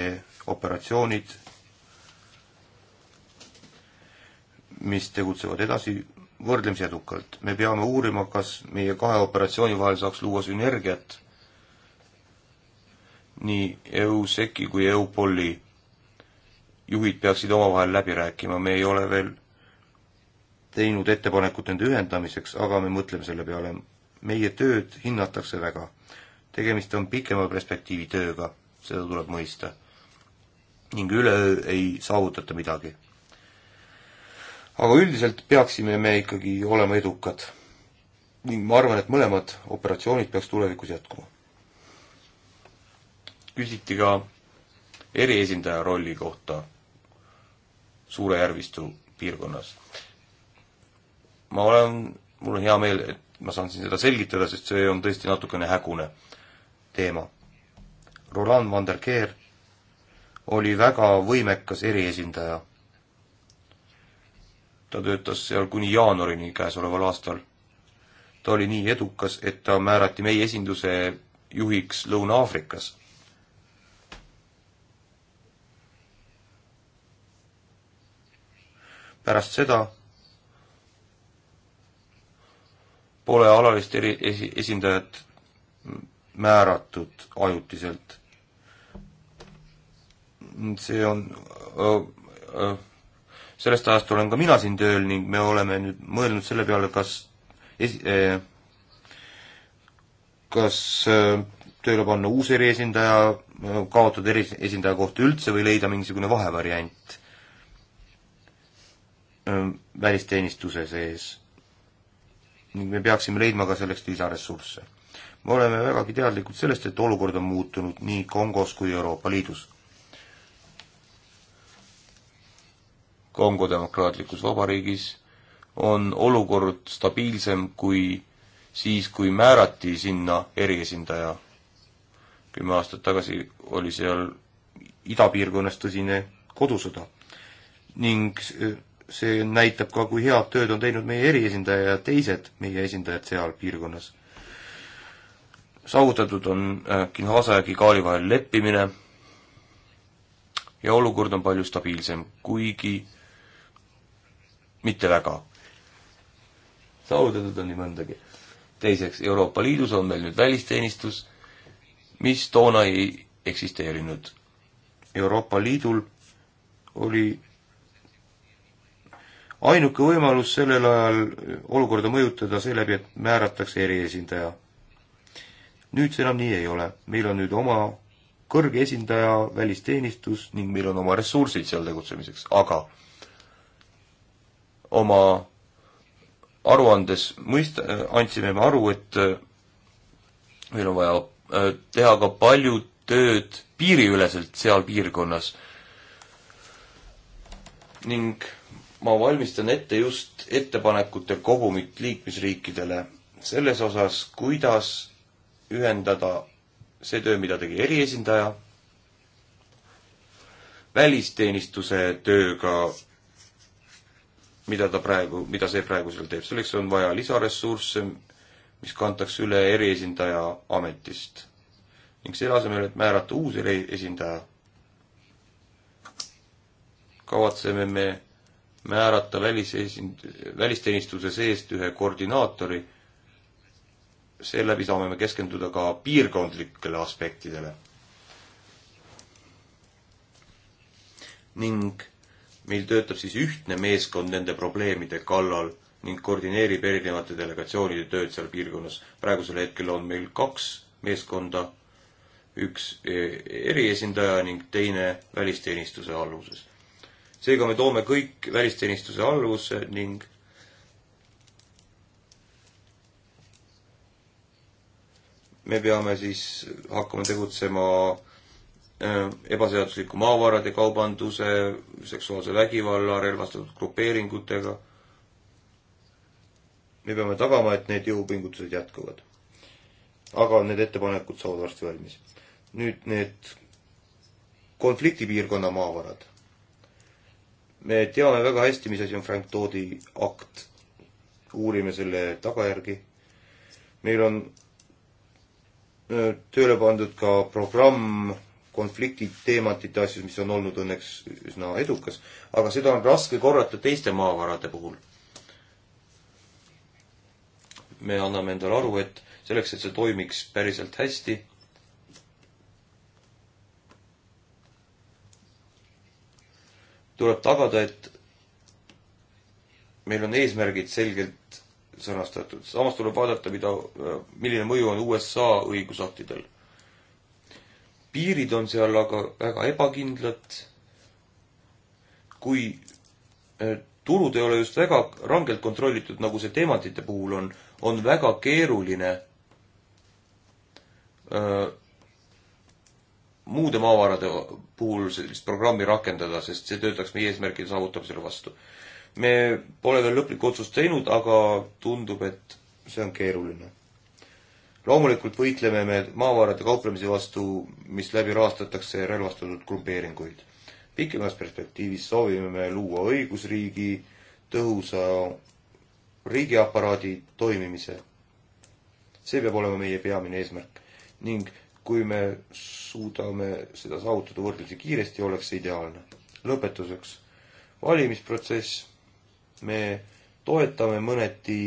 operatsioonid, mis tegutsevad edasi võrdlemisi edukalt. me peame uurima, kas meie kahe operatsiooni vahel saaks luua sünergiat nii EUSEC-i kui EUPOL-i juhid peaksid omavahel läbi rääkima, me ei ole veel teinud ettepanekut nende ühendamiseks, aga me mõtleme selle peale. meie tööd hinnatakse väga. tegemist on pikema perspektiivi tööga, seda tuleb mõista. ning üleöö ei saavutata midagi. aga üldiselt peaksime me ikkagi olema edukad. ning ma arvan, et mõlemad operatsioonid peaks tulevikus jätkuma. küsiti ka eriesindaja rolli kohta Suure järvistu piirkonnas ma olen, mul on hea meel, et ma saan siin seda selgitada, sest see on tõesti natukene hägune teema. Roland van der Keer oli väga võimekas eriesindaja. ta töötas seal kuni jaanuarini käesoleval aastal. ta oli nii edukas, et ta määrati meie esinduse juhiks Lõuna-Aafrikas. pärast seda pole alalist eri-, esi-, esindajat määratud ajutiselt. see on öö, öö, sellest ajast olen ka mina siin tööl ning me oleme nüüd mõelnud selle peale, kas esi-, kas tööle panna uus eriesindaja, kaotada eriesindaja koht üldse või leida mingisugune vahevariant välisteenistuse sees ning me peaksime leidma ka selleks lisaressursse. me oleme vägagi teadlikud sellest, et olukord on muutunud nii Kongos kui Euroopa Liidus. Kongo demokraatlikus vabariigis on olukord stabiilsem kui siis, kui määrati sinna eriesindaja. kümme aastat tagasi oli seal idapiirkonnas tõsine kodusõda ning see näitab ka, kui head tööd on teinud meie eriesindaja ja teised meie esindajad seal piirkonnas. saavutatud on äh, Kinhasa ja Kigali vahel leppimine ja olukord on palju stabiilsem, kuigi mitte väga. saavutatud on nii mõndagi. teiseks, Euroopa Liidus on meil nüüd välisteenistus, mis toona ei eksisteerinud. Euroopa Liidul oli ainuke võimalus sellel ajal olukorda mõjutada seeläbi, et määratakse eriesindaja. nüüd see enam nii ei ole, meil on nüüd oma kõrge esindaja, välisteenistus ning meil on oma ressursid seal tegutsemiseks, aga oma aruandes mõist-, andsime me aru, et äh, meil on vaja äh, teha ka palju tööd piiriüleselt seal piirkonnas ning ma valmistan ette just ettepanekute kogumit liikmesriikidele selles osas, kuidas ühendada see töö, mida tegi eriesindaja, välisteenistuse tööga, mida ta praegu, mida see praegu seal teeb, selleks on vaja lisaressursse, mis kantakse üle eriesindaja ametist. ning selle asemel, et määrata uus eriesindaja, kavatseme me määrata välisesind-, välisteenistuse seest ühe koordinaatori, seeläbi saame me keskenduda ka piirkondlikele aspektidele. ning meil töötab siis ühtne meeskond nende probleemide kallal ning koordineerib erinevate delegatsioonide tööd seal piirkonnas. praegusel hetkel on meil kaks meeskonda, üks e-, eriesindaja ning teine välisteenistuse alluses seega me toome kõik välisteenistuse alluvusse ning me peame siis hakkama tegutsema äh, ebaseadusliku maavarade kaubanduse, seksuaalse vägivalla, relvastatud grupeeringutega. me peame tagama, et need jõupingutused jätkuvad. aga need ettepanekud saavad varsti valmis. nüüd need konfliktipiirkonna maavarad me teame väga hästi, mis asi on Frank Toodi akt. uurime selle tagajärgi. meil on äh, tööle pandud ka programm konfliktid, teematid ja asjad, mis on olnud õnneks üsna edukas, aga seda on raske korrata teiste maavarade puhul. me anname endale aru, et selleks, et see toimiks päriselt hästi tuleb tagada, et meil on eesmärgid selgelt sõnastatud. samas tuleb vaadata, mida, milline mõju on USA õigusaktidel. piirid on seal aga väga ebakindlad. kui eh, tulud ei ole just väga rangelt kontrollitud, nagu see teemantide puhul on, on väga keeruline öö, eh, muude maavarade puhul sellist programmi rakendada, sest see töötaks meie eesmärkide saavutamisele vastu. me pole veel lõplikku otsust teinud, aga tundub, et see on keeruline. loomulikult võitleme me maavarade kauplemise vastu, mis läbi rahastatakse relvastatud grupeeringuid. pikemas perspektiivis soovime me luua õigusriigi tõhusa riigiaparaadi toimimise. see peab olema meie peamine eesmärk ning kui me suudame seda saavutada võrdlemisi kiiresti, oleks see ideaalne. lõpetuseks, valimisprotsess, me toetame mõneti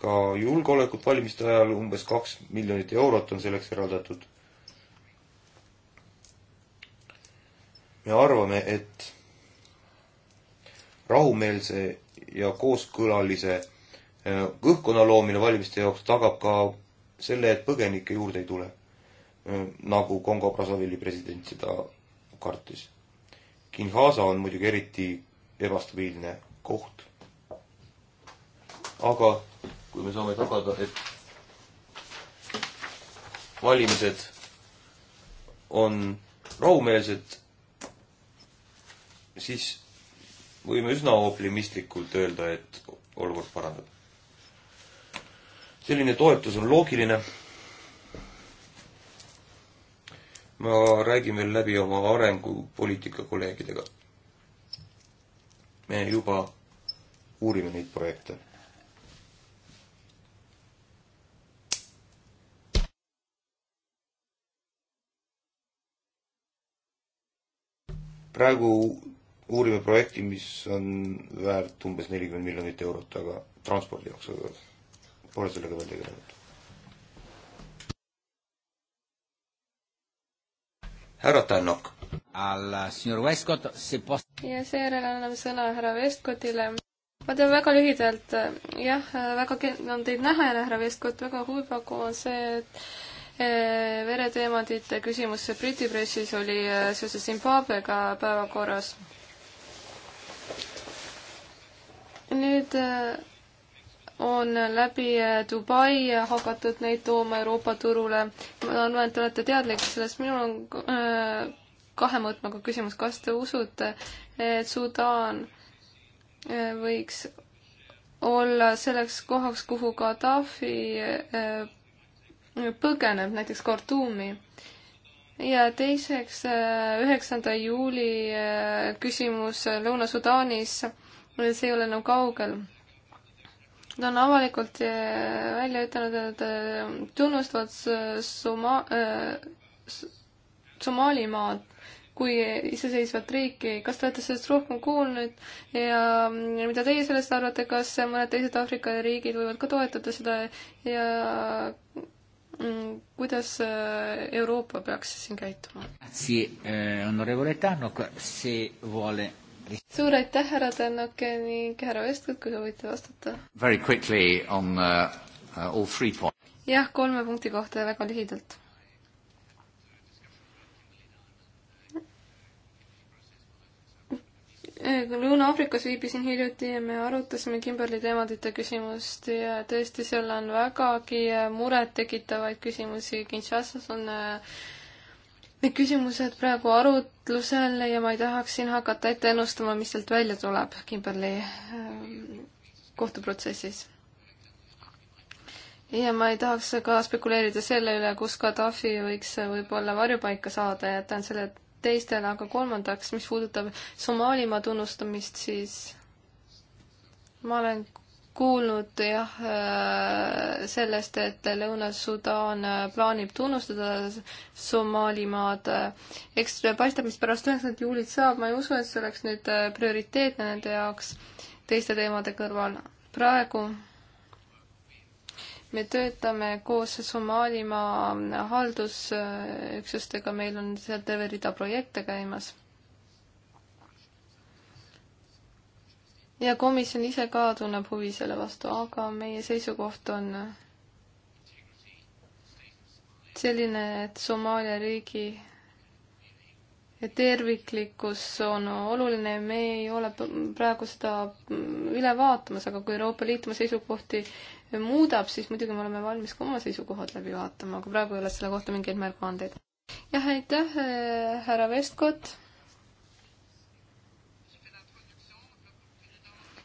ka julgeolekut valimiste ajal, umbes kaks miljonit eurot on selleks eraldatud. me arvame, et rahumeelse ja kooskõlalise eh, õhkkonna loomine valimiste jaoks tagab ka selle, et põgenikke juurde ei tule Äh, nagu Kongo Brazzaville'i president seda kartis. Kinshasa on muidugi eriti ebastabiilne koht. aga kui me saame tagada, et valimised on rahumeelsed, siis võime üsna optimistlikult öelda, et olukord paraneb. selline toetus on loogiline ma räägin veel läbi oma arengupoliitika kolleegidega. me juba uurime neid projekte. praegu uurime projekti, mis on väärt umbes nelikümmend miljonit eurot, aga transpordi jaoks pole sellega veel tegelenud härra Tännok. Äh, ja seejärel anname sõna härra Westcottile. ma teen väga lühidalt, äh, jah, äh, väga kena on teid näha jälle, härra Westcott, väga huvipakkuv on see, et vereteemadite küsimus Briti pressis oli seoses Zimbabwega päevakorras. nüüd on läbi Dubai hakatud neid tooma Euroopa turule. ma arvan, et te olete teadlik sellest, minul on äh, kahe mõõtmega küsimus, kas te usute, et Sudaan äh, võiks olla selleks kohaks, kuhu Gaddafi äh, põgeneb, näiteks Khartoumi? ja teiseks, äh, üheksanda juuli äh, küsimus Lõuna-Sudaanis, see ei ole enam kaugel Nad on avalikult eh, välja ütelnud, et eh, tunnustavad Suma-, eh, Somaalimaad kui iseseisvat riiki. kas te olete sellest rohkem kuulnud ja mida teie sellest arvate, kas mõned teised Aafrika riigid võivad ka toetada seda ja mm, kuidas Euroopa peaks siin käituma? suur aitäh, härra Tänuke ning härra Vestkõpp, kui soovite vastata. Very quickly on uh, uh, all three points. jah, kolme punkti kohta väga lühidalt. Lõuna-Aafrikas viibisin hiljuti ja me arutasime Kimberli teemadite küsimust ja tõesti, seal on vägagi murettekitavaid küsimusi. Kinshasas on äh, küsimused praegu arutlusel ja ma ei tahaks siin hakata ette ennustama, mis sealt välja tuleb Kimberli ähm, kohtuprotsessis. ja ma ei tahaks ka spekuleerida selle üle, kus Gaddafi võiks võib-olla varjupaika saada, jätan selle teistele, aga kolmandaks, mis puudutab Somaalimaa tunnustamist, siis ma olen kuulnud jah äh, sellest, et Lõuna-Sudaan äh, plaanib tunnustada Somaalimaad. eks paistab, mis pärast üheksandat juulit saab, ma ei usu, et see oleks nüüd äh, prioriteetne nende jaoks teiste teemade kõrval. praegu me töötame koos Somaalimaa haldusüksustega, meil on seal terve rida projekte käimas ja komisjon ise ka tunneb huvi selle vastu, aga meie seisukoht on selline, et Somaalia riigi terviklikkus on oluline, me ei ole praegu seda üle vaatamas, aga kui Euroopa Liit oma seisukohti muudab, siis muidugi me oleme valmis ka oma seisukohad läbi vaatama, aga praegu ei ole selle kohta mingeid märguandeid. jah, aitäh, eh, härra Vestkott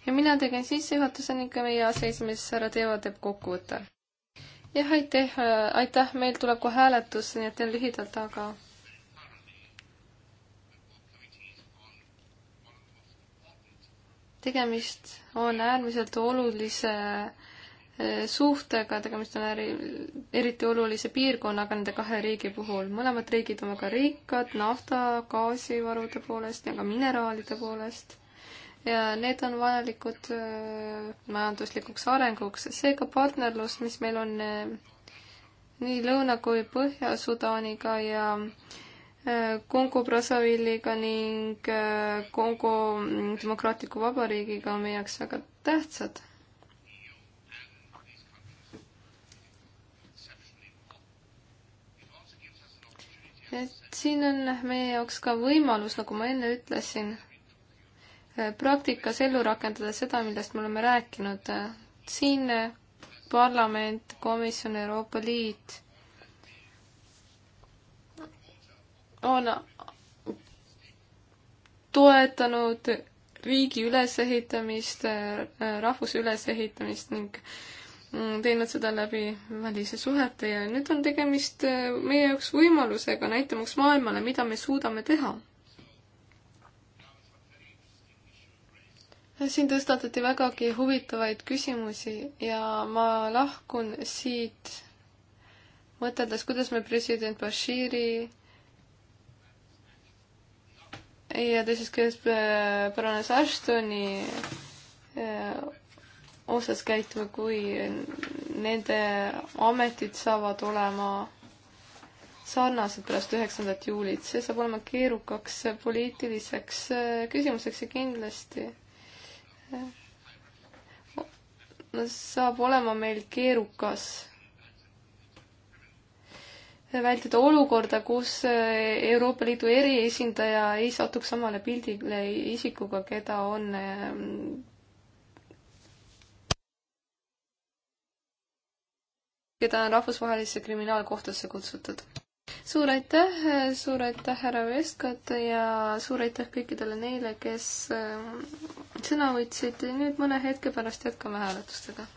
ja mina tegin sissejuhatuse ning meie aseesimees härra Teo teeb kokkuvõtte. jah, aitäh, äh, aitäh, meil tuleb kohe hääletus, nii et teen lühidalt, aga tegemist on äärmiselt olulise äh, suhtega, tegemist on äri, eriti olulise piirkonnaga nende kahe riigi puhul. mõlemad riigid on väga rikkad nafta, gaasivarude poolest ja ka mineraalide poolest ja need on vajalikud äh, majanduslikuks arenguks. seega partnerlus, mis meil on äh, nii Lõuna kui Põhja-Sudaaniga ja äh, Kongo Brassavilliga ning Kongo Demokraatliku Vabariigiga on meie jaoks väga tähtsad. et siin on meie jaoks ka võimalus, nagu ma enne ütlesin praktikas ellu rakendada seda, millest me oleme rääkinud. siin parlament, komisjon, Euroopa Liit on toetanud riigi ülesehitamist, rahvuse ülesehitamist ning teinud seda läbi välise suhete ja nüüd on tegemist meie jaoks võimalusega näitamaks maailmale, mida me suudame teha. siin tõstatati vägagi huvitavaid küsimusi ja ma lahkun siit mõteldes, kuidas me president Bashiri ja teisest küljest äh, paranes Ashtoni äh, osas käituma, kui nende ametid saavad olema sarnased pärast üheksandat juulit. see saab olema keerukaks poliitiliseks äh, küsimuseks ja kindlasti saab olema meil keerukas vältida olukorda, kus Euroopa Liidu eriesindaja ei satuks samale pildile isikuga, keda on keda on rahvusvahelisse kriminaalkohtusse kutsutud suur aitäh, suur aitäh, härra Veskat ja suur aitäh kõikidele neile, kes ähm, sõna võtsid. nüüd mõne hetke pärast jätkame hääletustega.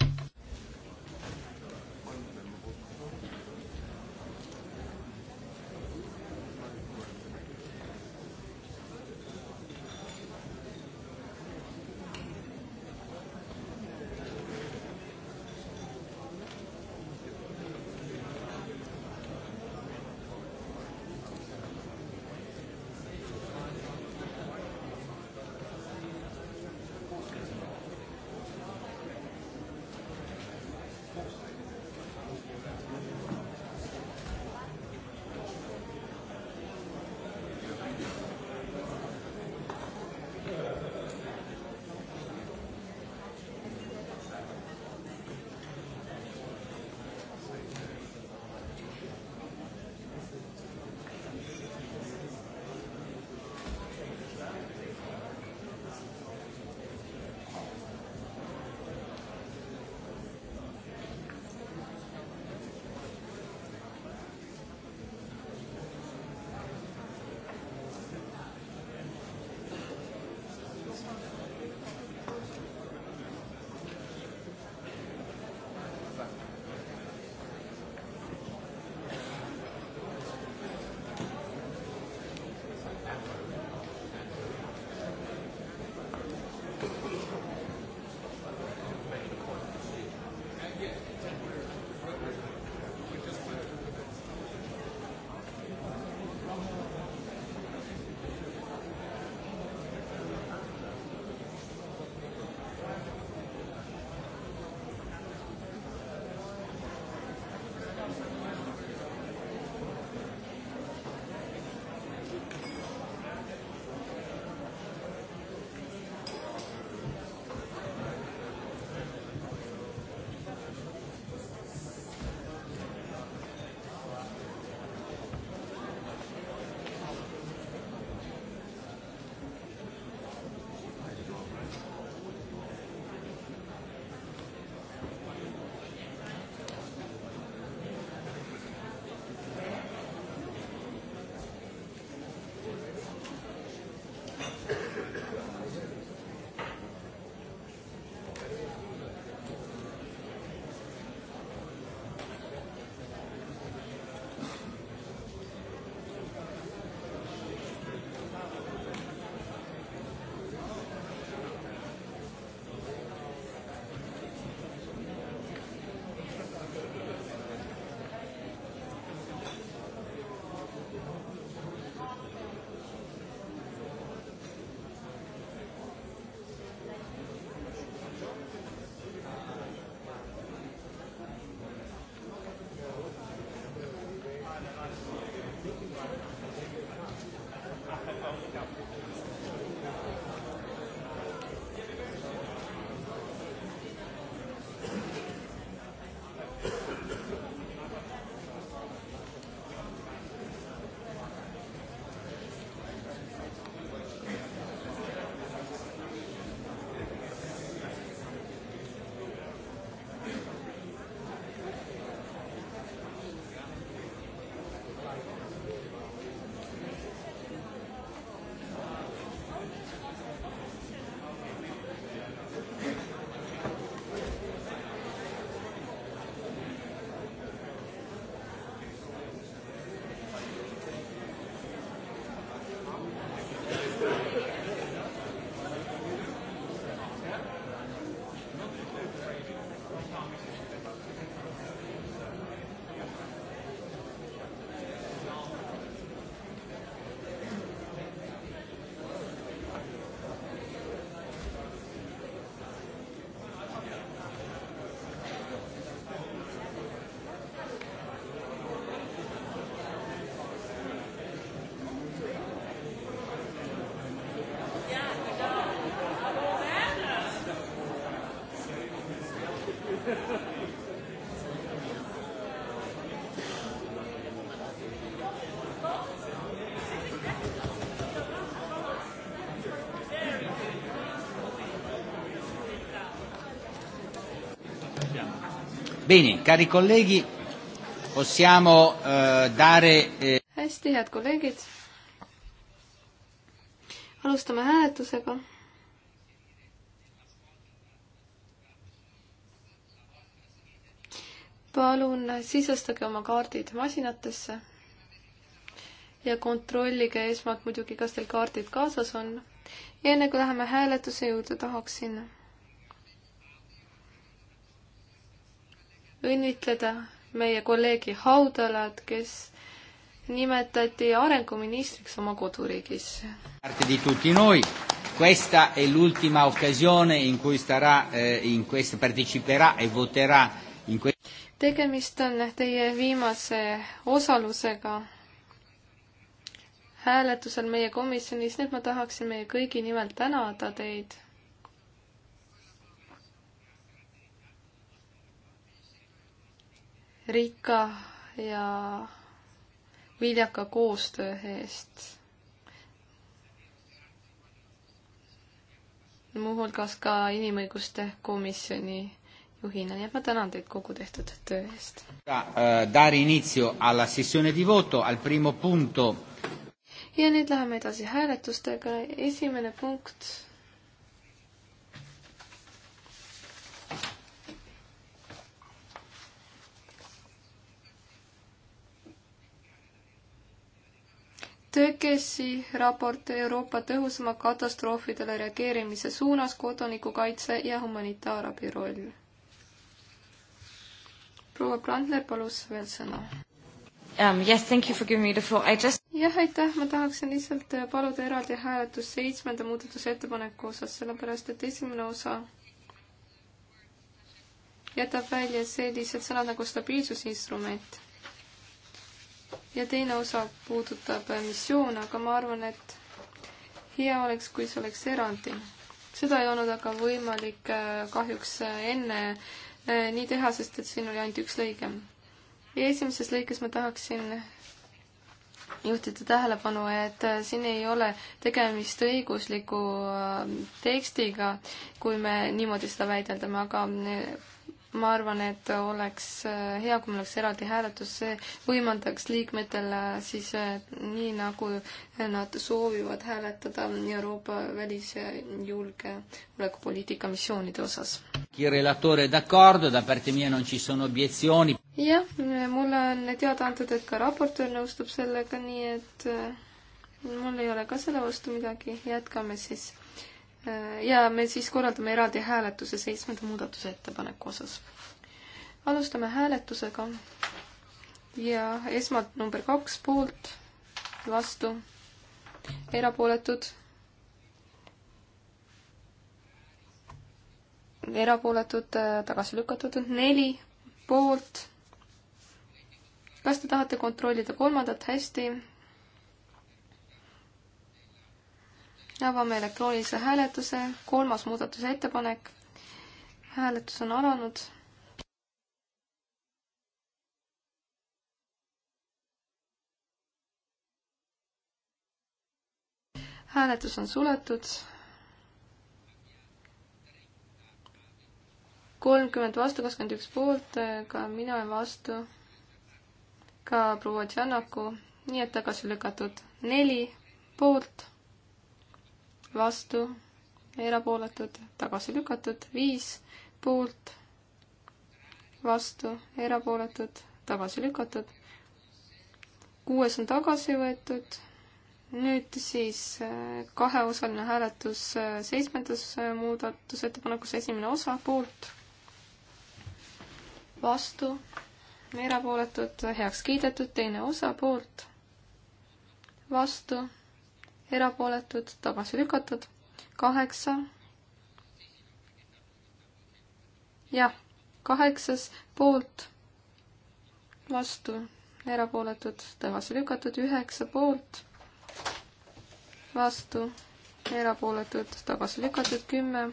Bene, cari colleghi, possiamo eh, dare... Eh... hästi, head kolleegid. alustame hääletusega. palun sisestage oma kaardid masinatesse ja kontrollige esmalt muidugi, kas teil kaardid kaasas on. ja enne kui läheme hääletuse juurde, tahaksin õnnitleda meie kolleegi Haudalat, kes nimetati arenguministriks oma koduriigis. Questa è l'ultima occasione in cui starà, eh, in questa, parteciperà e voterà in que- tegemist on teie viimase osalusega hääletusel meie komisjonis, nüüd ma tahaksin meie kõigi nimel tänada teid rikka ja viljaka koostöö eest. muuhulgas ka Inimõiguste Komisjoni juhina, nii et ma tänan teid kogu tehtud töö eest. Äh, Dare inizio alla sessione di voto al primo punto. ja nüüd läheme edasi hääletustega, esimene punkt Tökesi raport Euroopa tõhusama katastroofidele reageerimise suunas kodanikukaitse ja humanitaarabi roll. proua Brandler palus veel sõna um,. Yes, thank you for giving me the floor, I just jah, aitäh, ma tahaksin lihtsalt äh, paluda eraldi hääletust seitsmenda muudatusettepaneku osas, sellepärast et esimene osa jätab välja sellised sõnad nagu stabiilsusinstrument ja teine osa puudutab äh, missioone, aga ma arvan, et hea oleks, kui see oleks erandi. seda ei olnud aga võimalik äh, kahjuks äh, enne nii teha, sest et siin oli ainult üks lõige. ja esimeses lõikes ma tahaksin juhtida tähelepanu, et siin ei ole tegemist õigusliku tekstiga, kui me niimoodi seda väideldame, aga ma arvan, et oleks äh, hea, kui meil oleks eraldi hääletus, see võimaldaks liikmetele äh, siis äh, nii, nagu nad soovivad hääletada Euroopa välis- ja julgeolekupoliitika missioonide osas. jah, mulle on teada antud, et ka raportöör nõustub sellega, nii et mul ei ole ka selle vastu midagi, jätkame siis Äh, ja me siis korraldame eraldi hääletuse seitsmenda muudatusettepaneku osas. alustame hääletusega ja esmalt number kaks poolt, vastu, erapooletud, erapooletud, äh, tagasi lükatud, neli poolt. kas te tahate kontrollida kolmandat? hästi, avame elektroonilise hääletuse, kolmas muudatusettepanek. hääletus on alanud. hääletus on suletud. kolmkümmend vastu, kakskümmend üks poolt, ka mina olen vastu. ka proua Tšernaku, nii et tagasi lükatud neli poolt vastu, erapooletud, tagasi lükatud, viis poolt, vastu, erapooletud, tagasi lükatud. kuues on tagasi võetud. nüüd siis äh, kaheosaline hääletus äh, seitsmendas äh, muudatusettepanekus, esimene osa poolt, vastu, erapooletud, heaks kiidetud, teine osa poolt, vastu erapooletud, tagasi lükatud, kaheksa. jah, kaheksas poolt, vastu, erapooletud, tagasi lükatud, üheksa poolt, vastu, erapooletud, tagasi lükatud, kümme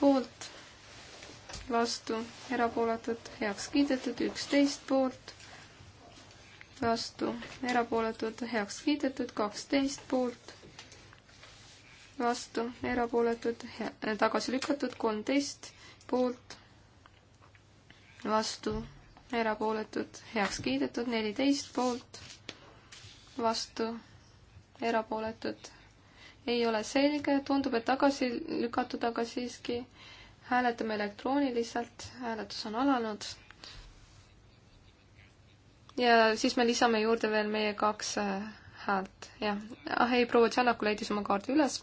poolt, vastu, erapooletud, heaks kiidetud, üksteist poolt vastu, erapooletud, heaks kiidetud, kaksteist poolt, vastu, erapooletud, tagasi lükatud, kolmteist poolt, vastu, erapooletud, heaks kiidetud, neliteist poolt, vastu, erapooletud. ei ole selge, tundub, et tagasi lükatud, aga siiski hääletame elektrooniliselt, hääletus on alanud ja siis me lisame juurde veel meie kaks äh, häält, jah. ah ei, proua Tšanaku leidis oma kaardi üles.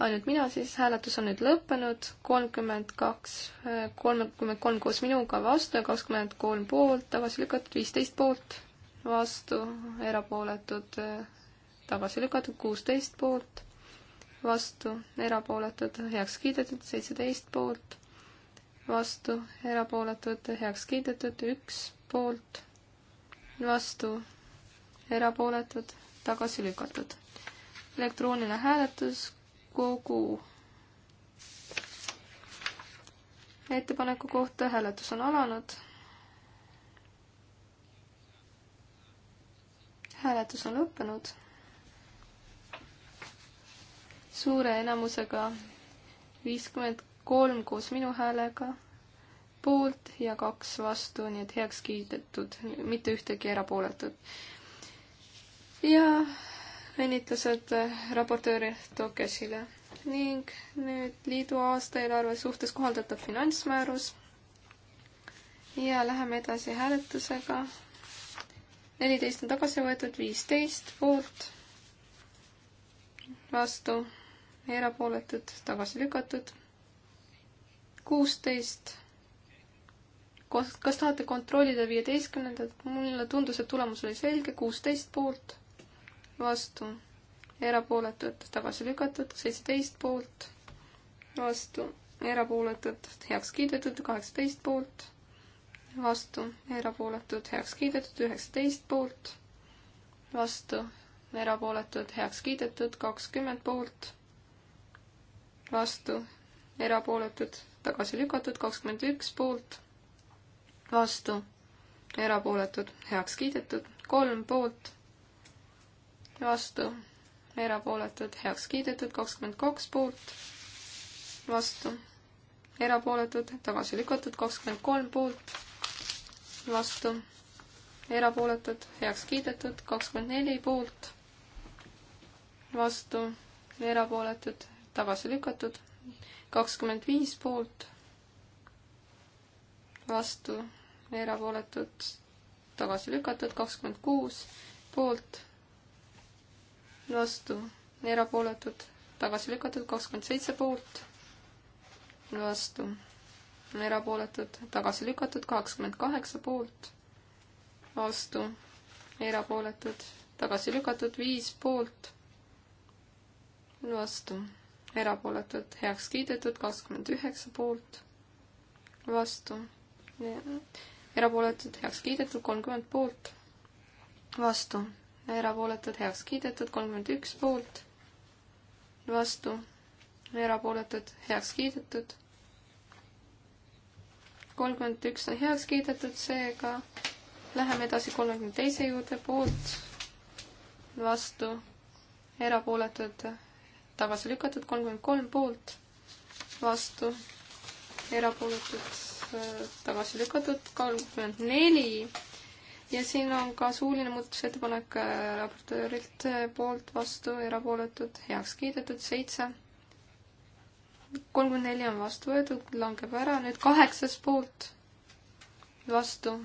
ainult mina siis, hääletus on nüüd lõppenud, kolmkümmend kaks, äh, kolmkümmend kolm koos minuga vastu ja kakskümmend kolm poolt, tagasi lükatud viisteist poolt, vastu, erapooletud, äh, tagasi lükatud kuusteist poolt, vastu, erapooletud, heaks kiidetud seitseteist poolt, vastu, erapooletud, heaks kiidetud üks poolt vastu, erapooletud, tagasi lükatud. elektrooniline hääletus kogu ettepaneku kohta, hääletus on alanud. hääletus on lõppenud. suure enamusega viiskümmend kolm koos minu häälega poolt ja kaks vastu, nii et heaks kiidetud, mitte ühtegi erapooletut. ja õnnitlused raportööri Tokesile ning nüüd liidu aastaeelarve suhtes kohaldatav finantsmäärus. ja läheme edasi hääletusega. neliteist on tagasi võetud, viisteist poolt, vastu, erapooletud, tagasi lükatud, kuusteist kas, kas tahate kontrollida viieteistkümnendat? mulle tundus, et tulemus oli selge, kuusteist poolt, vastu, erapooletud, tagasi lükatud, seitseteist poolt, vastu, erapooletud, heaks kiidetud, kaheksateist poolt, vastu, erapooletud, heaks kiidetud, üheksateist poolt, vastu, erapooletud, heaks kiidetud, kakskümmend poolt, vastu, erapooletud, tagasi lükatud, kakskümmend üks poolt vastu, erapooletud, heaks kiidetud, kolm poolt, vastu, erapooletud, heaks kiidetud, kakskümmend kaks poolt, vastu, erapooletud, tagasi lükatud, kakskümmend kolm poolt, vastu, erapooletud, heaks kiidetud, kakskümmend neli poolt, vastu, erapooletud, tagasi lükatud, kakskümmend viis poolt, vastu, erapooletud, tagasi lükatud, kakskümmend kuus poolt, vastu, erapooletud, tagasi lükatud, kakskümmend seitse poolt, vastu, erapooletud, tagasi lükatud, kakskümmend kaheksa poolt, vastu, erapooletud, tagasi lükatud, viis poolt, vastu erapooletud heaks kiidetud, kakskümmend üheksa poolt, vastu erapooletud, heaks kiidetud, kolmkümmend poolt, vastu, erapooletud, heaks kiidetud, kolmkümmend üks poolt, vastu, erapooletud, heaks kiidetud. kolmkümmend üks on heaks kiidetud, seega läheme edasi kolmekümne teise juurde, poolt, vastu, erapooletud, tagasi lükatud, kolmkümmend kolm poolt, vastu, erapooletud tagasi lükatud, kolmkümmend neli ja siin on ka suuline muudatusettepanek äh, raportöörilt äh, poolt, vastu, erapooletud, heaks kiidetud, seitse. kolmkümmend neli on vastu võetud, langeb ära, nüüd kaheksas poolt, vastu,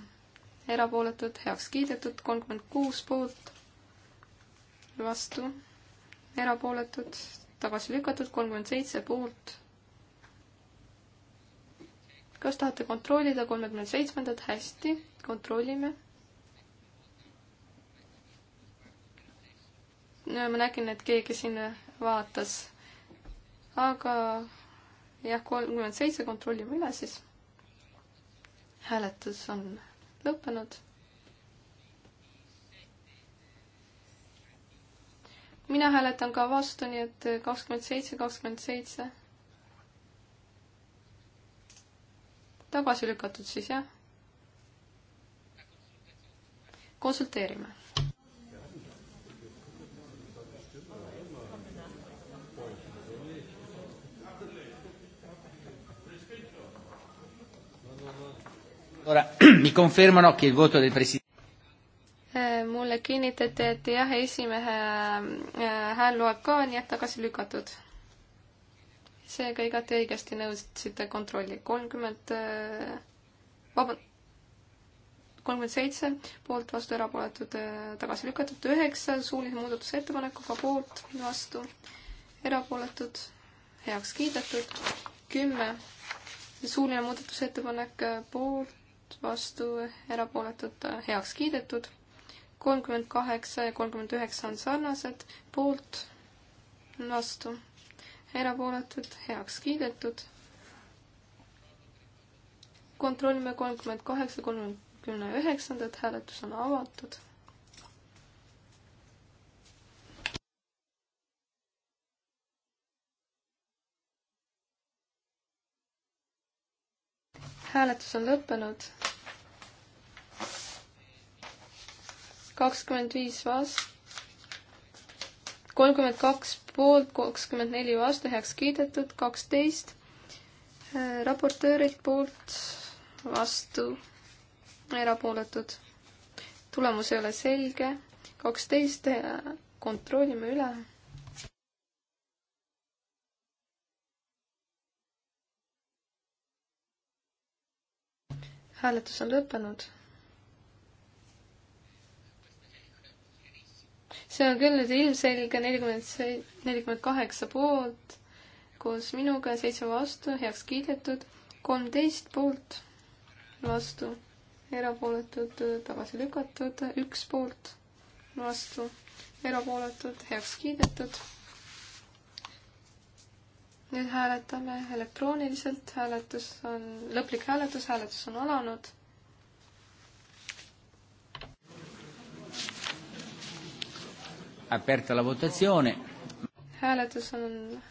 erapooletud, heaks kiidetud, kolmkümmend kuus poolt, vastu, erapooletud, tagasi lükatud, kolmkümmend seitse poolt kas tahate kontrollida kolmekümne seitsmendat? hästi, kontrollime. ma nägin, et keegi siin vaatas, aga jah, kolmkümmend seitse kontrollime üle siis. hääletus on lõppenud. mina hääletan ka vastu, nii et kakskümmend seitse, kakskümmend seitse tagasi lükatud siis, jah? konsulteerime. [clears throat] Eh, mulle kinnitati, et jah, esimehe hääl loeb ka, nii et tagasi lükatud seega igati õigesti nõudsite kontrolli. kolmkümmend, äh, vabandust, kolmkümmend seitse poolt, vastu, erapooletud, äh, tagasi lükatud, üheksa suulise muudatusettepanekuga poolt, vastu, erapooletud, heaks kiidetud, kümme suuline muudatusettepanek äh, poolt, vastu, erapooletud, heaks kiidetud, kolmkümmend kaheksa ja kolmkümmend üheksa on sarnased, poolt, vastu erapooletud, heaks kiidetud. kontrollime kolmkümmend kaheksa, kolmekümne üheksandat, hääletus on avatud. hääletus on lõppenud. kakskümmend viis vastu kolmkümmend kaks poolt, kakskümmend neli vastu, heaks kiidetud, kaksteist äh, raportöörilt poolt, vastu, erapooletud. tulemus ei ole selge, kaksteist, äh, kontrollime üle. hääletus on lõppenud see on küll nüüd ilmselge, nelikümmend seit-, nelikümmend kaheksa poolt koos minuga, seitse vastu, heaks kiidetud, kolmteist poolt vastu, erapooletud, tagasi lükatud, üks poolt vastu, erapooletud, heaks kiidetud. nüüd hääletame elektrooniliselt, hääletus on, lõplik hääletus, hääletus on alanud aperta la votatsioone. hääletus on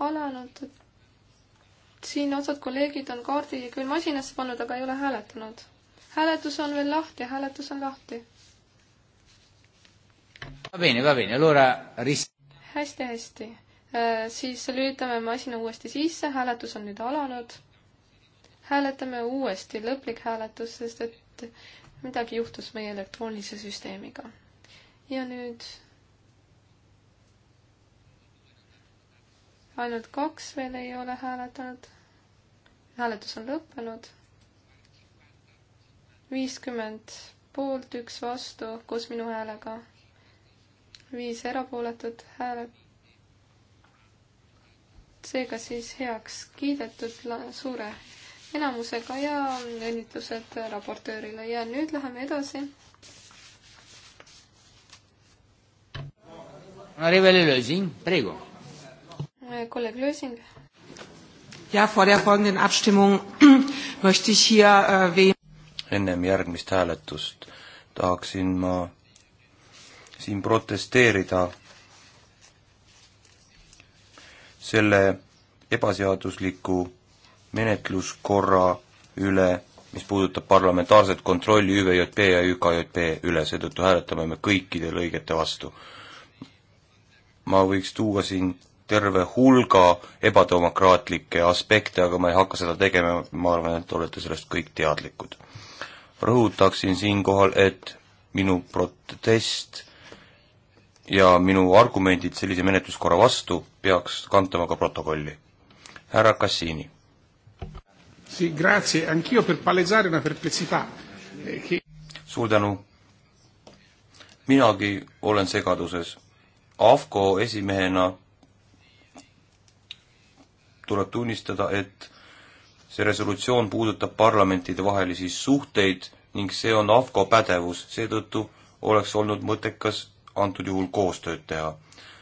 alanud. siin osad kolleegid on kaardi küll masinasse pannud, aga ei ole hääletanud. hääletus on veel lahti, hääletus on lahti. hästi, hästi. Äh, siis lülitame masina uuesti sisse, hääletus on nüüd alanud. hääletame uuesti, lõplik hääletus, sest et midagi juhtus meie elektroonilise süsteemiga ja nüüd ainult kaks veel ei ole hääletanud. hääletus on lõppenud. viiskümmend poolt, üks vastu koos minu häälega. viis erapooletut hääle. seega siis heaks kiidetud suure enamusega ja õnnitlused raportöörile ja nüüd läheme edasi Onorevole Lösing, prego. kolleeg eh, Lösing. Ja, vor der folgenden Abstimmung [clears throat] möchte ich hier äh, ennem järgmist hääletust tahaksin ma siin protesteerida selle ebaseadusliku menetluskorra üle, mis puudutab parlamentaarset kontrolli ÜVJP ja ÜKJP üle, seetõttu hääletame me kõikide lõigete vastu ma võiks tuua siin terve hulga ebademokraatlikke aspekte, aga ma ei hakka seda tegema, ma arvan, et olete sellest kõik teadlikud. rõhutaksin siinkohal, et minu protest ja minu argumendid sellise menetluskorra vastu peaks kantama ka protokolli. härra Cassini. Eh, suur tänu. minagi olen segaduses AFCO esimehena tuleb tunnistada, et see resolutsioon puudutab parlamentidevahelisi suhteid ning see on AFCO pädevus, seetõttu oleks olnud mõttekas antud juhul koostööd teha.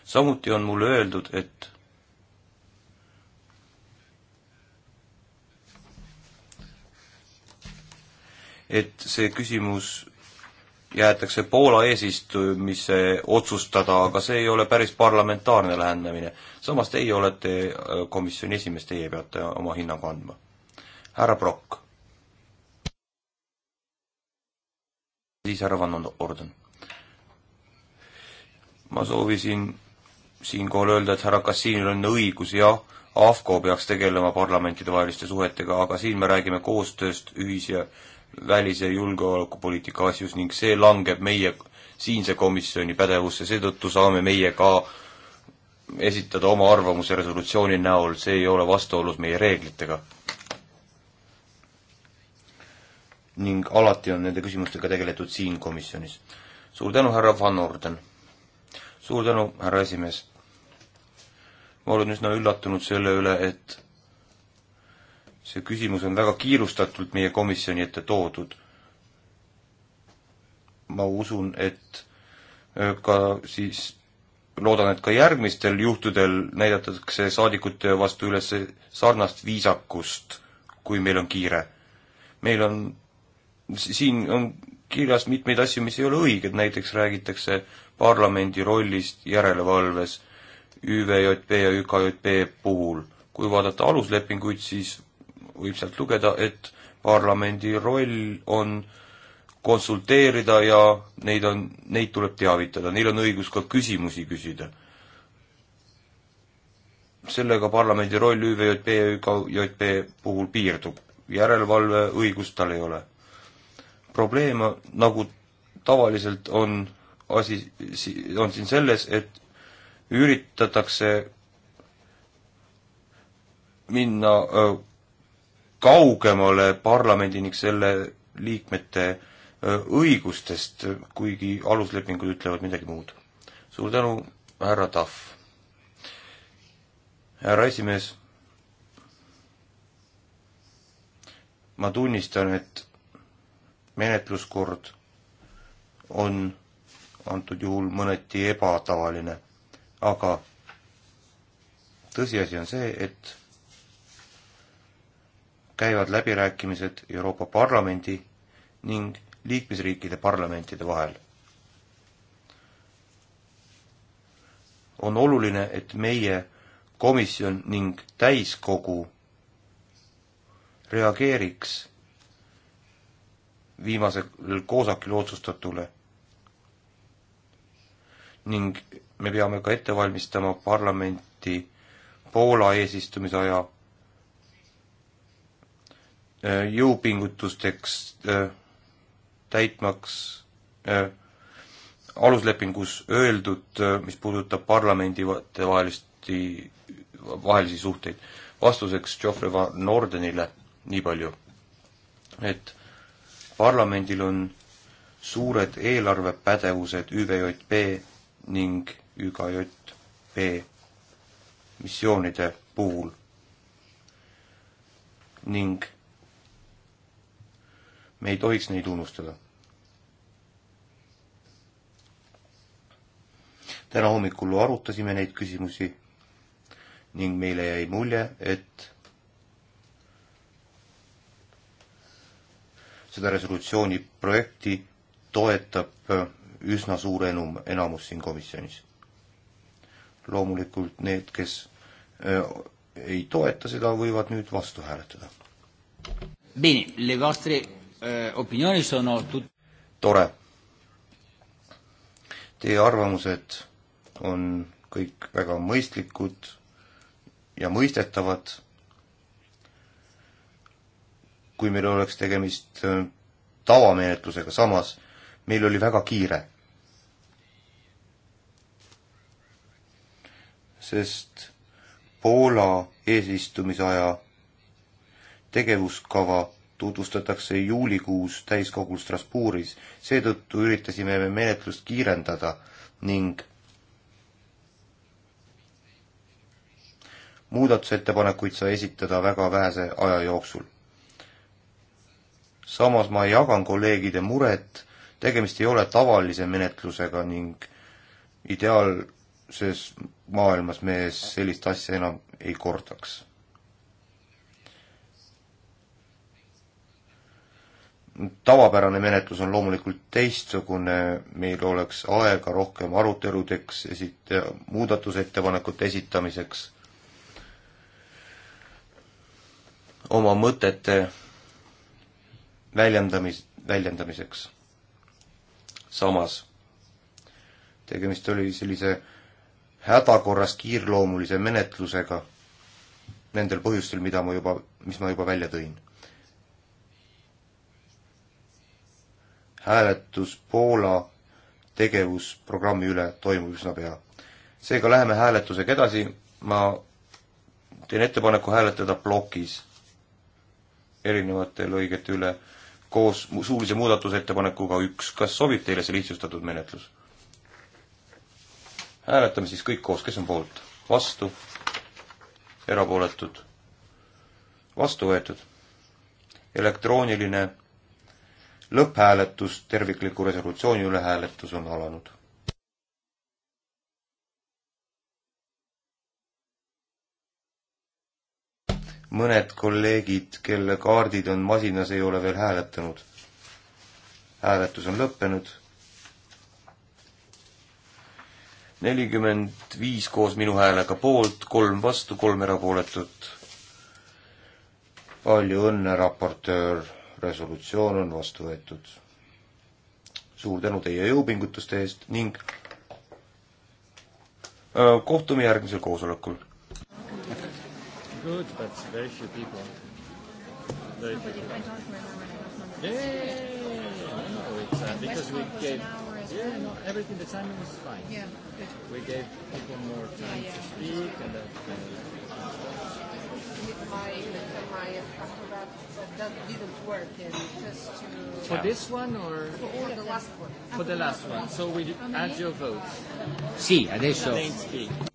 samuti on mulle öeldud, et et see küsimus jäetakse Poola eesistumise otsustada, aga see ei ole päris parlamentaarne lähenemine. samas teie olete äh, komisjoni esimees, teie peate oma hinnangu andma. härra Brock. siis härra Van Orden. ma soovisin siinkohal öelda, et härra Kassiinil on õigus, jah, AFCO peaks tegelema parlamentidevaheliste suhetega, aga siin me räägime koostööst ühis- ja välis- ja julgeolekupoliitika asjus ning see langeb meie siinse komisjoni pädevusse, seetõttu saame meie ka esitada oma arvamuse resolutsiooni näol, see ei ole vastuolus meie reeglitega. ning alati on nende küsimustega tegeletud siin komisjonis. suur tänu, härra Van Orden! suur tänu, härra esimees! ma olen üsna üllatunud selle üle, et see küsimus on väga kiirustatult meie komisjoni ette toodud. ma usun, et äh, ka siis loodan, et ka järgmistel juhtudel näidatakse saadikute vastu üles sarnast viisakust, kui meil on kiire. meil on, siin on kirjas mitmeid asju, mis ei ole õiged, näiteks räägitakse parlamendi rollist järelevalves ÜVJP ja ÜKJP puhul. kui vaadata aluslepinguid, siis võib sealt lugeda, et parlamendi roll on konsulteerida ja neid on, neid tuleb teavitada, neil on õigus ka küsimusi küsida. sellega parlamendi roll ÜVJP ja ÜKJP puhul piirdub, järelevalveõigust tal ei ole. probleem, nagu tavaliselt on asi, on siin selles, et üritatakse minna öö, äh, kaugemale parlamendi ning selle liikmete õigustest, kuigi aluslepingud ütlevad midagi muud. suur tänu, härra Tahv. härra esimees, ma tunnistan, et menetluskord on antud juhul mõneti ebatavaline, aga tõsiasi on see, et käivad läbirääkimised Euroopa Parlamendi ning liikmesriikide parlamentide vahel. on oluline, et meie komisjon ning täiskogu reageeriks viimasel koosakil otsustatule ning me peame ka ette valmistama parlamenti Poola eesistumisaja Äh, jõupingutusteks äh, täitmaks äh, aluslepingus öeldud, mis puudutab parlamendivahelisi, vahelisi suhteid. vastuseks Geoffrey Van Nordenile nii palju, et parlamendil on suured eelarvepädevused ÜVJP ning ÜKJP missioonide puhul ning me ei tohiks neid unustada. täna hommikul arutasime neid küsimusi ning meile jäi mulje, et seda resolutsiooni projekti toetab üsna suur enum, enamus siin komisjonis. loomulikult need, kes ei toeta seda, võivad nüüd vastu hääletada. Bene, le vostre Eh, tore. Teie arvamused on kõik väga mõistlikud ja mõistetavad. kui meil oleks tegemist eh, tavamenetlusega, samas meil oli väga kiire. sest Poola eesistumisaja tegevuskava tutvustatakse juulikuus täiskogul Strasbourgis, seetõttu üritasime me menetlust kiirendada ning muudatusettepanekuid sai esitada väga vähese aja jooksul. samas ma jagan kolleegide muret, tegemist ei ole tavalise menetlusega ning ideaalses maailmas me sellist asja enam ei kordaks tavapärane menetlus on loomulikult teistsugune, meil oleks aega rohkem aruteludeks, esit-, muudatusettepanekute esitamiseks, oma mõtete väljendamis, väljendamiseks. samas, tegemist oli sellise hädakorras kiirloomulise menetlusega nendel põhjustel, mida ma juba, mis ma juba välja tõin hääletus Poola tegevusprogrammi üle toimub üsna pea. seega läheme hääletusega edasi, ma teen ettepaneku hääletada plokis erinevate lõigete üle koos suulise muudatusettepanekuga üks, kas sobib teile see lihtsustatud menetlus? hääletame siis kõik koos, kes on poolt, vastu, erapooletud, vastu võetud, elektrooniline lõpphääletus tervikliku resolutsiooni üle hääletus on alanud. mõned kolleegid, kelle kaardid on masinas, ei ole veel hääletanud. hääletus on lõppenud. nelikümmend viis koos minu häälega poolt, kolm vastu, kolm erapooletut. palju õnne, raportöör resolutsioon on vastu võetud. suur tänu teie jõupingutuste eest ning kohtume järgmisel koosolekul. Good, but very few people. Very few people. Yeah, yeah, yeah, yeah. I know it's uh, because we gave. Yeah, no, everything. The timing was fine. Yeah, good. We gave people more time yeah, yeah. to speak and that. Uh, with my with my apparatus that, that didn't work and just to for yeah. this one or for the last one for the last one so we add your vote sì adesso 20.